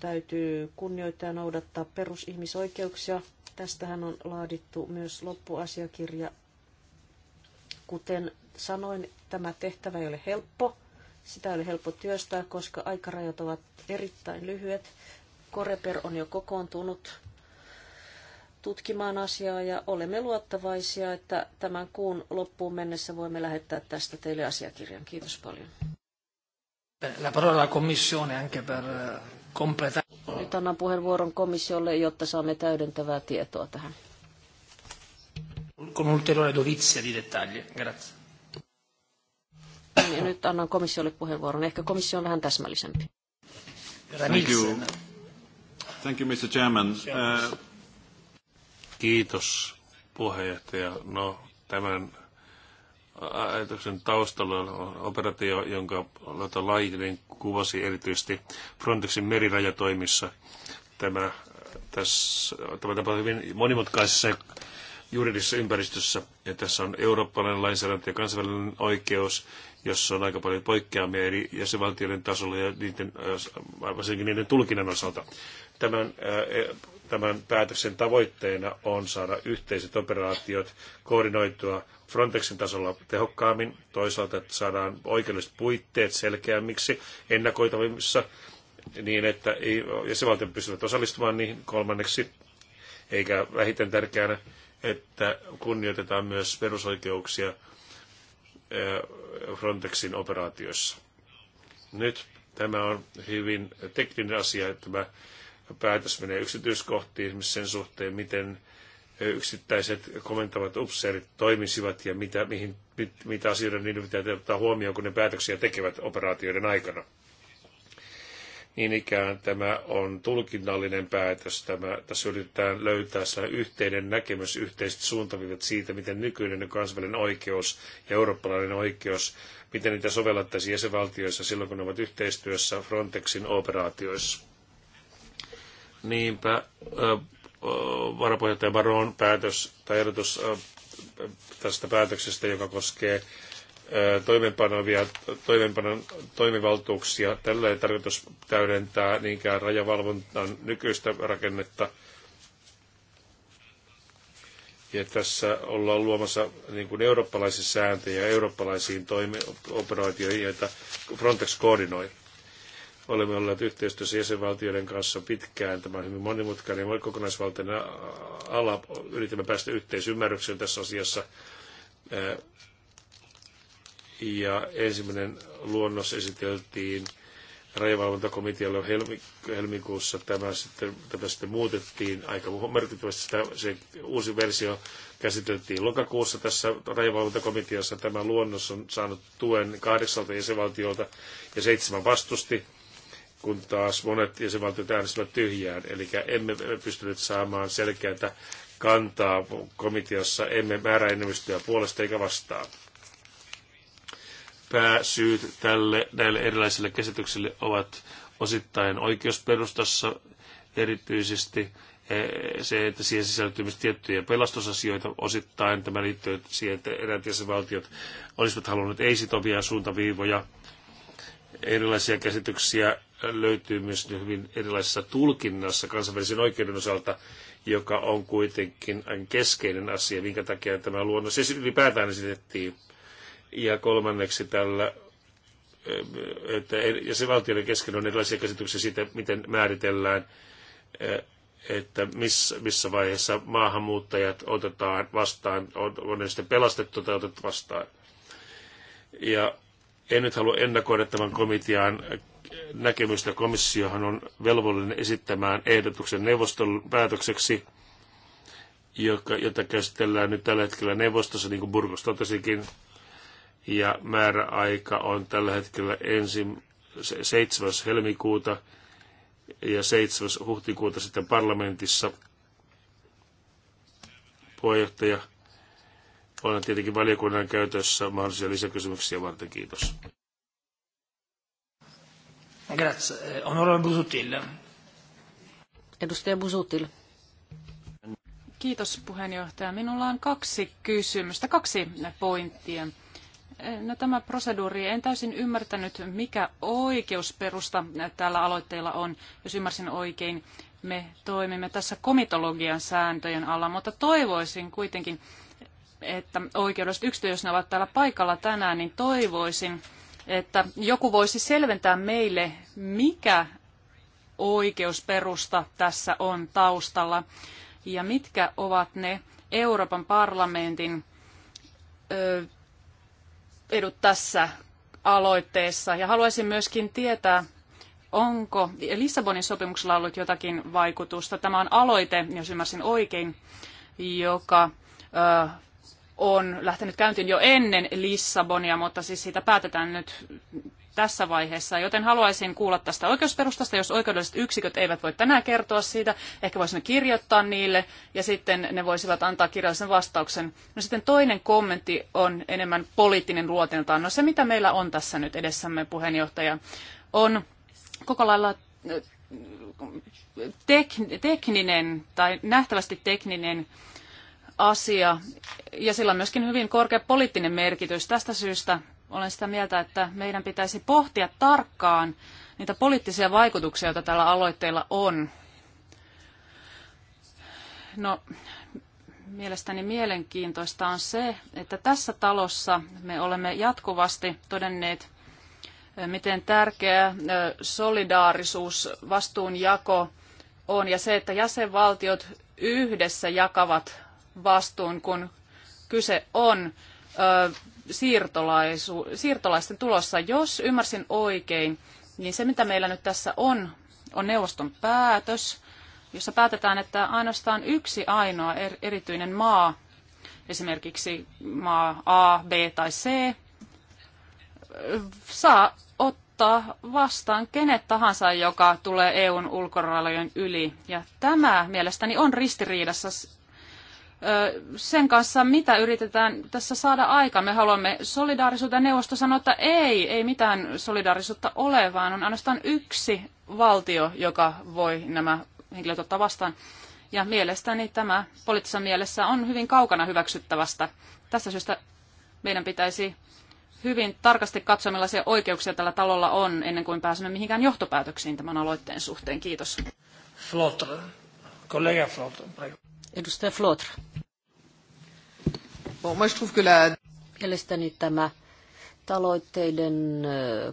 täytyy kunnioittaa ja noudattaa perusihmisoikeuksia. Tästähän on laadittu myös loppuasiakirja. Kuten sanoin, tämä tehtävä ei ole helppo. Sitä ei ole helppo työstää, koska aikarajat ovat erittäin lyhyet. Koreper on jo kokoontunut tutkimaan asiaa ja olemme luottavaisia, että tämän kuun loppuun mennessä voimme lähettää tästä teille asiakirjan. Kiitos paljon. La parola commissione anche per eh, Nyt annan puheenvuoron komissiolle, jotta saamme täydentävää tietoa tähän. Con ulteriore dovizia di dettagli. Grazie. Ja nyt annan komissiolle puheenvuoron. Ehkä komissio on vähän täsmällisempi. Thank you. Thank you, Mr. Chairman. Uh, Kiitos, puheenjohtaja. No, tämän ajatuksen taustalla on operaatio, jonka Lata Laitinen kuvasi erityisesti Frontexin merirajatoimissa. Tämä, tässä, tämä tapahtui hyvin monimutkaisessa juridisessa ympäristössä. Ja tässä on eurooppalainen lainsäädäntö ja kansainvälinen oikeus jossa on aika paljon poikkeamia eri jäsenvaltioiden tasolla ja niiden, äh, varsinkin niiden tulkinnan osalta. Tämän, äh, e, tämän päätöksen tavoitteena on saada yhteiset operaatiot koordinoitua Frontexin tasolla tehokkaammin, toisaalta että saadaan oikeudelliset puitteet selkeämmiksi ennakoitavimmissa niin, että ei jäsenvaltiot pystyvät osallistumaan niihin kolmanneksi, eikä vähiten tärkeänä, että kunnioitetaan myös perusoikeuksia Eh, Frontexin operaatioissa. Nyt tämä on hyvin tekninen asia, että tämä päätös menee yksityiskohtiin sen suhteen, miten eh, yksittäiset komentavat upseerit toimisivat ja mitä, mihin, mit, mitä asioita niiden pitää ottaa huomioon, kun ne päätöksiä tekevät operaatioiden aikana. Niin ikään tämä on tulkinnallinen päätös. Tämä, tässä yritetään löytää yhteinen näkemys, yhteiset suuntaviivat siitä, miten nykyinen kansainvälinen oikeus ja eurooppalainen oikeus, miten niitä sovellettaisiin jäsenvaltioissa silloin, kun ne ovat yhteistyössä Frontexin operaatioissa. Niinpä varapuheenjohtaja Baron päätös tai ehdotus tästä päätöksestä, joka koskee toimenpanovia toimenpanon toimivaltuuksia. Tällä ei tarkoitus täydentää niinkään rajavalvontan nykyistä rakennetta. Ja tässä ollaan luomassa niin kuin eurooppalaisia sääntöjä eurooppalaisiin toimioperaatioihin, joita Frontex koordinoi. Olemme olleet yhteistyössä jäsenvaltioiden kanssa pitkään. Tämä on hyvin monimutkainen ja kokonaisvaltainen ala. Yritämme päästä yhteisymmärrykseen tässä asiassa ja ensimmäinen luonnos esiteltiin rajavalvontakomitealle helmi, helmikuussa. Tämä sitten, tätä sitten muutettiin aika merkittävästi. Sitä, se uusi versio käsiteltiin lokakuussa tässä rajavalvontakomiteassa. Tämä luonnos on saanut tuen kahdeksalta jäsenvaltiolta ja seitsemän vastusti kun taas monet jäsenvaltiot äänestivät tyhjään. Eli emme pystyneet saamaan selkeää kantaa komiteassa, emme määräenemmistöä puolesta eikä vastaan pääsyyt tälle, näille erilaisille käsityksille ovat osittain oikeusperustassa erityisesti eh, se, että siihen sisältyy myös tiettyjä pelastusasioita osittain. Tämä liittyy siihen, että eräät jäsenvaltiot olisivat halunneet ei-sitovia suuntaviivoja. Erilaisia käsityksiä löytyy myös hyvin erilaisessa tulkinnassa kansainvälisen oikeuden osalta, joka on kuitenkin keskeinen asia, minkä takia tämä luonnos ylipäätään esitettiin. Ja kolmanneksi tällä, eh, että jäsenvaltioiden kesken on erilaisia käsityksiä siitä, miten määritellään, eh, että missä, missä vaiheessa maahanmuuttajat otetaan vastaan, on, on ne sitten pelastettu tai otettu vastaan. Ja en nyt halua ennakoida tämän komitean näkemystä. Komissiohan on velvollinen esittämään ehdotuksen neuvoston päätökseksi, joka, jota käsitellään nyt tällä hetkellä neuvostossa, niin kuin Burgos totesikin, ja määräaika on tällä hetkellä ensin 7. helmikuuta ja 7. huhtikuuta sitten parlamentissa puheenjohtaja. Olen tietenkin valiokunnan käytössä mahdollisia lisäkysymyksiä varten. Kiitos. Grazie. Eh, onorevole Busutil. Edustaja Busutil. Kiitos puheenjohtaja. Minulla on kaksi kysymystä, kaksi pointtia no, tämä proseduuri, en täysin ymmärtänyt, mikä oikeusperusta tällä aloitteella on. Jos ymmärsin oikein, me toimimme tässä komitologian sääntöjen alla, mutta toivoisin kuitenkin, että oikeudelliset yksityiset ovat täällä paikalla tänään, niin toivoisin, että joku voisi selventää meille, mikä oikeusperusta tässä on taustalla ja mitkä ovat ne Euroopan parlamentin ö, edut tässä aloitteessa. Ja haluaisin myöskin tietää, onko Lissabonin sopimuksella ollut jotakin vaikutusta. Tämä on aloite, jos ymmärsin oikein, joka ö, on lähtenyt käyntiin jo ennen Lissabonia, mutta siis siitä päätetään nyt tässä vaiheessa, joten haluaisin kuulla tästä oikeusperustasta, jos oikeudelliset yksiköt eivät voi tänään kertoa siitä, ehkä voisimme kirjoittaa niille ja sitten ne voisivat antaa kirjallisen vastauksen. No sitten toinen kommentti on enemmän poliittinen luoteeltaan. No se, mitä meillä on tässä nyt edessämme, puheenjohtaja, on koko lailla eh, tek- tekninen tai nähtävästi tekninen asia, ja sillä on myöskin hyvin korkea poliittinen merkitys. Tästä syystä olen sitä mieltä, että meidän pitäisi pohtia tarkkaan niitä poliittisia vaikutuksia, joita tällä aloitteella on. No, mielestäni mielenkiintoista on se, että tässä talossa me olemme jatkuvasti todenneet, miten tärkeä solidaarisuus, vastuunjako on ja se, että jäsenvaltiot yhdessä jakavat vastuun, kun kyse on siirtolaisu, siirtolaisten tulossa. Jos ymmärsin oikein, niin se mitä meillä nyt tässä on, on neuvoston päätös, jossa päätetään, että ainoastaan yksi ainoa er, erityinen maa, esimerkiksi maa A, B tai C, saa ottaa vastaan kenet tahansa, joka tulee EUn ulkorajojen yli. Ja tämä mielestäni on ristiriidassa sen kanssa, mitä yritetään tässä saada aikaan. Me haluamme solidaarisuutta. Neuvosto sanoo, että ei, ei mitään solidaarisuutta ole, vaan on ainoastaan yksi valtio, joka voi nämä henkilöt ottaa vastaan. Ja mielestäni tämä poliittisessa mielessä on hyvin kaukana hyväksyttävästä. Tästä syystä meidän pitäisi hyvin tarkasti katsoa, millaisia oikeuksia tällä talolla on, ennen kuin pääsemme mihinkään johtopäätöksiin tämän aloitteen suhteen. Kiitos. Flotter. Kollega Flotter. Edustaja Flotr. Mielestäni tämä taloitteiden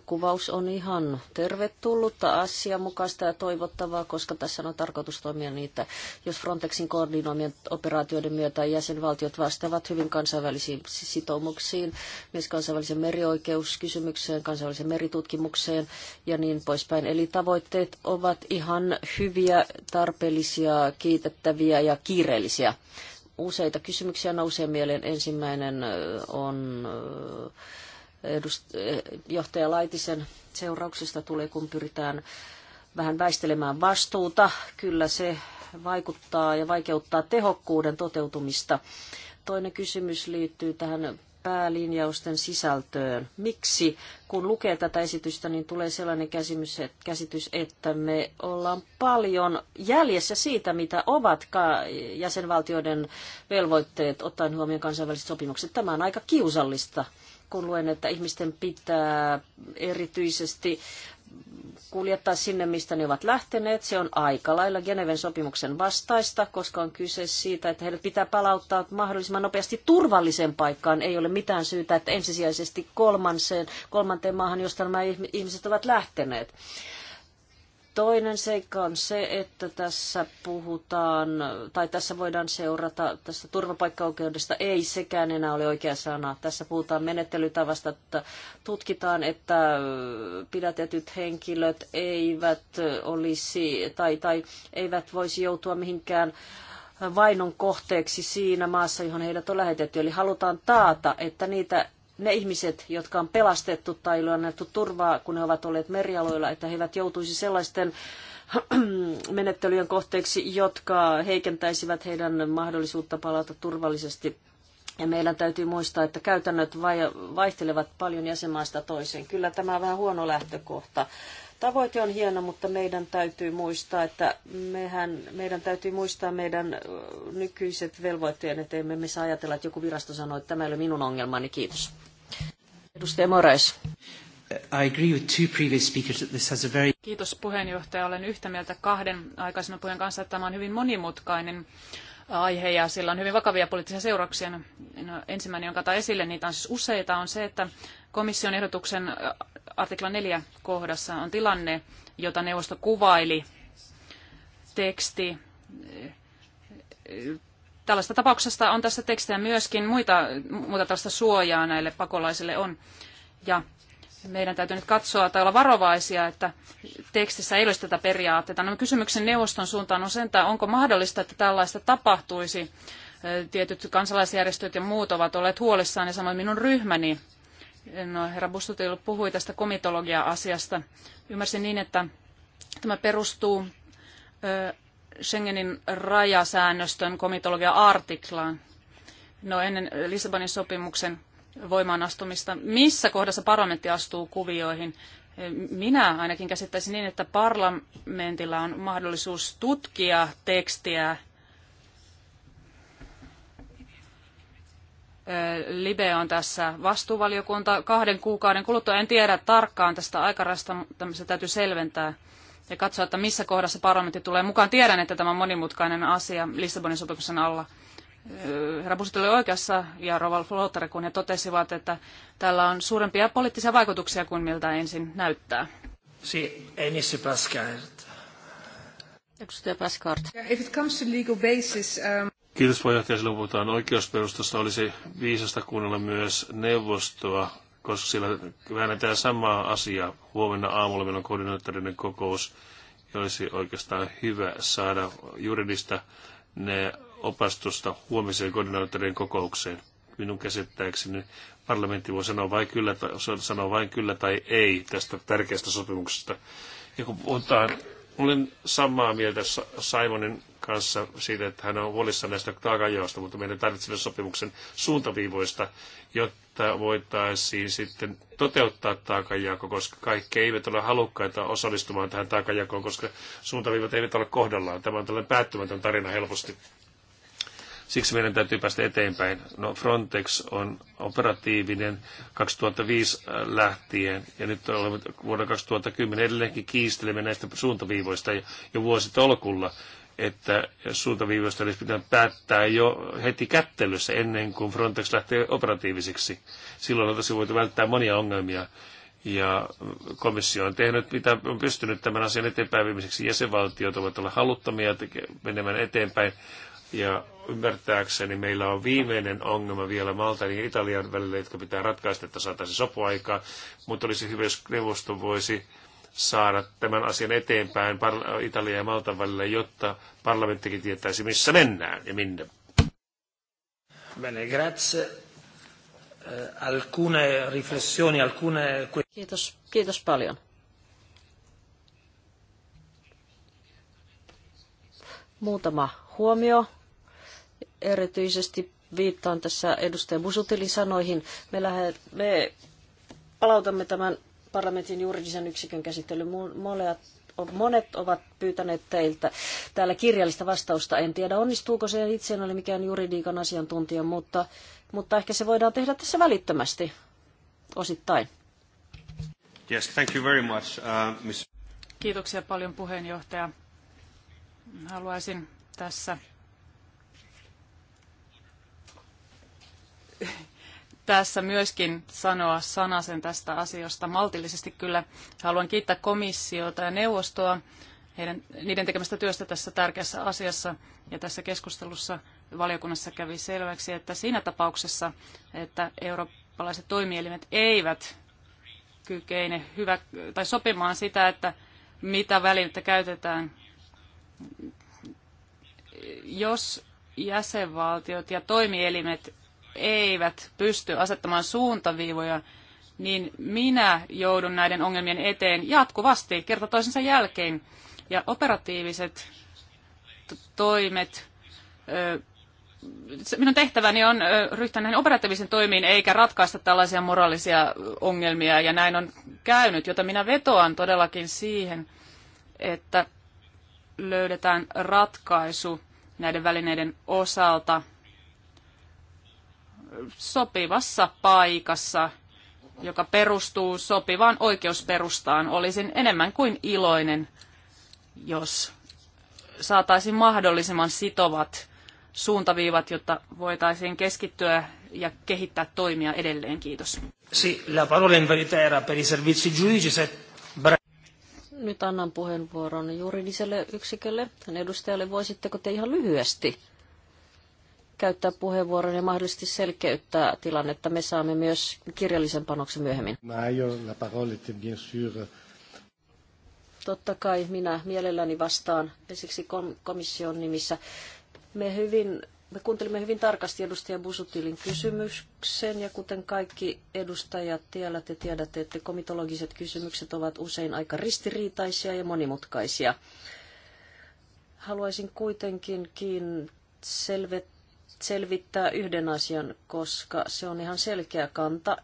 kuvaus on ihan tervetullutta, asianmukaista ja toivottavaa, koska tässä on tarkoitus toimia niitä, jos Frontexin koordinoimien operaatioiden myötä jäsenvaltiot vastaavat hyvin kansainvälisiin sitoumuksiin, myös kansainvälisen merioikeuskysymykseen, kansainväliseen meritutkimukseen ja niin poispäin. Eli tavoitteet ovat ihan hyviä, tarpeellisia, kiitettäviä ja kiireellisiä useita kysymyksiä nousee mieleen. Ensimmäinen on edust- johtaja Laitisen seurauksista tulee, kun pyritään vähän väistelemään vastuuta. Kyllä se vaikuttaa ja vaikeuttaa tehokkuuden toteutumista. Toinen kysymys liittyy tähän päälinjausten sisältöön. Miksi, kun lukee tätä esitystä, niin tulee sellainen käsitys, että me ollaan paljon jäljessä siitä, mitä ovat jäsenvaltioiden velvoitteet ottaen huomioon kansainväliset sopimukset. Tämä on aika kiusallista kun luen, että ihmisten pitää erityisesti kuljettaa sinne, mistä ne ovat lähteneet. Se on aika lailla Geneven sopimuksen vastaista, koska on kyse siitä, että heidät pitää palauttaa mahdollisimman nopeasti turvalliseen paikkaan. Ei ole mitään syytä, että ensisijaisesti kolmanseen, kolmanteen maahan, josta nämä ihmiset ovat lähteneet. Toinen seikka on se, että tässä puhutaan, tai tässä voidaan seurata tästä turvapaikkaoikeudesta. Ei sekään enää ole oikea sana. Tässä puhutaan menettelytavasta, että tutkitaan, että pidätetyt henkilöt eivät olisi, tai, tai eivät voisi joutua mihinkään vainon kohteeksi siinä maassa, johon heidät on lähetetty. Eli halutaan taata, että niitä ne ihmiset, jotka on pelastettu tai on annettu turvaa, kun he ovat olleet merialoilla, että he eivät joutuisi sellaisten (clears throat) menettelyjen kohteeksi, jotka heikentäisivät heidän mahdollisuutta palata turvallisesti. Ja meillä täytyy muistaa, että käytännöt vaihtelevat paljon jäsenmaasta toiseen. Kyllä tämä on vähän huono lähtökohta Tavoite on hieno, mutta meidän täytyy muistaa, että mehän, meidän täytyy muistaa meidän nykyiset velvoitteen, että emme me saa ajatella, että joku virasto sanoo, että tämä ei ole minun ongelmani, kiitos. Edustaja Moraes. I agree with two previous speakers that this has a very... Kiitos puheenjohtaja. Olen yhtä mieltä kahden aikaisemman puheen kanssa, että tämä on hyvin monimutkainen aihe ja sillä on hyvin vakavia poliittisia seurauksia. No, ensimmäinen, jonka otan esille, niitä on siis useita, on se, että Komission ehdotuksen artikla 4 kohdassa on tilanne, jota neuvosto kuvaili teksti. Tällaista tapauksesta on tässä tekstiä myöskin muita, muuta tällaista suojaa näille pakolaisille on. Ja meidän täytyy nyt katsoa tai olla varovaisia, että tekstissä ei olisi tätä periaatteita. No, kysymyksen neuvoston suuntaan on sen, että onko mahdollista, että tällaista tapahtuisi. Tietyt kansalaisjärjestöt ja muut ovat olleet huolissaan ja samoin minun ryhmäni No, herra Bustutil puhui tästä komitologia-asiasta. Ymmärsin niin, että tämä perustuu Schengenin rajasäännöstön komitologia-artiklaan. No, ennen Lissabonin sopimuksen voimaan astumista. Missä kohdassa parlamentti astuu kuvioihin? Minä ainakin käsittäisin niin, että parlamentilla on mahdollisuus tutkia tekstiä Libe on tässä vastuuvaliokunta kahden kuukauden kuluttua. En tiedä tarkkaan tästä aikarasta, mutta se täytyy selventää ja katsoa, että missä kohdassa parlamentti tulee mukaan. Tiedän, että tämä on monimutkainen asia Lissabonin sopimuksen alla. Herra Busit oli oikeassa ja Roval Flotter, kun he totesivat, että tällä on suurempia poliittisia vaikutuksia kuin miltä ensin näyttää. Si, Enissi Paskart. Edustaja Paskart. If it comes to legal basis, um... Kiitos puheenjohtaja, oikeusperustassa Olisi viisasta kuunnella myös neuvostoa, koska siellä väännetään samaa asiaa. Huomenna aamulla meillä on koordinaattorinen kokous, ja olisi oikeastaan hyvä saada juridista ne opastusta huomiseen koordinaattorien kokoukseen. Minun käsittääkseni parlamentti voi sanoa vain kyllä, tai, sanoa vain kyllä tai ei tästä tärkeästä sopimuksesta. Ja kun puhutaan olen samaa mieltä Simonin kanssa siitä, että hän on huolissaan näistä taakajoista, mutta meidän tarvitsemme sopimuksen suuntaviivoista, jotta voitaisiin sitten toteuttaa taakajako, koska kaikki eivät ole halukkaita osallistumaan tähän taakajakoon, koska suuntaviivat eivät ole kohdallaan. Tämä on tällainen päättymätön tarina helposti. Siksi meidän täytyy päästä eteenpäin. No Frontex on operatiivinen 2005 lähtien ja nyt olemme vuonna 2010 edelleenkin kiistelemme näistä suuntaviivoista jo vuositolkulla että suuntaviivoista olisi pitänyt päättää jo heti kättelyssä ennen kuin Frontex lähtee operatiivisiksi. Silloin oltaisiin voitu välttää monia ongelmia. Ja komissio on tehnyt, mitä on pystynyt tämän asian eteenpäin viimeiseksi. Jäsenvaltiot ovat olleet haluttomia menemään eteenpäin ja ymmärtääkseni meillä on viimeinen ongelma vielä Maltan ja Italian välillä, jotka pitää ratkaista, että saataisiin sopuaikaa. Mutta olisi hyvä, jos neuvosto voisi saada tämän asian eteenpäin Italian ja Maltan välillä, jotta parlamenttikin tietäisi, missä mennään ja minne. Bene, grazie. Eh, alcune riflessioni, alcune... Kiitos, kiitos paljon. Muutama huomio Erityisesti viittaan tässä edustaja Busutilin sanoihin. Me, lähe, me palautamme tämän parlamentin juridisen yksikön käsittelyn. Molemmat monet ovat pyytäneet teiltä täällä kirjallista vastausta. En tiedä, onnistuuko se. Itse en ole mikään juridiikan asiantuntija, mutta, mutta ehkä se voidaan tehdä tässä välittömästi osittain. Yes, thank you very much, uh, Kiitoksia paljon puheenjohtaja. Haluaisin tässä tässä myöskin sanoa sanasen tästä asiasta. Maltillisesti kyllä haluan kiittää komissiota ja neuvostoa heidän, niiden tekemästä työstä tässä tärkeässä asiassa. Ja tässä keskustelussa valiokunnassa kävi selväksi, että siinä tapauksessa, että eurooppalaiset toimielimet eivät kykene hyvä, tai sopimaan sitä, että mitä välinettä käytetään, jos jäsenvaltiot ja toimielimet eivät pysty asettamaan suuntaviivoja, niin minä joudun näiden ongelmien eteen jatkuvasti kerta toisensa jälkeen. Ja operatiiviset toimet, minun tehtäväni on ryhtyä näihin operatiivisiin toimiin eikä ratkaista tällaisia moraalisia ongelmia ja näin on käynyt, jota minä vetoan todellakin siihen, että löydetään ratkaisu näiden välineiden osalta – sopivassa paikassa, joka perustuu sopivaan oikeusperustaan. Olisin enemmän kuin iloinen, jos saataisiin mahdollisimman sitovat suuntaviivat, jotta voitaisiin keskittyä ja kehittää toimia edelleen. Kiitos. Nyt annan puheenvuoron juridiselle yksikölle. Hän edustajalle, voisitteko te ihan lyhyesti käyttää puheenvuoron ja mahdollisesti selkeyttää tilannetta. Me saamme myös kirjallisen panoksen myöhemmin. Totta kai minä mielelläni vastaan esiksi komission nimissä. Me, hyvin, me kuuntelimme hyvin tarkasti edustaja Busutilin kysymyksen ja kuten kaikki edustajat tiellä te tiedätte, että komitologiset kysymykset ovat usein aika ristiriitaisia ja monimutkaisia. Haluaisin kuitenkin selvet, selvittää yhden asian, koska se on ihan selkeä kanta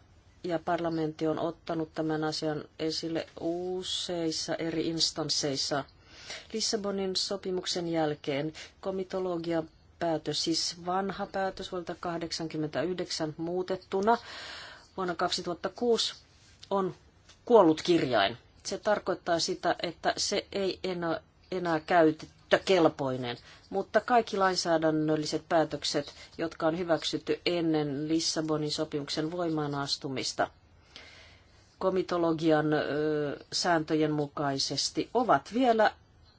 ja parlamentti on ottanut tämän asian esille useissa eri instansseissa. Lissabonin sopimuksen jälkeen komitologia päätös, siis vanha päätös vuodelta 1989 muutettuna vuonna 2006, on kuollut kirjain. Se tarkoittaa sitä, että se ei enää, enää käytetä käyttökelpoinen. Mutta kaikki lainsäädännölliset päätökset, jotka on hyväksytty ennen Lissabonin sopimuksen voimaanastumista komitologian ö, sääntöjen mukaisesti ovat vielä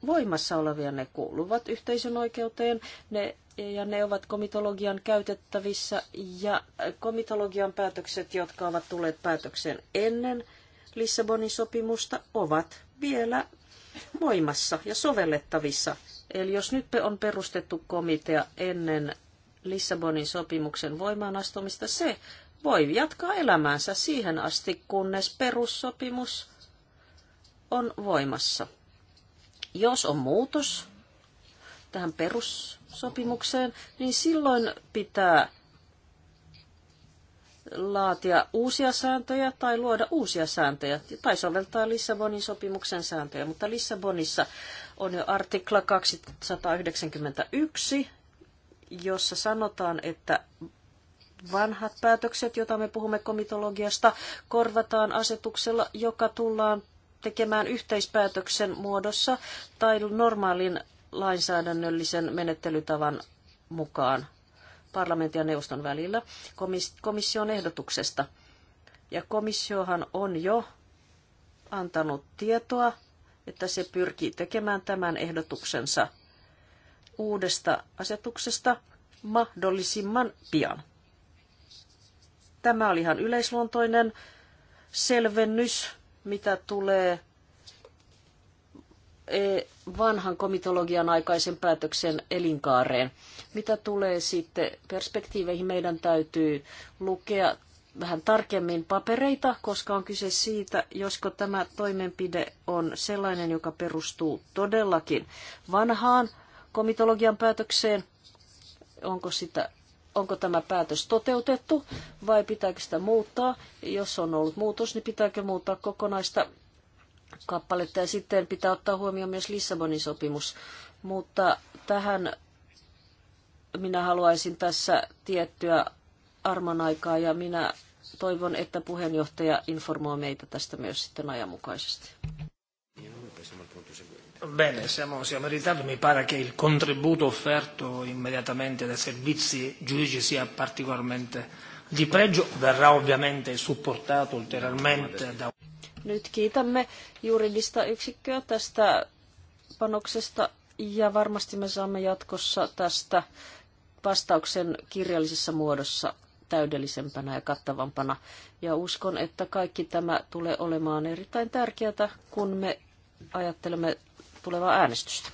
voimassa olevia. Ne kuuluvat yhteisön oikeuteen ne, ja ne ovat komitologian käytettävissä ja komitologian päätökset, jotka ovat tulleet päätöksen ennen Lissabonin sopimusta, ovat vielä voimassa ja sovellettavissa. Eli jos nyt on perustettu komitea ennen Lissabonin sopimuksen voimaanastumista, se voi jatkaa elämäänsä siihen asti, kunnes perussopimus on voimassa. Jos on muutos tähän perussopimukseen, niin silloin pitää laatia uusia sääntöjä tai luoda uusia sääntöjä tai soveltaa Lissabonin sopimuksen sääntöjä, mutta Lissabonissa on jo artikla 291, jossa sanotaan, että vanhat päätökset, joita me puhumme komitologiasta, korvataan asetuksella, joka tullaan tekemään yhteispäätöksen muodossa tai normaalin lainsäädännöllisen menettelytavan mukaan parlamentin ja neuvoston välillä komission ehdotuksesta. Ja komissiohan on jo antanut tietoa, että se pyrkii tekemään tämän ehdotuksensa uudesta asetuksesta mahdollisimman pian. Tämä oli ihan yleisluontoinen selvennys, mitä tulee E, vanhan komitologian aikaisen päätöksen elinkaareen. Mitä tulee sitten perspektiiveihin, meidän täytyy lukea vähän tarkemmin papereita, koska on kyse siitä, josko tämä toimenpide on sellainen, joka perustuu todellakin vanhaan komitologian päätökseen, onko, sitä, onko tämä päätös toteutettu vai pitääkö sitä muuttaa. Jos on ollut muutos, niin pitääkö muuttaa kokonaista kappaletta ja sitten pitää ottaa huomioon myös Lissabonin sopimus. Mutta tähän minä haluaisin tässä tiettyä armon aikaa ja minä toivon, että puheenjohtaja informoi meitä tästä myös sitten ajanmukaisesti. Bene, siamo, siamo in ritardo, mi pare che il contributo offerto immediatamente dai servizi giudici sia particolarmente di pregio, verrà ovviamente supportato ulteriormente da nyt kiitämme juridista yksikköä tästä panoksesta ja varmasti me saamme jatkossa tästä vastauksen kirjallisessa muodossa täydellisempänä ja kattavampana. Ja uskon, että kaikki tämä tulee olemaan erittäin tärkeää, kun me ajattelemme tulevaa äänestystä.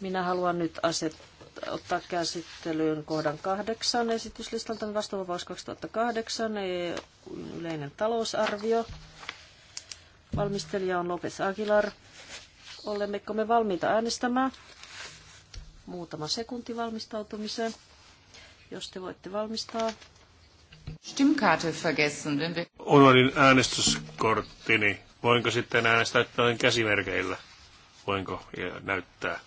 Minä haluan nyt asettaa ottaa käsittelyyn kohdan kahdeksan esityslistalta vastuuvapaus 2008, e, yleinen talousarvio. Valmistelija on Lopes Aguilar. Olemmeko me valmiita äänestämään? Muutama sekunti valmistautumiseen, jos te voitte valmistaa. Stimmkarte vergessen. Unohdin äänestyskorttini. Voinko sitten äänestää noin käsimerkeillä? Voinko näyttää?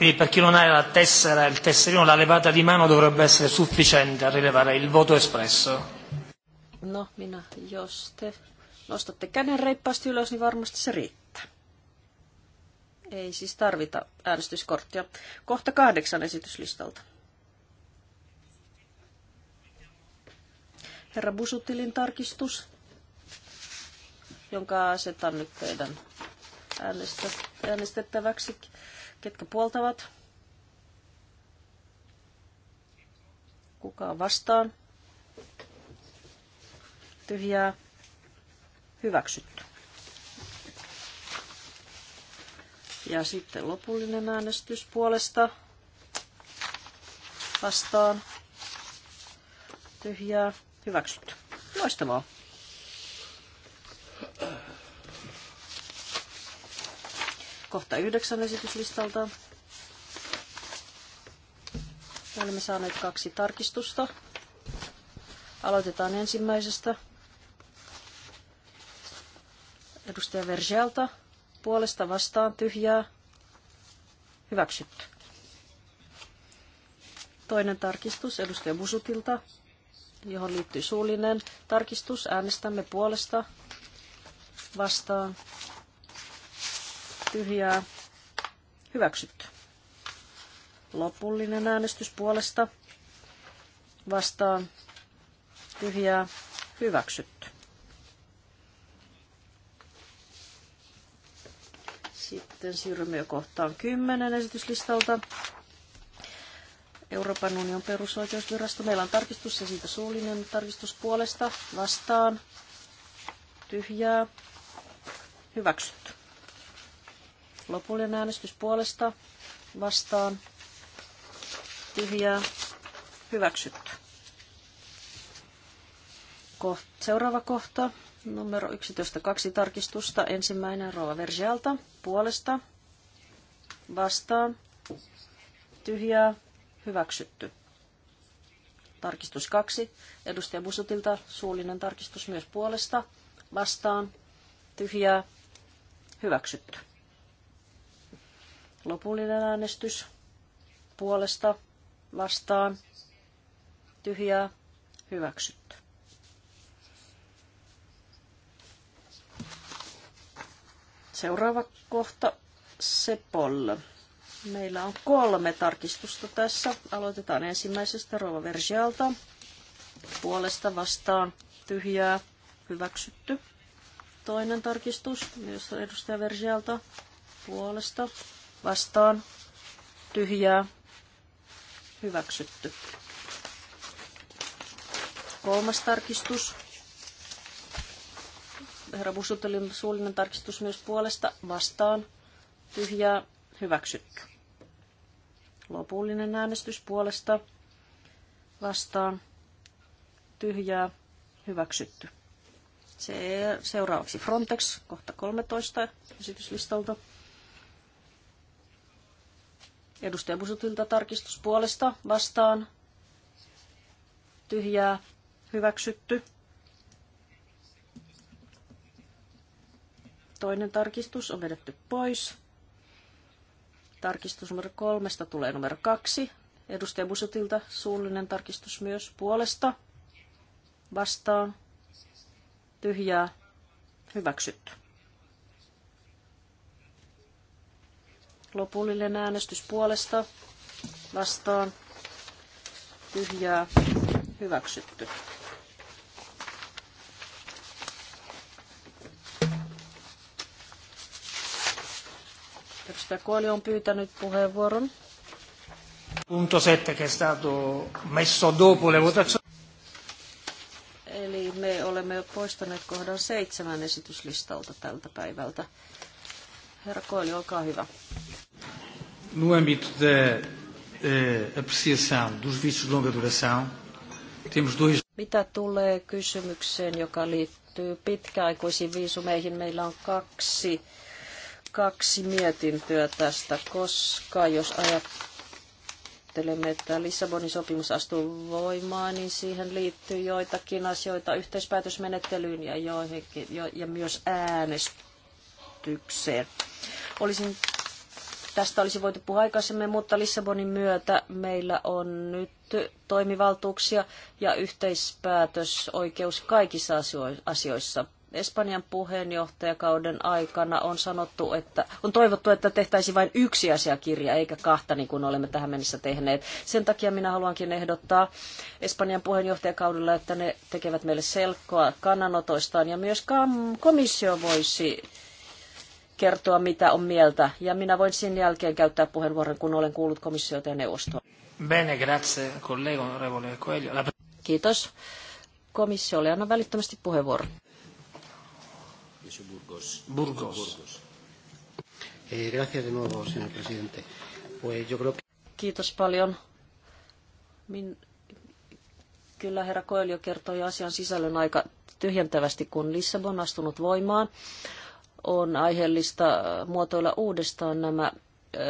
Quindi per chi non ha la tessera, il tesserino, la levata di mano dovrebbe essere sufficiente a rilevare il voto espresso. No, minä, jos te nostatte käden reippaasti ylös, niin varmasti se riittää. Ei siis tarvita äänestyskorttia. Kohta kahdeksan esityslistalta. Herra Busutilin tarkistus, jonka asetan nyt teidän äänestä, äänestettäväksi. Ketkä puoltavat? Kuka vastaan? Tyhjää. Hyväksytty. Ja sitten lopullinen äänestys puolesta vastaan. Tyhjää. Hyväksytty. Loistavaa. Kohta yhdeksän esityslistalta. Olemme saaneet kaksi tarkistusta. Aloitetaan ensimmäisestä. Edustaja Vergelta. Puolesta vastaan tyhjää. Hyväksytty. Toinen tarkistus edustaja Busutilta, johon liittyy suullinen tarkistus. Äänestämme puolesta vastaan tyhjää hyväksytty. Lopullinen äänestys puolesta vastaan tyhjää hyväksytty. Sitten siirrymme jo kohtaan 10 esityslistalta. Euroopan union perusoikeusvirasto. Meillä on tarkistus ja siitä suullinen tarkistus puolesta vastaan. Tyhjää. Hyväksytty. Lopullinen äänestys puolesta vastaan. Tyhjää. Hyväksytty. Koht, seuraava kohta. Numero 11.2 Kaksi tarkistusta. Ensimmäinen rova Vergealta puolesta vastaan. Tyhjää. Hyväksytty. Tarkistus kaksi. Edustaja Busutilta suullinen tarkistus myös puolesta. Vastaan. Tyhjää. Hyväksytty. Lopullinen äänestys puolesta vastaan tyhjää hyväksytty. Seuraava kohta Sepol. Meillä on kolme tarkistusta tässä. Aloitetaan ensimmäisestä Rova Versialta. Puolesta vastaan tyhjää hyväksytty. Toinen tarkistus myös edustaja Versialta puolesta vastaan tyhjää hyväksytty. Kolmas tarkistus. Herra Busutelin suullinen tarkistus myös puolesta vastaan tyhjää hyväksytty. Lopullinen äänestys puolesta vastaan tyhjää hyväksytty. Se, seuraavaksi Frontex, kohta 13 esityslistalta. Edustaja Busutilta tarkistus puolesta vastaan. Tyhjää. Hyväksytty. Toinen tarkistus on vedetty pois. Tarkistus numero kolmesta tulee numero kaksi. Edustaja Busutilta suullinen tarkistus myös puolesta. Vastaan. Tyhjää. Hyväksytty. Lopullinen äänestys puolesta vastaan tyhjää hyväksytty. Edustaja Koili on pyytänyt puheenvuoron. Punto 7 che è stato messo dopo le votazioni. Eli me olemme jo poistaneet kohdan seitsemän esityslistalta tältä päivältä. Herra Koili, olkaa hyvä. No âmbito da uh, apreciação dos vistos de longa duração, temos dois... Mitä tulee kysymykseen, joka liittyy pitkäaikoisiin viisumeihin, meillä on kaksi, kaksi mietintöä tästä, koska jos ajattelemme, että Lissabonin sopimus astuu voimaan, niin siihen liittyy joitakin asioita yhteispäätösmenettelyyn ja, joihinkin, jo, ja myös äänestykseen. Olisin Tästä olisi voitu puhua aikaisemmin, mutta Lissabonin myötä meillä on nyt toimivaltuuksia ja yhteispäätösoikeus kaikissa asioissa. Espanjan puheenjohtajakauden aikana on sanottu, että on toivottu, että tehtäisiin vain yksi asiakirja, eikä kahta, niin kuin olemme tähän mennessä tehneet. Sen takia minä haluankin ehdottaa Espanjan puheenjohtajakaudella, että ne tekevät meille selkoa kannanotoistaan, ja myös komissio voisi kertoa, mitä on mieltä. Ja minä voin sen jälkeen käyttää puheenvuoron, kun olen kuullut komissiota ja neuvostoa. Bene, grazie, collega, onorevole Coelho. La... Kiitos. Komissiolle anna välittömästi puheenvuoron. Burgos. Burgos. Eh, gracias de nuevo, señor presidente. Pues yo creo que... Kiitos paljon. Min... Kyllä herra Coelho kertoi asian sisällön aika tyhjentävästi, kun Lissabon astunut voimaan on aiheellista muotoilla uudestaan nämä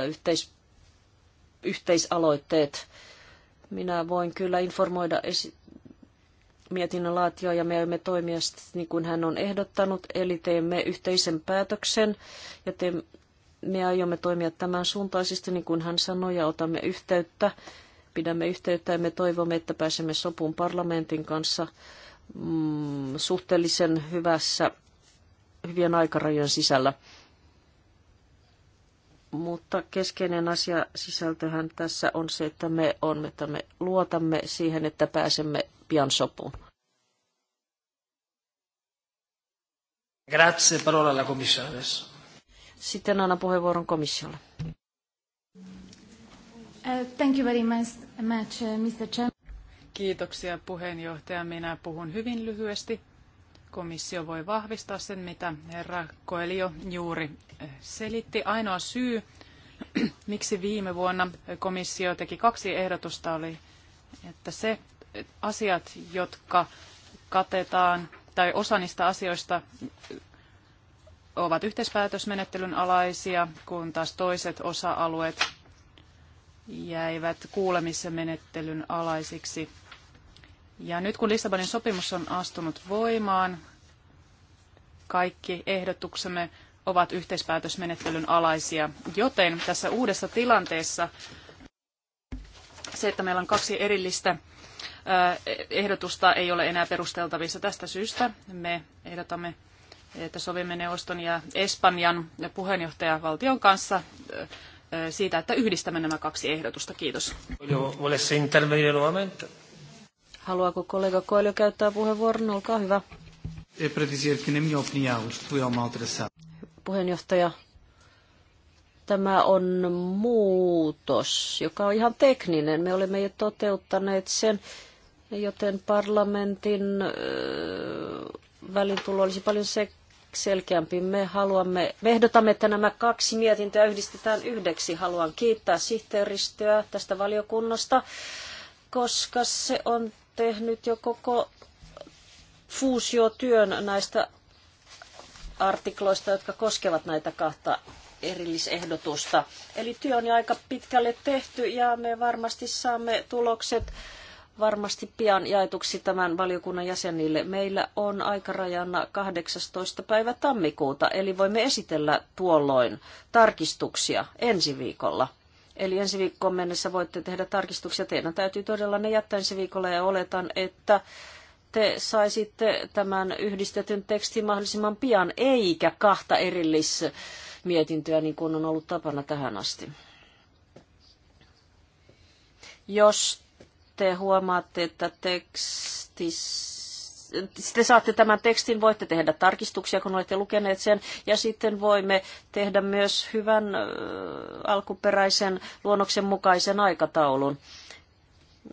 yhteis, yhteisaloitteet. Minä voin kyllä informoida esi- mietinnön laatioa ja me aiomme toimia niin kuin hän on ehdottanut, eli teemme yhteisen päätöksen ja te- me aiomme toimia tämän suuntaisesti, niin kuin hän sanoi, ja otamme yhteyttä, pidämme yhteyttä ja me toivomme, että pääsemme sopuun parlamentin kanssa mm, suhteellisen hyvässä hyvien aikarajojen sisällä. Mutta keskeinen asia sisältöhän tässä on se, että me, on, että me luotamme siihen, että pääsemme pian sopuun. Grazie, parola alla commissione Sitten annan puheenvuoron komissiolle. Uh, thank you very much, Mr. Chairman. Kiitoksia puheenjohtaja. Minä puhun hyvin lyhyesti komissio voi vahvistaa sen, mitä herra Koelio juuri eh, selitti. Ainoa syy, (clears throat) miksi viime vuonna komissio teki kaksi ehdotusta, oli, että se asiat, jotka katetaan, tai osa niistä asioista eh, ovat yhteispäätösmenettelyn alaisia, kun taas toiset osa-alueet jäivät kuulemismenettelyn alaisiksi. Ja nyt kun Lissabonin sopimus on astunut voimaan, kaikki ehdotuksemme ovat yhteispäätösmenettelyn alaisia, joten tässä uudessa tilanteessa se, että meillä on kaksi erillistä ehdotusta, ei ole enää perusteltavissa tästä syystä. Me ehdotamme, että sovimme neuvoston ja Espanjan ja puheenjohtajavaltion kanssa siitä, että yhdistämme nämä kaksi ehdotusta. Kiitos. Haluaako kollega Koelio käyttää puheenvuoron? Olkaa hyvä. E Puheenjohtaja, tämä on muutos, joka on ihan tekninen. Me olemme jo toteuttaneet sen, joten parlamentin välintulo olisi paljon se selkeämpi. Me, haluamme, me ehdotamme, että nämä kaksi mietintöä yhdistetään yhdeksi. Haluan kiittää sihteeristöä tästä valiokunnasta, koska se on tehnyt jo koko fuusiotyön näistä artikloista, jotka koskevat näitä kahta erillisehdotusta. Eli työ on jo aika pitkälle tehty ja me varmasti saamme tulokset varmasti pian jaetuksi tämän valiokunnan jäsenille. Meillä on aikarajana 18. päivä tammikuuta, eli voimme esitellä tuolloin tarkistuksia ensi viikolla. Eli ensi viikkoon mennessä voitte tehdä tarkistuksia. Teidän täytyy todella ne jättää ensi viikolla ja oletan, että te saisitte tämän yhdistetyn tekstin mahdollisimman pian, eikä kahta erillismietintöä, niin kuin on ollut tapana tähän asti. Jos te huomaatte, että tekstissä te saatte tämän tekstin, voitte tehdä tarkistuksia, kun olette lukeneet sen, ja sitten voimme tehdä myös hyvän alkuperäisen luonnoksen mukaisen aikataulun.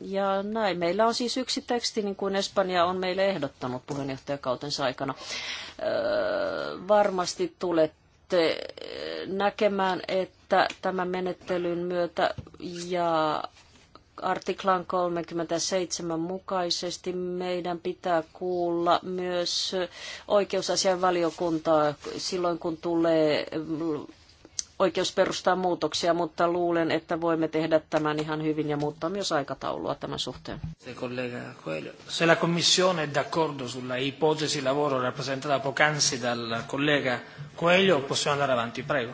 Ja näin. Meillä on siis yksi teksti, niin kuin Espanja on meille ehdottanut puheenjohtajakautensa aikana. Äh, varmasti tulette näkemään, että tämän menettelyn myötä ja artiklan 37 mukaisesti meidän pitää kuulla myös oikeusasianvaliokuntaa silloin, kun tulee oikeus perustaa muutoksia, mutta luulen, että voimme tehdä tämän ihan hyvin ja muuttaa myös aikataulua tämän suhteen. Se la Commissione è d'accordo sulla ipotesi lavoro rappresentata poc'anzi dal collega Coelho, possiamo andare avanti, prego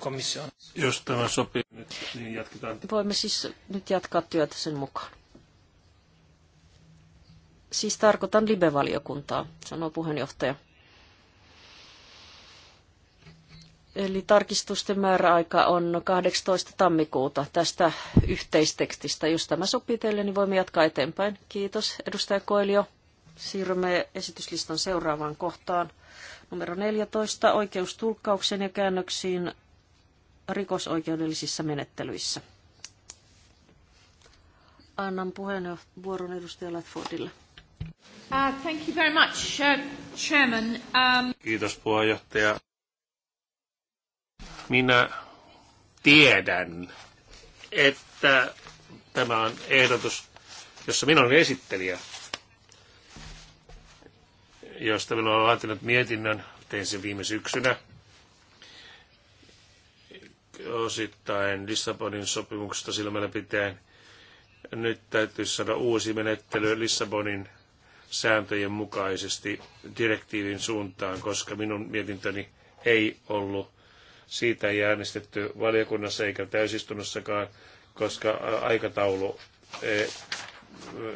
komission. Jos tämä sopii nyt, niin jatketaan. Voimme siis nyt jatkaa työtä sen mukaan. Siis tarkoitan libevaliokuntaa, sanoo puheenjohtaja. Eli tarkistusten määräaika on 18. tammikuuta tästä yhteistekstistä. Jos tämä sopii teille, niin voimme jatkaa eteenpäin. Kiitos, edustaja Koelio. Siirrymme esityslistan seuraavaan kohtaan. Numero 14. oikeustulkkauksen ja käännöksiin rikosoikeudellisissa menettelyissä. Annan puheenvuoron edustaja Latfordille. Uh, thank you very much, uh, Chairman. Um... Kiitos puheenjohtaja. Minä tiedän, että tämä on ehdotus, jossa minä olen esittelijä, josta minä olen laatinut mietinnön, tein sen viime syksynä – osittain Lissabonin sopimuksesta silmällä pitäen. Nyt täytyisi saada uusi menettely Lissabonin sääntöjen mukaisesti direktiivin suuntaan, koska minun mietintöni ei ollut. Siitä ei äänestetty valiokunnassa eikä täysistunnossakaan, koska aikataulu ei, e,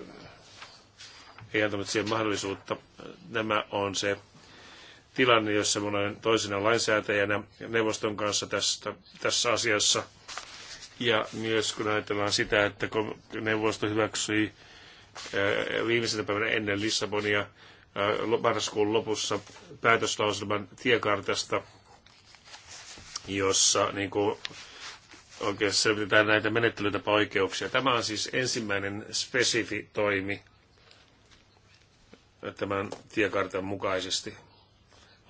ei antanut siihen mahdollisuutta. Nämä on se tilanne, jossa minä olen toisena lainsäätäjänä neuvoston kanssa tästä, tässä asiassa. Ja myös kun ajatellaan sitä, että kun neuvosto hyväksyi viimeisenä päivänä ennen Lissabonia marraskuun lopussa päätöslauselman tiekartasta, jossa niin kuin, oikein selvitetään näitä menettelytapa-oikeuksia. Tämä on siis ensimmäinen spesifi toimi tämän tiekartan mukaisesti.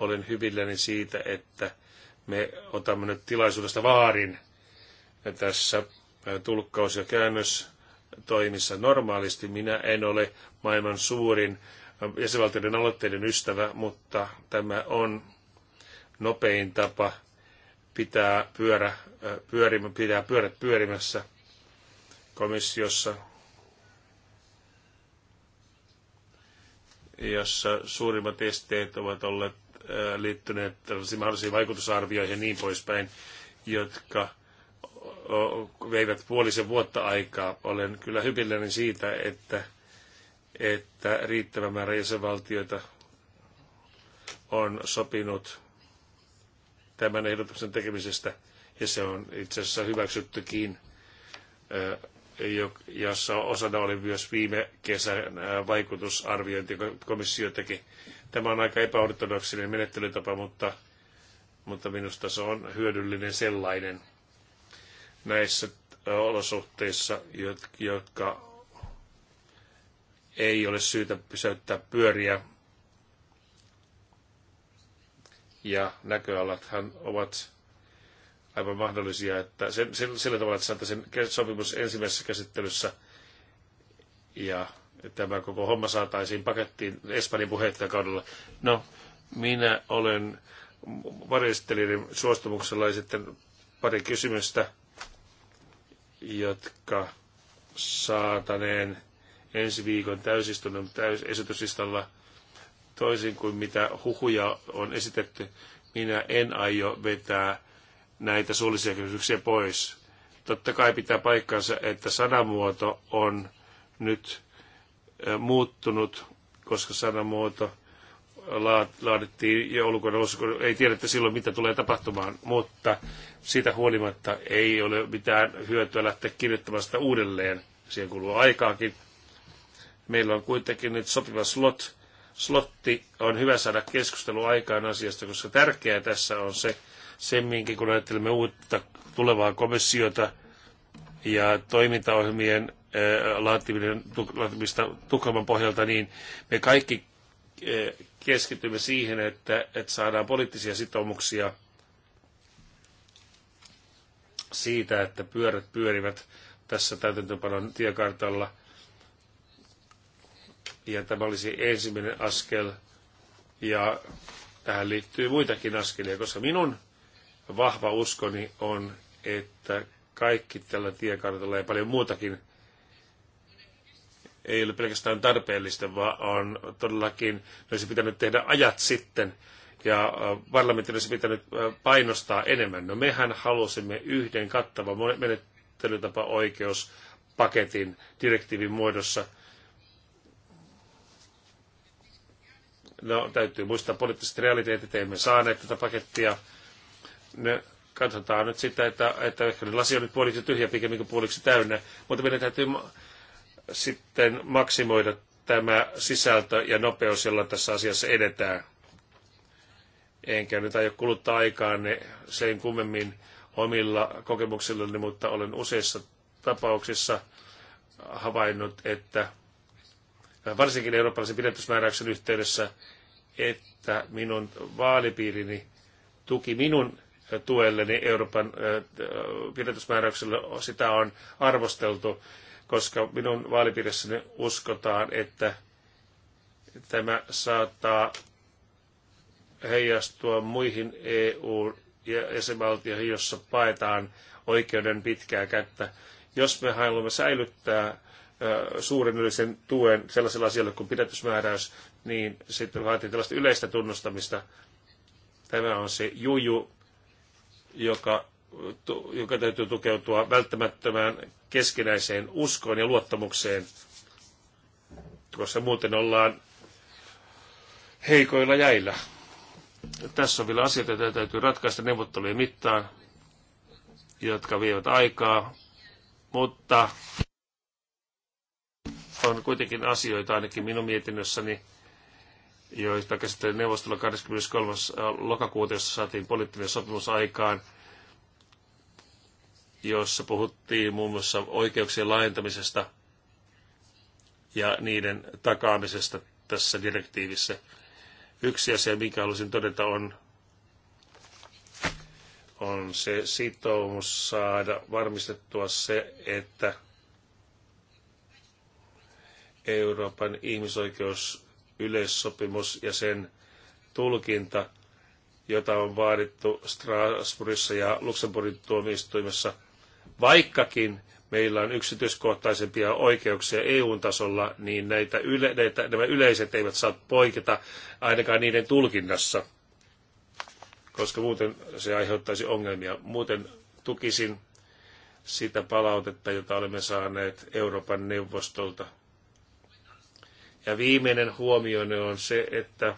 Olen hyvilläni siitä, että me otamme nyt tilaisuudesta vaarin tässä äh, tulkkaus- ja käännöstoimissa normaalisti. Minä en ole maailman suurin äh, jäsenvaltioiden aloitteiden ystävä, mutta tämä on nopein tapa pitää, pyörä, äh, pyörimä, pitää pyörät pyörimässä komissiossa, jossa suurimmat esteet ovat olleet Äh, liittyneet mahdollisiin vaikutusarvioihin ja niin poispäin, jotka veivät puolisen vuotta aikaa. Olen kyllä hyvilläni siitä, että, että riittävä määrä jäsenvaltioita on sopinut tämän ehdotuksen tekemisestä, ja se on itse asiassa hyväksyttykin äh, jossa osana oli myös viime kesän vaikutusarviointi, jonka komissio teki. Tämä on aika epäortodoksinen menettelytapa, mutta, mutta minusta se on hyödyllinen sellainen näissä olosuhteissa, jotka ei ole syytä pysäyttää pyöriä. Ja näköalathan ovat aivan mahdollisia, että sen, sillä tavalla, että saataisiin sopimus ensimmäisessä käsittelyssä ja tämä koko homma saataisiin pakettiin Espanjan puheenjohtajan kaudella. No, minä olen varjostelijan suostumuksella ja sitten pari kysymystä, jotka saataneen ensi viikon täysistunnon täys- esityslistalla toisin kuin mitä huhuja on esitetty. Minä en aio vetää näitä suullisia kysymyksiä pois. Totta kai pitää paikkansa, että sanamuoto on nyt muuttunut, koska sanamuoto laadittiin joulukuun alussa, kun ei että silloin, mitä tulee tapahtumaan, mutta siitä huolimatta ei ole mitään hyötyä lähteä kirjoittamaan sitä uudelleen. Siihen kuluu aikaakin. Meillä on kuitenkin nyt sopiva slot. Slotti on hyvä saada keskustelu aikaan asiasta, koska tärkeää tässä on se, semminkin, kun ajattelemme uutta tulevaa komissiota ja toimintaohjelmien eh, laatiminen, laatimista Tukholman pohjalta, niin me kaikki eh, keskitymme siihen, että, että saadaan poliittisia sitoumuksia siitä, että pyörät pyörivät tässä täytäntöpanon tiekartalla. Ja tämä olisi ensimmäinen askel. Ja tähän liittyy muitakin askelia, koska minun vahva uskoni on, että kaikki tällä tiekartalla ja paljon muutakin ei ole pelkästään tarpeellista, vaan on todellakin, ne olisi pitänyt tehdä ajat sitten, ja äh, parlamentti olisi pitänyt äh, painostaa enemmän. No mehän halusimme yhden kattavan menettelytapa oikeuspaketin direktiivin muodossa. No täytyy muistaa poliittiset realiteetit, emme saaneet tätä pakettia ne katsotaan nyt sitä, että, että ehkä lasi on nyt puoliksi tyhjä pikemminkin kuin puoliksi täynnä, mutta meidän täytyy sitten maksimoida tämä sisältö ja nopeus, jolla tässä asiassa edetään. Enkä nyt aio kuluttaa aikaa ne sen kummemmin omilla kokemuksillani, mutta olen useissa tapauksissa havainnut, että varsinkin eurooppalaisen pidätysmääräyksen yhteydessä, että minun vaalipiirini tuki minun tuelle, niin Euroopan äh, pidätysmääräyksellä sitä on arvosteltu, koska minun vaalipiirissäni uskotaan, että tämä saattaa heijastua muihin EU-jäsenvaltioihin, ja jossa paetaan oikeuden pitkää kättä. Jos me haluamme säilyttää äh, suurennollisen tuen sellaisella asialla kuin pidätysmääräys, niin sitten vaatii tällaista yleistä tunnustamista. Tämä on se juju, joka, joka täytyy tukeutua välttämättömään keskinäiseen uskoon ja luottamukseen, koska muuten ollaan heikoilla jäillä. Tässä on vielä asioita, joita täytyy ratkaista neuvottelujen mittaan, jotka vievät aikaa, mutta on kuitenkin asioita ainakin minun mietinnössäni, joita käsittelee neuvostolla 23. Äh, lokakuuta, jossa saatiin poliittinen sopimus aikaan, jossa puhuttiin muun muassa oikeuksien laajentamisesta ja niiden takaamisesta tässä direktiivissä. Yksi asia, minkä haluaisin todeta, on, on se sitoumus saada varmistettua se, että Euroopan ihmisoikeus yleissopimus ja sen tulkinta, jota on vaadittu Strasbourgissa ja Luxemburgin tuomioistuimessa, vaikkakin meillä on yksityiskohtaisempia oikeuksia EU-tasolla, niin näitä yle, näitä, nämä yleiset eivät saa poiketa ainakaan niiden tulkinnassa, koska muuten se aiheuttaisi ongelmia. Muuten tukisin sitä palautetta, jota olemme saaneet Euroopan neuvostolta – ja viimeinen huomio on se, että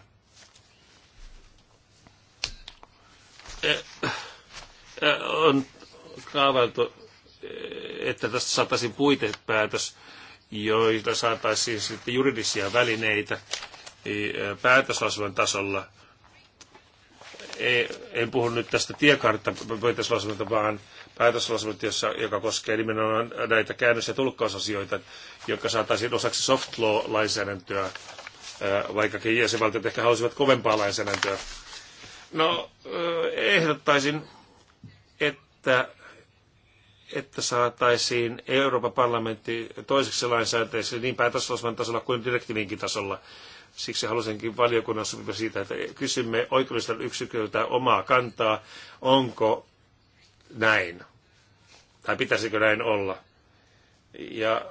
eh, eh, on kaavailtu, eh, että tästä saataisiin puitepäätös, joita saataisiin sitten juridisia välineitä niin, päätöslauselman tasolla. En puhu nyt tästä tiekarttapäätöslauselmasta, vaan päätöslausumat, joka koskee nimenomaan näitä käännös- ja tulkkausasioita, jotka saataisiin osaksi soft law-lainsäädäntöä, äh, vaikkakin jäsenvaltiot ehkä halusivat kovempaa lainsäädäntöä. No, äh, ehdottaisin, että että saataisiin Euroopan parlamentti toiseksi lainsäätäjäksi niin päätöslausuman tasolla kuin direktiivinkin tasolla. Siksi halusinkin valiokunnan sopia siitä, että kysymme oikeudelliselta yksiköltä omaa kantaa, onko näin? Tai pitäisikö näin olla? Ja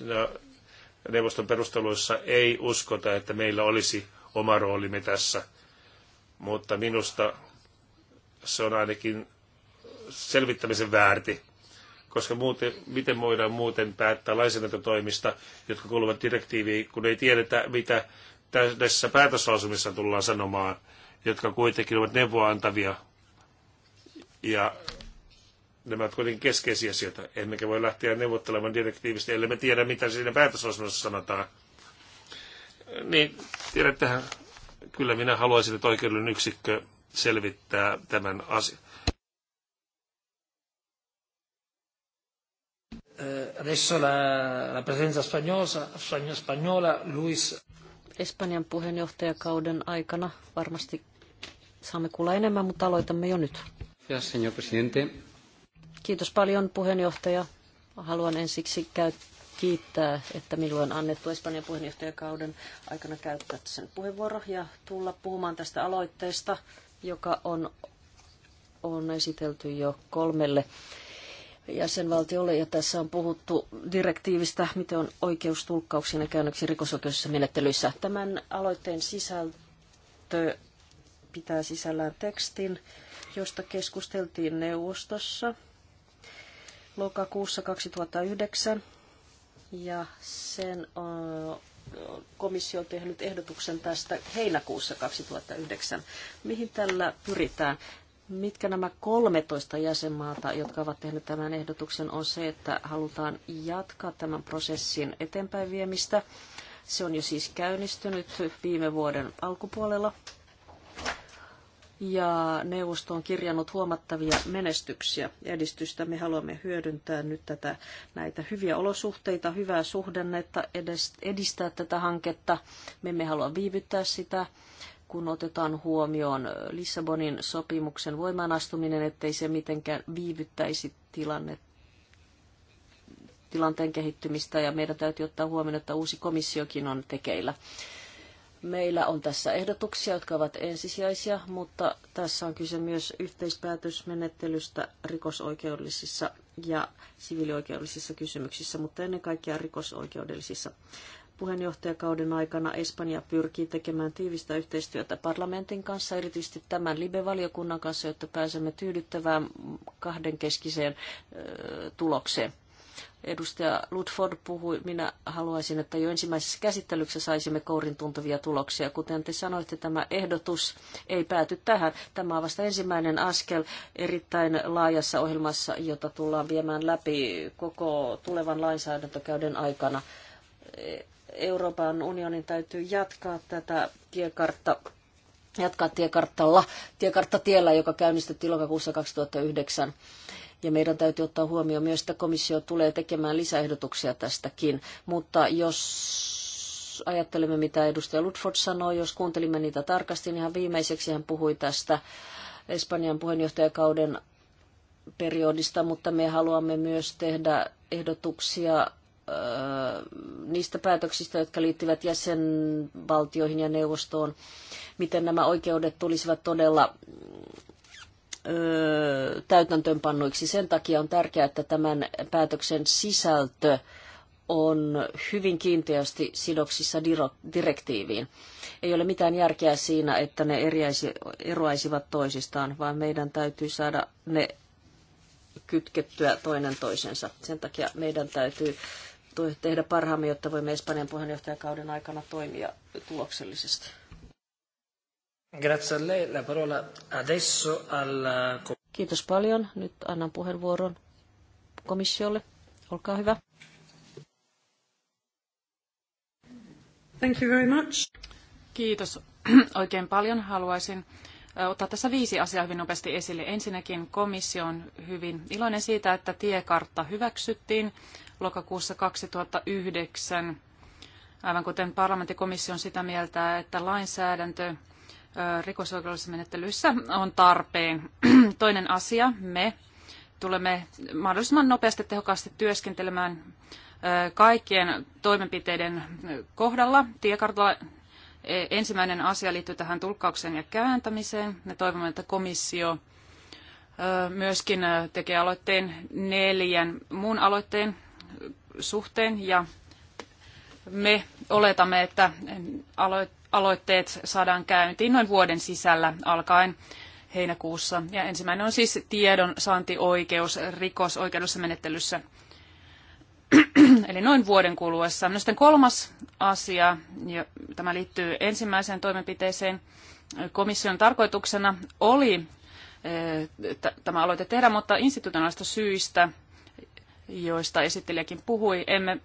no, neuvoston perusteluissa ei uskota, että meillä olisi oma roolimme tässä, mutta minusta se on ainakin selvittämisen väärti, koska muuten, miten voidaan muuten päättää lainsäädäntötoimista, jotka kuuluvat direktiiviin, kun ei tiedetä, mitä tässä päätöslausumissa tullaan sanomaan, jotka kuitenkin ovat neuvoa antavia ja nämä ovat kuitenkin keskeisiä asioita. Emmekä voi lähteä neuvottelemaan direktiivistä, ellei me tiedä, mitä siinä päätösosmassa sanotaan. Niin, tiedättehän, kyllä minä haluaisin, että oikeudellinen yksikkö selvittää tämän asian. Eh, adesso la, la presenza spagnola, spagnola Luis. Espanjan puheenjohtajakauden aikana varmasti saamme kuulla enemmän, mutta aloitamme jo nyt. Kiitos paljon puheenjohtaja. Haluan ensiksi kiittää, että minulle on annettu Espanjan puheenjohtajakauden aikana käyttää sen puheenvuoro ja tulla puhumaan tästä aloitteesta, joka on, on esitelty jo kolmelle jäsenvaltiolle, ja tässä on puhuttu direktiivistä, miten on oikeus tulkkauksiin ja käännöksiin rikosoikeudellisissa menettelyissä. Tämän aloitteen sisältö pitää sisällään tekstin, josta keskusteltiin neuvostossa lokakuussa 2009 ja sen komissio on tehnyt ehdotuksen tästä heinäkuussa 2009. Mihin tällä pyritään? Mitkä nämä 13 jäsenmaata, jotka ovat tehneet tämän ehdotuksen, on se, että halutaan jatkaa tämän prosessin eteenpäin viemistä. Se on jo siis käynnistynyt viime vuoden alkupuolella ja neuvosto on kirjannut huomattavia menestyksiä edistystä. Me haluamme hyödyntää nyt tätä, näitä hyviä olosuhteita, hyvää suhdannetta, edistää tätä hanketta. Me emme halua viivyttää sitä kun otetaan huomioon Lissabonin sopimuksen voimaanastuminen, ettei se mitenkään viivyttäisi tilannetta tilanteen kehittymistä ja meidän täytyy ottaa huomioon, että uusi komissiokin on tekeillä. Meillä on tässä ehdotuksia, jotka ovat ensisijaisia, mutta tässä on kyse myös yhteispäätösmenettelystä rikosoikeudellisissa ja siviilioikeudellisissa kysymyksissä, mutta ennen kaikkea rikosoikeudellisissa. Puheenjohtajakauden aikana Espanja pyrkii tekemään tiivistä yhteistyötä parlamentin kanssa, erityisesti tämän libe valiokunnan kanssa, jotta pääsemme tyydyttävään kahdenkeskiseen ö, tulokseen. Edustaja Ludford puhui, minä haluaisin, että jo ensimmäisessä käsittelyssä saisimme kourin tuntuvia tuloksia. Kuten te sanoitte, tämä ehdotus ei pääty tähän. Tämä on vasta ensimmäinen askel erittäin laajassa ohjelmassa, jota tullaan viemään läpi koko tulevan lainsäädäntökäyden aikana. Euroopan unionin täytyy jatkaa tätä tiekartta jatkaa tiekarttalla, tiekarttatiellä, joka käynnistettiin lokakuussa 2009. Ja meidän täytyy ottaa huomioon myös, että komissio tulee tekemään lisäehdotuksia tästäkin. Mutta jos ajattelemme, mitä edustaja Ludford sanoi, jos kuuntelimme niitä tarkasti, niin hän viimeiseksi hän puhui tästä Espanjan puheenjohtajakauden periodista, mutta me haluamme myös tehdä ehdotuksia niistä päätöksistä, jotka liittyvät jäsenvaltioihin ja neuvostoon, miten nämä oikeudet tulisivat todella täytäntöönpannuiksi. Sen takia on tärkeää, että tämän päätöksen sisältö on hyvin kiinteästi sidoksissa direktiiviin. Ei ole mitään järkeä siinä, että ne eriäisi, eroaisivat toisistaan, vaan meidän täytyy saada ne kytkettyä toinen toisensa. Sen takia meidän täytyy tehdä parhaamme, jotta voimme Espanjan puheenjohtajakauden aikana toimia tuloksellisesti. Grazie a lei. La parola adesso alla... Kiitos paljon. Nyt annan puheenvuoron komissiolle. Olkaa hyvä. Thank you very much. Kiitos oikein paljon. Haluaisin ottaa tässä viisi asiaa hyvin nopeasti esille. Ensinnäkin komissio on hyvin iloinen siitä, että tiekartta hyväksyttiin lokakuussa 2009. Aivan kuten parlamentti on sitä mieltä, että lainsäädäntö rikosoikeudellisissa menettelyissä on tarpeen. (clears throat) Toinen asia, me tulemme mahdollisimman nopeasti tehokkaasti työskentelemään kaikkien toimenpiteiden kohdalla. Tiekartalla e, ensimmäinen asia liittyy tähän tulkkaukseen ja kääntämiseen. Me toivomme, että komissio myöskin tekee aloitteen neljän muun aloitteen suhteen ja me oletamme, että aloitteen aloitteet saadaan käyntiin noin vuoden sisällä alkaen heinäkuussa. Ja ensimmäinen on siis tiedon saantioikeus rikosoikeudessa menettelyssä, (clears throat) eli noin vuoden kuluessa. No sitten kolmas asia, ja tämä liittyy ensimmäiseen toimenpiteeseen. Komission tarkoituksena oli eh, tämä aloite tehdä, mutta institutionaalista syistä, joista esittelijäkin puhui, emme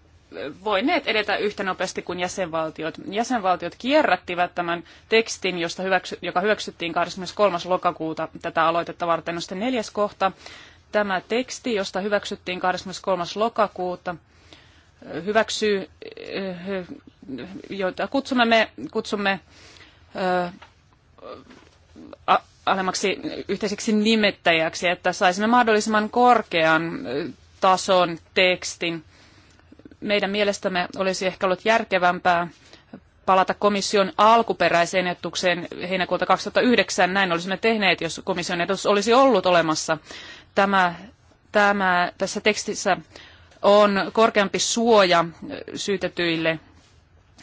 voineet edetä yhtä nopeasti kuin jäsenvaltiot. Jäsenvaltiot kierrättivät tämän tekstin, josta hyväksy, joka hyväksyttiin 23. lokakuuta tätä aloitetta varten. No sitten neljäs kohta, tämä teksti, josta hyväksyttiin 23. lokakuuta, hyväksyy, joita kutsumme, me, kutsumme ä, alemmaksi yhteiseksi nimettäjäksi, että saisimme mahdollisimman korkean tason tekstin meidän olisi ehkä ollut järkevämpää palata komission alkuperäiseen ehdotukseen heinäkuulta 2009. Näin olisimme tehneet, jos komission ehdotus olisi ollut olemassa. Tämä, tämä, tässä tekstissä on korkeampi suoja syytetyille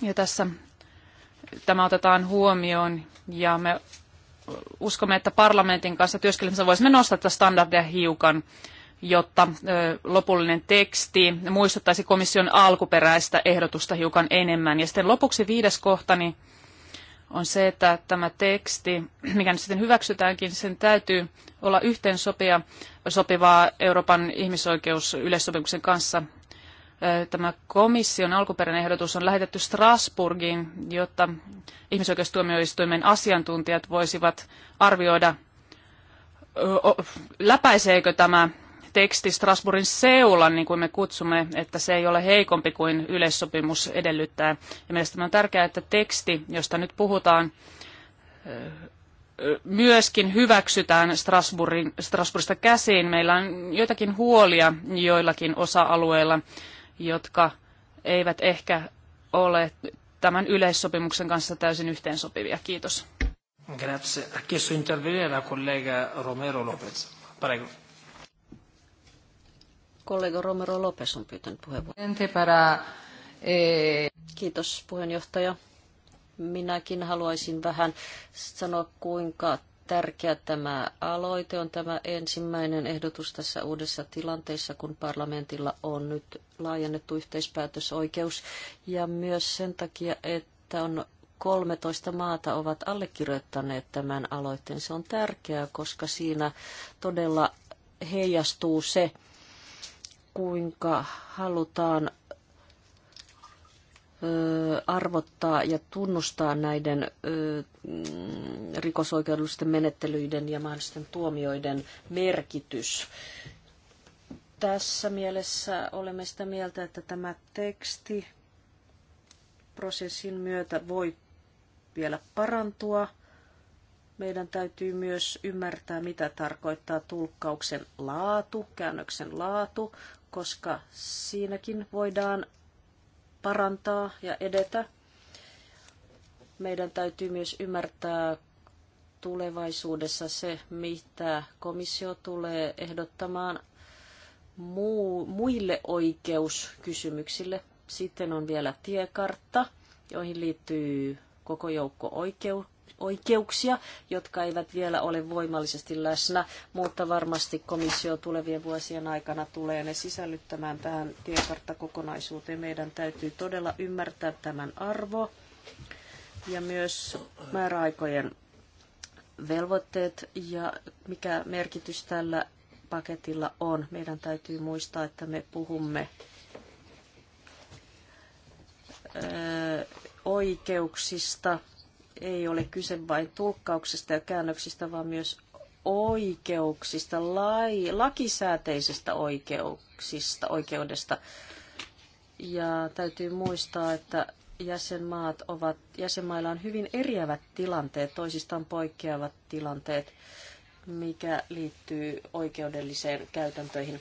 ja tässä tämä otetaan huomioon ja me uskomme, että parlamentin kanssa työskentelemisessä voisimme nostaa tätä standardia hiukan jotta lopullinen teksti muistuttaisi komission alkuperäistä ehdotusta hiukan enemmän. Ja sitten lopuksi viides kohtani niin on se, että tämä teksti, (clears throat) mikä nyt sitten hyväksytäänkin, sen täytyy olla yhteen sopia, sopivaa Euroopan ihmisoikeusyleissopimuksen kanssa. Tämä komission alkuperäinen ehdotus on lähetetty Strasburgiin, jotta ihmisoikeustuomioistuimen asiantuntijat voisivat arvioida läpäiseekö tämä teksti Strasbourgin seula, niin kuin me kutsumme, että se ei ole heikompi kuin yleissopimus edellyttää. Ja mielestäni on tärkeää, että teksti, josta nyt puhutaan, myöskin hyväksytään Strasbourgin, Strasbourgista käsiin. Meillä on joitakin huolia joillakin osa-alueilla, jotka eivät ehkä ole tämän yleissopimuksen kanssa täysin yhteensopivia. Kiitos. Grazie. Ha chiesto intervenire la collega Romero Lopez. Prego kollega Romero Lopes on pyytänyt puheenvuoron. Eh, Kiitos puheenjohtaja. Minäkin haluaisin vähän sanoa, kuinka tärkeä tämä aloite on tämä ensimmäinen ehdotus tässä uudessa tilanteessa, kun parlamentilla on nyt laajennettu yhteispäätösoikeus ja myös sen takia, että on 13 maata ovat allekirjoittaneet tämän aloitteen. Se on tärkeää, koska siinä todella heijastuu se, kuinka halutaan arvottaa ja tunnustaa näiden mm, rikosoikeudellisten menettelyiden ja mahdollisten tuomioiden merkitys. Tässä mielessä olemme sitä mieltä, että tämä teksti prosessin myötä voi vielä parantua. Meidän täytyy myös ymmärtää, mitä tarkoittaa tulkkauksen laatu, käännöksen laatu, koska siinäkin voidaan parantaa ja edetä. Meidän täytyy myös ymmärtää tulevaisuudessa se, mitä komissio tulee ehdottamaan muu, muille oikeuskysymyksille. Sitten on vielä tiekartta, joihin liittyy koko joukko oikeu, oikeuksia, jotka eivät vielä ole voimallisesti läsnä, mutta varmasti komissio tulevien vuosien aikana tulee ne sisällyttämään tähän tiekarttakokonaisuuteen. Meidän täytyy todella ymmärtää tämän arvo ja myös määräaikojen velvoitteet ja mikä merkitys tällä paketilla on. Meidän täytyy muistaa, että me puhumme oikeuksista ei ole kyse vain tulkkauksesta ja käännöksistä, vaan myös oikeuksista, lai, lakisääteisestä oikeuksista, oikeudesta. Ja täytyy muistaa, että jäsenmaat ovat, jäsenmailla on hyvin eriävät tilanteet, toisistaan poikkeavat tilanteet, mikä liittyy oikeudelliseen käytäntöihin.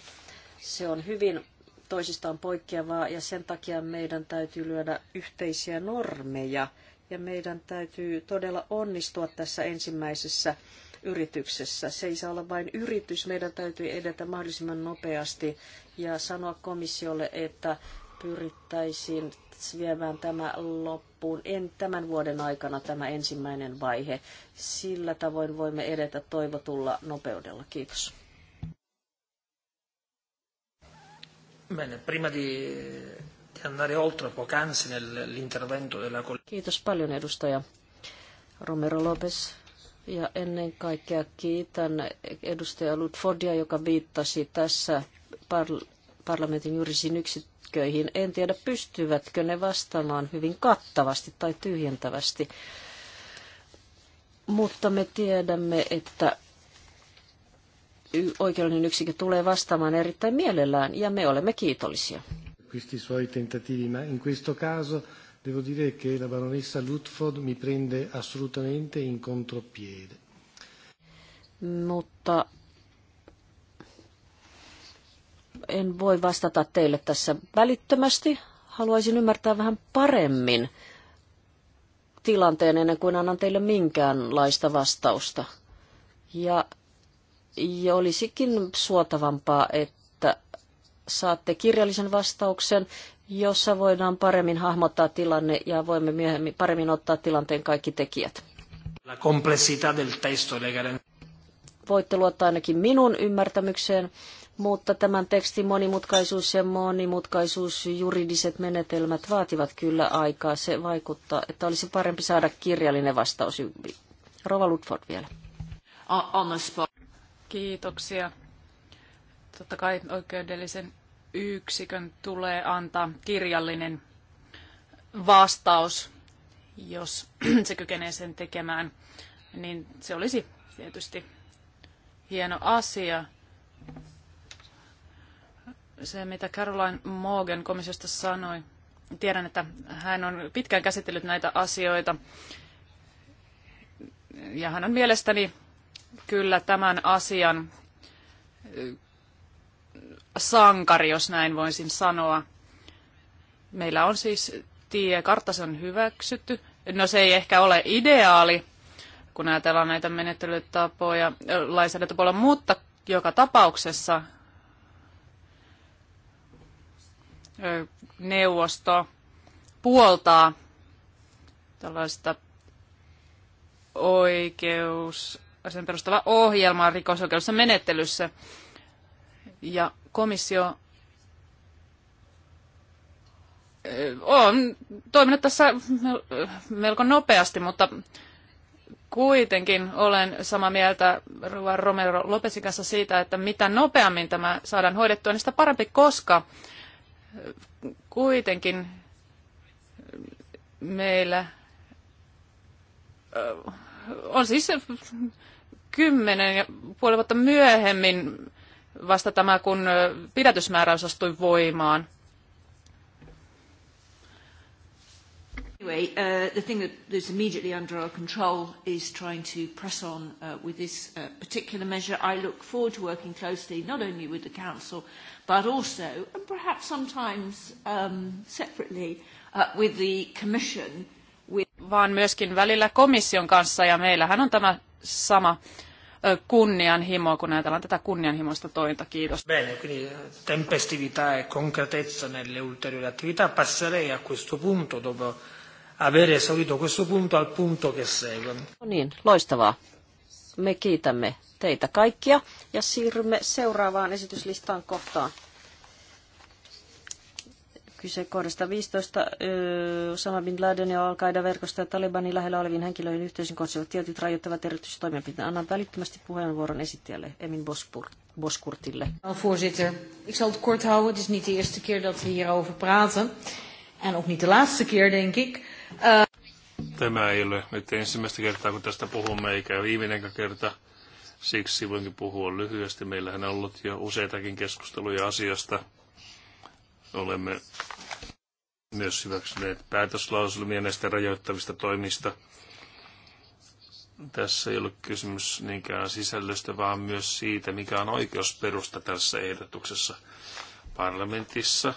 Se on hyvin toisistaan poikkeavaa ja sen takia meidän täytyy lyödä yhteisiä normeja – ja meidän täytyy todella onnistua tässä ensimmäisessä yrityksessä. Se ei saa olla vain yritys, meidän täytyy edetä mahdollisimman nopeasti ja sanoa komissiolle, että pyrittäisiin viemään tämä loppuun en tämän vuoden aikana tämä ensimmäinen vaihe. Sillä tavoin voimme edetä toivotulla nopeudella. Kiitos. Bene, prima di Kiitos paljon edustaja Romero Lopes. Ja ennen kaikkea kiitän edustaja Ludfordia, joka viittasi tässä par- parlamentin juurisiin yksiköihin. En tiedä, pystyvätkö ne vastaamaan hyvin kattavasti tai tyhjentävästi. Mutta me tiedämme, että oikeudellinen yksikkö tulee vastaamaan erittäin mielellään ja me olemme kiitollisia questi suoi tentativi, ma in questo caso devo dire che la baronessa Lutford mi prende assolutamente in contropiede. Mutta en voi vastata teille tässä välittömästi. Haluaisin ymmärtää vähän paremmin tilanteen ennen kuin annan teille minkäänlaista vastausta. Ja, ja olisikin suotavampaa, että saatte kirjallisen vastauksen, jossa voidaan paremmin hahmottaa tilanne ja voimme myöhemmin paremmin ottaa tilanteen kaikki tekijät. La complessità del testo Voitte luottaa ainakin minun ymmärtämykseen, mutta tämän tekstin monimutkaisuus ja monimutkaisuus juridiset menetelmät vaativat kyllä aikaa. Se vaikuttaa, että olisi parempi saada kirjallinen vastaus. Rova Ludford vielä. Kiitoksia Totta kai oikeudellisen yksikön tulee antaa kirjallinen vastaus, jos (clears throat) se kykenee sen tekemään, niin se olisi tietysti hieno asia. Se, mitä Caroline Morgan komissiosta sanoi, tiedän, että hän on pitkään käsitellyt näitä asioita, ja hän on mielestäni kyllä tämän asian sankari, jos näin voisin sanoa. Meillä on siis tie, kartta on hyväksytty. No se ei ehkä ole ideaali, kun ajatellaan näitä menettelytapoja lainsäädäntöpuolella, mutta joka tapauksessa neuvosto puoltaa tällaista oikeus, sen perustava ohjelmaa rikosoikeudessa menettelyssä. Ja komissio on toiminut tässä melko nopeasti, mutta kuitenkin olen samaa mieltä Romero Lopesin kanssa siitä, että mitä nopeammin tämä saadaan hoidettua, niin sitä parempi, koska kuitenkin meillä on siis kymmenen ja puoli vuotta myöhemmin vasta tämä, kun pidätysmääräys astui voimaan. Anyway, uh, the thing that is immediately under our control is trying to press on uh, with this uh, particular measure. I look forward to working closely not only with the Council but also, and perhaps sometimes um, separately, uh, with the Commission. With... Vaan myöskin välillä komission kanssa ja meillähän on tämä sama uh, kunnianhimoa, kun ajatellaan tätä kunnianhimoista tointa. Kiitos. Bene, quindi eh, tempestività e concretezza nelle ulteriori attività. Passerei a questo punto, dopo aver esaurito questo punto, al punto che segue. No niin, loistavaa. Me kiitämme teitä kaikkia ja siirrymme seuraavaan esityslistaan kohtaan kyse kohdasta 15. Osama Bin Laden ja al verkosta ja Talibanin lähellä olevien henkilöiden yhteisön koskevat tietyt rajoittavat erityistoimenpiteet. Annan välittömästi puheenvuoron esittäjälle Emin Bospur. Boskurtille. Voorzitter, ik zal het kort houden. Het is niet de eerste keer dat we hierover praten. En ook niet de laatste keer, denk ik. Uh... Tämä ei ole nyt ensimmäistä kertaa, kun tästä puhumme, eikä viimeinenkään kerta. Siksi voinkin puhua lyhyesti. Meillähän on ollut jo useitakin keskusteluja asiasta Olemme myös hyväksyneet päätöslauselmia näistä rajoittavista toimista. Tässä ei ole kysymys niinkään sisällöstä, vaan myös siitä, mikä on oikeusperusta tässä ehdotuksessa parlamentissa,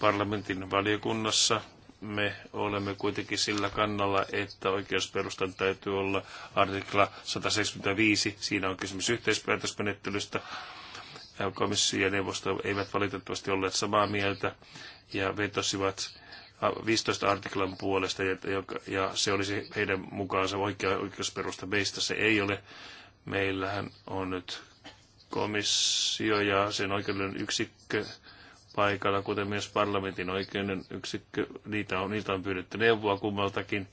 parlamentin valiokunnassa. Me olemme kuitenkin sillä kannalla, että oikeusperustan täytyy olla artikla 175. Siinä on kysymys yhteispäätösmenettelystä komissio ja neuvosto eivät valitettavasti olleet samaa mieltä ja vetosivat 15 artiklan puolesta, ja se olisi heidän mukaansa oikea oikeusperusta. Meistä se ei ole. Meillähän on nyt komissio ja sen oikeuden yksikkö paikalla, kuten myös parlamentin oikeuden yksikkö. Niitä on, niitä on pyydetty neuvoa kummaltakin,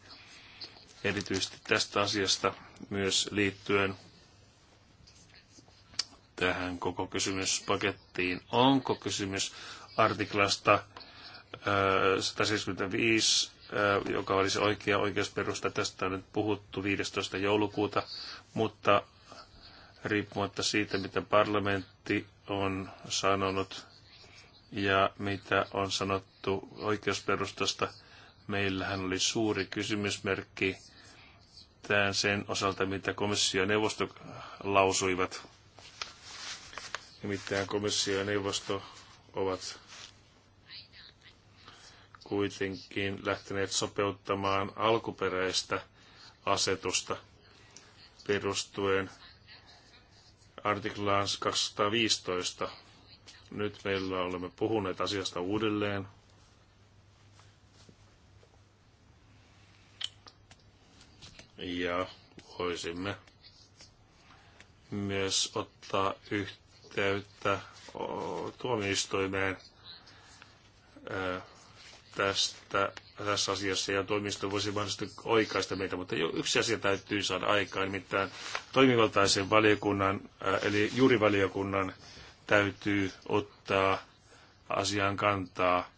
erityisesti tästä asiasta myös liittyen tähän koko kysymyspakettiin. Onko kysymys artiklasta 175, joka olisi oikea oikeusperusta. Tästä on nyt puhuttu 15. joulukuuta, mutta riippumatta siitä, mitä parlamentti on sanonut ja mitä on sanottu oikeusperustasta, meillähän oli suuri kysymysmerkki tämän sen osalta, mitä komissio ja neuvosto lausuivat. Nimittäin komissio ja neuvosto ovat kuitenkin lähteneet sopeuttamaan alkuperäistä asetusta perustuen artiklaan 215. Nyt meillä olemme puhuneet asiasta uudelleen. Ja voisimme myös ottaa yhteyttä yhteyttä tuomioistuimeen tästä, tässä asiassa ja toimisto voisi mahdollisesti oikaista meitä, mutta jo yksi asia täytyy saada aikaan, nimittäin toimivaltaisen valiokunnan, eli juurivaliokunnan täytyy ottaa asiaan kantaa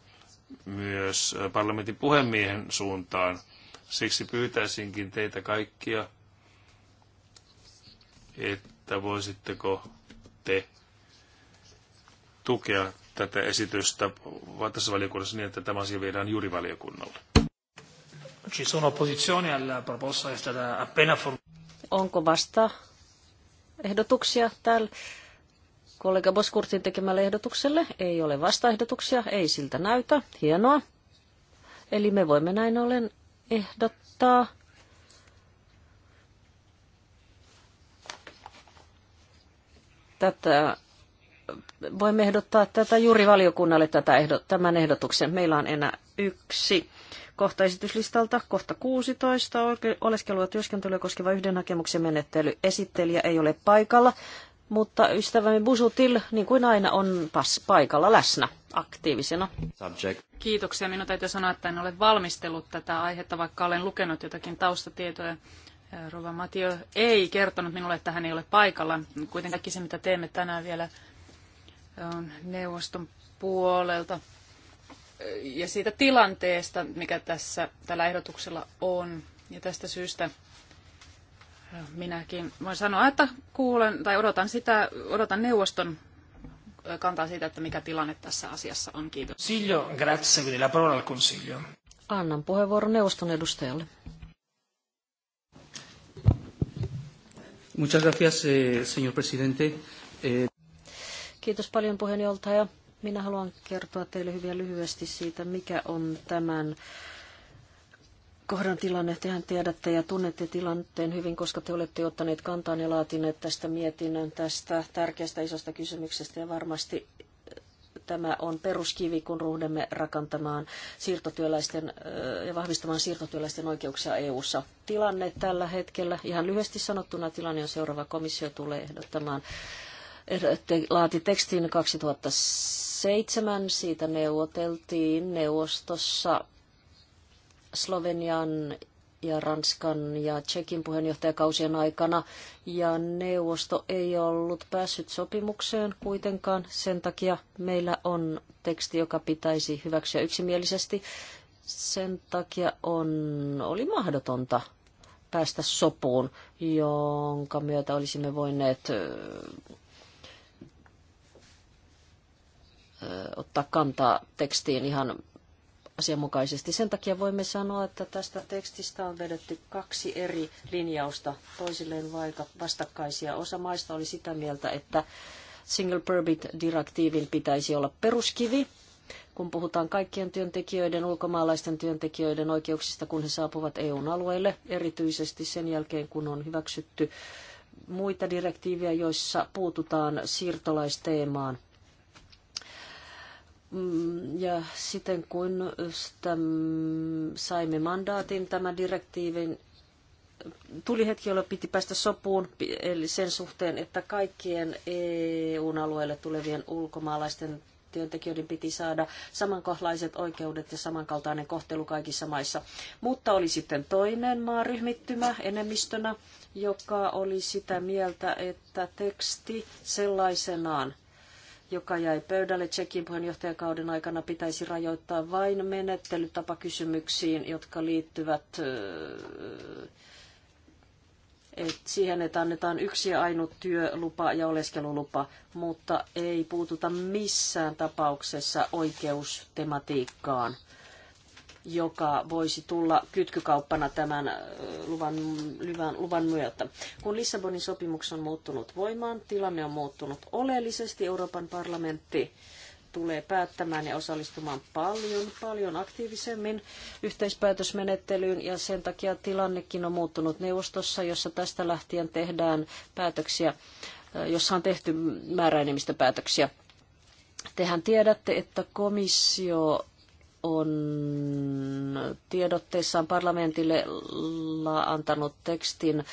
myös parlamentin puhemiehen suuntaan. Siksi pyytäisinkin teitä kaikkia, että voisitteko te tukea tätä esitystä tässä valiokunnassa niin, että tämä asia viedään juuri valiokunnalle. Onko vasta ehdotuksia täällä kollega Boskurtin tekemälle ehdotukselle? Ei ole vastaehdotuksia, ei siltä näytä. Hienoa. Eli me voimme näin ollen ehdottaa tätä voimme ehdottaa tätä juuri valiokunnalle tätä ehdo, tämän ehdotuksen. Meillä on enää yksi kohta esityslistalta, kohta 16, oleskelua työskentelyä koskeva yhden hakemuksen menettely. Esittelijä ei ole paikalla, mutta ystävämme Busutil, niin kuin aina, on pas paikalla läsnä aktiivisena. Subject. Kiitoksia. Minun täytyy sanoa, että en ole valmistellut tätä aihetta, vaikka olen lukenut jotakin taustatietoja. Rova Matio ei kertonut minulle, että hän ei ole paikalla. Kuitenkin se, mitä teemme tänään vielä on neuvoston puolelta ja siitä tilanteesta, mikä tässä tällä ehdotuksella on. Ja tästä syystä minäkin voin sanoa, että kuulen tai odotan sitä, odotan neuvoston kantaa siitä, että mikä tilanne tässä asiassa on. Kiitos. Consiglio, grazie, quindi la parola al consiglio. Annan puheenvuoron neuvoston edustajalle. Muchas gracias, eh, señor presidente. Eh, Kiitos paljon puheenjohtaja. Minä haluan kertoa teille hyvin lyhyesti siitä, mikä on tämän kohdan tilanne. Tehän tiedätte ja tunnette tilanteen hyvin, koska te olette ottaneet kantaa ja laatineet tästä mietinnön tästä tärkeästä isosta kysymyksestä ja varmasti tämä on peruskivi, kun ruhdemme rakentamaan siirtotyöläisten ja vahvistamaan siirtotyöläisten oikeuksia EU-ssa. Tilanne tällä hetkellä, ihan lyhyesti sanottuna tilanne on seuraava. Komissio tulee ehdottamaan laati tekstin 2007. Siitä neuvoteltiin neuvostossa Slovenian ja Ranskan ja Tsekin puheenjohtajakausien aikana, ja neuvosto ei ollut päässyt sopimukseen kuitenkaan. Sen takia meillä on teksti, joka pitäisi hyväksyä yksimielisesti. Sen takia on, oli mahdotonta päästä sopuun, jonka myötä olisimme voineet ottaa kantaa tekstiin ihan asianmukaisesti. Sen takia voimme sanoa, että tästä tekstistä on vedetty kaksi eri linjausta toisilleen vaikka vastakkaisia. Osa maista oli sitä mieltä, että single permit-direktiivin pitäisi olla peruskivi, kun puhutaan kaikkien työntekijöiden, ulkomaalaisten työntekijöiden oikeuksista, kun he saapuvat EUn alueelle, erityisesti sen jälkeen, kun on hyväksytty muita direktiivejä, joissa puututaan siirtolaisteemaan Mm, ja sitten kun mm, saimme mandaatin tämän direktiivin, tuli hetki, jolloin piti päästä sopuun eli sen suhteen, että kaikkien EU-alueelle tulevien ulkomaalaisten työntekijöiden piti saada samankohlaiset oikeudet ja samankaltainen kohtelu kaikissa maissa. Mutta oli sitten toinen maaryhmittymä enemmistönä, joka oli sitä mieltä, että teksti sellaisenaan joka jäi pöydälle Tsekin puheenjohtajakauden aikana, pitäisi rajoittaa vain menettelytapakysymyksiin, jotka liittyvät et siihen, että annetaan yksi ja ainut työlupa ja oleskelulupa, mutta ei puututa missään tapauksessa oikeustematiikkaan joka voisi tulla kytkykauppana tämän luvan, luvan, luvan myötä. Kun Lissabonin sopimus on muuttunut voimaan, tilanne on muuttunut oleellisesti. Euroopan parlamentti tulee päättämään ja osallistumaan paljon, paljon aktiivisemmin yhteispäätösmenettelyyn ja sen takia tilannekin on muuttunut neuvostossa, jossa tästä lähtien tehdään päätöksiä, jossa on tehty määräenemmistöpäätöksiä. Tehän tiedätte, että komissio on tiedotteissaan parlamentille antanut tekstin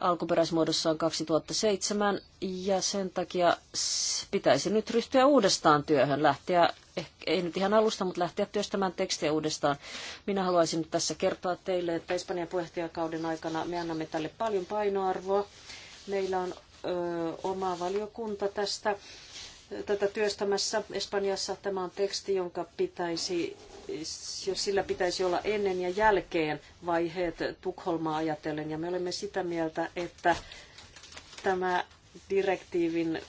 alkuperäismuodossaan 2007 ja sen takia pitäisi nyt ryhtyä uudestaan työhön, lähteä, eh, ei nyt ihan alusta, mutta lähteä työstämään tekstiä uudestaan. Minä haluaisin nyt tässä kertoa teille, että Espanjan puheenjohtajakauden aikana me annamme tälle paljon painoarvoa. Meillä on ö, oma valiokunta tästä tätä työstämässä Espanjassa. Tämä on teksti, jonka pitäisi, sillä pitäisi olla ennen ja jälkeen vaiheet Tukholmaa ajatellen. Ja me olemme sitä mieltä, että tämä direktiivin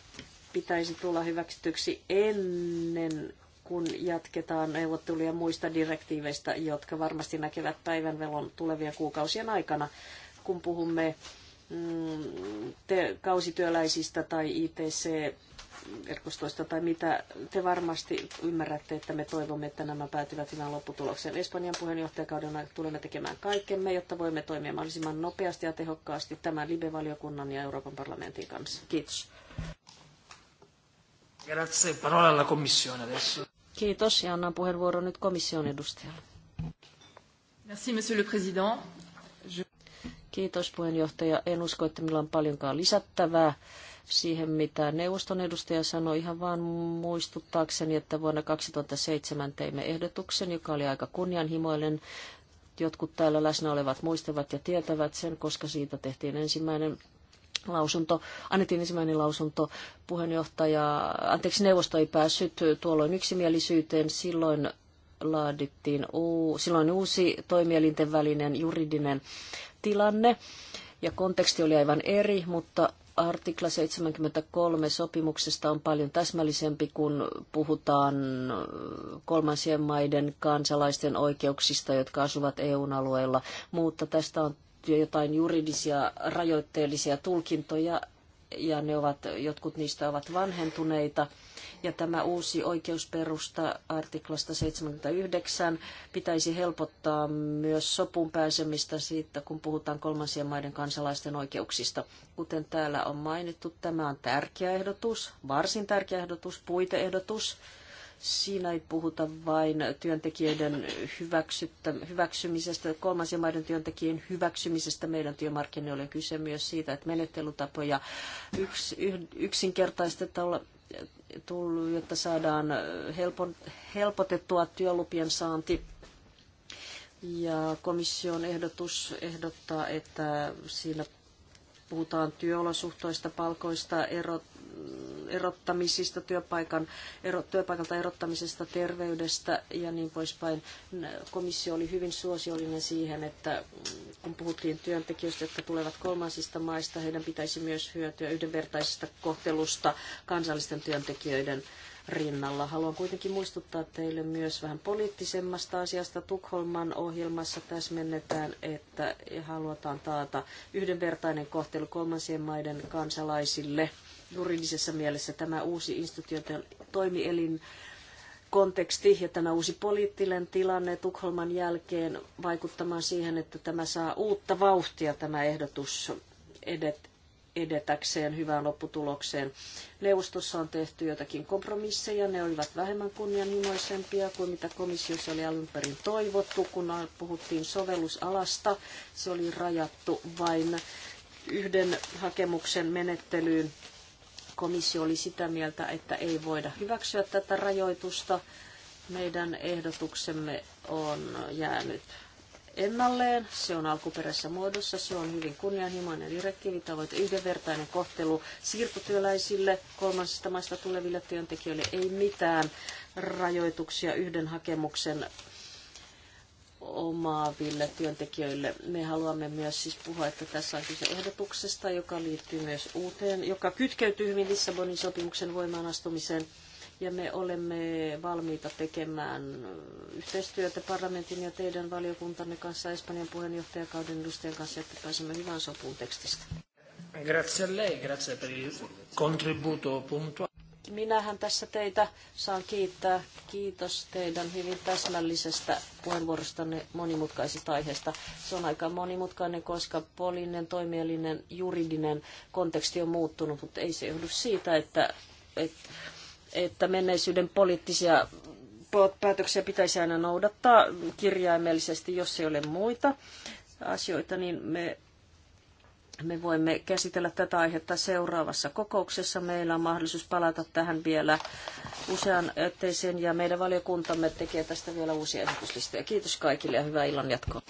pitäisi tulla hyväksytyksi ennen kun jatketaan neuvotteluja muista direktiiveistä, jotka varmasti näkevät päivänvelon tulevien kuukausien aikana, kun puhumme mm, te, kausityöläisistä tai ITC verkostoista tai mitä te varmasti ymmärrätte, että me toivomme, että nämä päätyvät hyvään lopputulokseen. Espanjan puheenjohtajakaudella tulemme tekemään kaikkemme, jotta voimme toimia mahdollisimman nopeasti ja tehokkaasti tämän Libe-valiokunnan ja Euroopan parlamentin kanssa. Kiitos. Grazie, parola alla commissione adesso. Kiitos ja annan puheenvuoron nyt komission edustajalle. Merci, monsieur le président. Je... Kiitos puheenjohtaja. En usko, että meillä on paljonkaan lisättävää siihen, mitä neuvoston edustaja sanoi, ihan vaan muistuttaakseni, että vuonna 2007 teimme ehdotuksen, joka oli aika kunnianhimoinen. Jotkut täällä läsnä olevat muistavat ja tietävät sen, koska siitä tehtiin ensimmäinen lausunto, annettiin ensimmäinen lausunto, puheenjohtaja, anteeksi, neuvosto ei päässyt tuolloin yksimielisyyteen, silloin laadittiin uu, silloin uusi toimielinten välinen juridinen tilanne ja konteksti oli aivan eri, mutta artikla 73 sopimuksesta on paljon täsmällisempi, kun puhutaan kolmansien maiden kansalaisten oikeuksista, jotka asuvat EU-alueella, mutta tästä on jotain juridisia rajoitteellisia tulkintoja ja ne ovat, jotkut niistä ovat vanhentuneita ja tämä uusi oikeusperusta artiklasta 79 pitäisi helpottaa myös sopun pääsemistä siitä, kun puhutaan kolmansien maiden kansalaisten oikeuksista. Kuten täällä on mainittu, tämä on tärkeä ehdotus, varsin tärkeä ehdotus, puiteehdotus siinä ei puhuta vain työntekijöiden hyväksymisestä, kolmansien maiden työntekijöiden hyväksymisestä meidän työmarkkinoille. On kyse myös siitä, että menettelytapoja yks, yksinkertaistetaan tullut, jotta saadaan helpon, helpotettua työlupien saanti. Ja komission ehdotus ehdottaa, että siinä puhutaan työolosuhtoista, palkoista, erot, erottamisista, työpaikan, ero, työpaikalta erottamisesta, terveydestä ja niin poispäin. Komissio oli hyvin suosiollinen siihen, että kun puhuttiin työntekijöistä, jotka tulevat kolmansista maista, heidän pitäisi myös hyötyä yhdenvertaisesta kohtelusta kansallisten työntekijöiden rinnalla. Haluan kuitenkin muistuttaa teille myös vähän poliittisemmasta asiasta. Tukholman ohjelmassa täsmennetään, että halutaan taata yhdenvertainen kohtelu kolmansien maiden kansalaisille – juridisessa mielessä tämä uusi instituutio toimielin konteksti ja tämä uusi poliittinen tilanne Tukholman jälkeen vaikuttamaan siihen, että tämä saa uutta vauhtia tämä ehdotus edet, edetäkseen hyvään lopputulokseen. Neuvostossa on tehty jotakin kompromisseja, ne olivat vähemmän kunnianhimoisempia kuin mitä komissiossa oli alun perin toivottu, kun puhuttiin sovellusalasta. Se oli rajattu vain yhden hakemuksen menettelyyn komissio oli sitä mieltä, että ei voida hyväksyä tätä rajoitusta. Meidän ehdotuksemme on jäänyt ennalleen. Se on alkuperäisessä muodossa. Se on hyvin kunnianhimoinen direktiivi. Tavoite yhdenvertainen kohtelu siirtotyöläisille, kolmansista maista tuleville työntekijöille ei mitään rajoituksia yhden hakemuksen omaaville työntekijöille. Me haluamme myös siis puhua, että tässä on kyse ehdotuksesta, joka liittyy myös uuteen, joka kytkeytyy hyvin Lissabonin sopimuksen voimaanastumiseen. Ja me olemme valmiita tekemään yhteistyötä parlamentin ja teidän valiokuntanne kanssa, Espanjan puheenjohtajakauden edustajan kanssa, että pääsemme hyvään sopuun tekstistä. Grazie a lei, grazie per il contributo puntuale. Minähän tässä teitä saan kiittää. Kiitos teidän hyvin täsmällisestä puheenvuorostanne monimutkaisesta aiheesta. Se on aika monimutkainen, koska poliittinen, toimielinen, juridinen konteksti on muuttunut, mutta ei se johdu siitä, että, että, että menneisyyden poliittisia päätöksiä pitäisi aina noudattaa kirjaimellisesti, jos ei ole muita asioita, niin me me voimme käsitellä tätä aihetta seuraavassa kokouksessa. Meillä on mahdollisuus palata tähän vielä usean otteeseen ja meidän valiokuntamme tekee tästä vielä uusia esityslistejä. Kiitos kaikille ja hyvää illan jatkoa.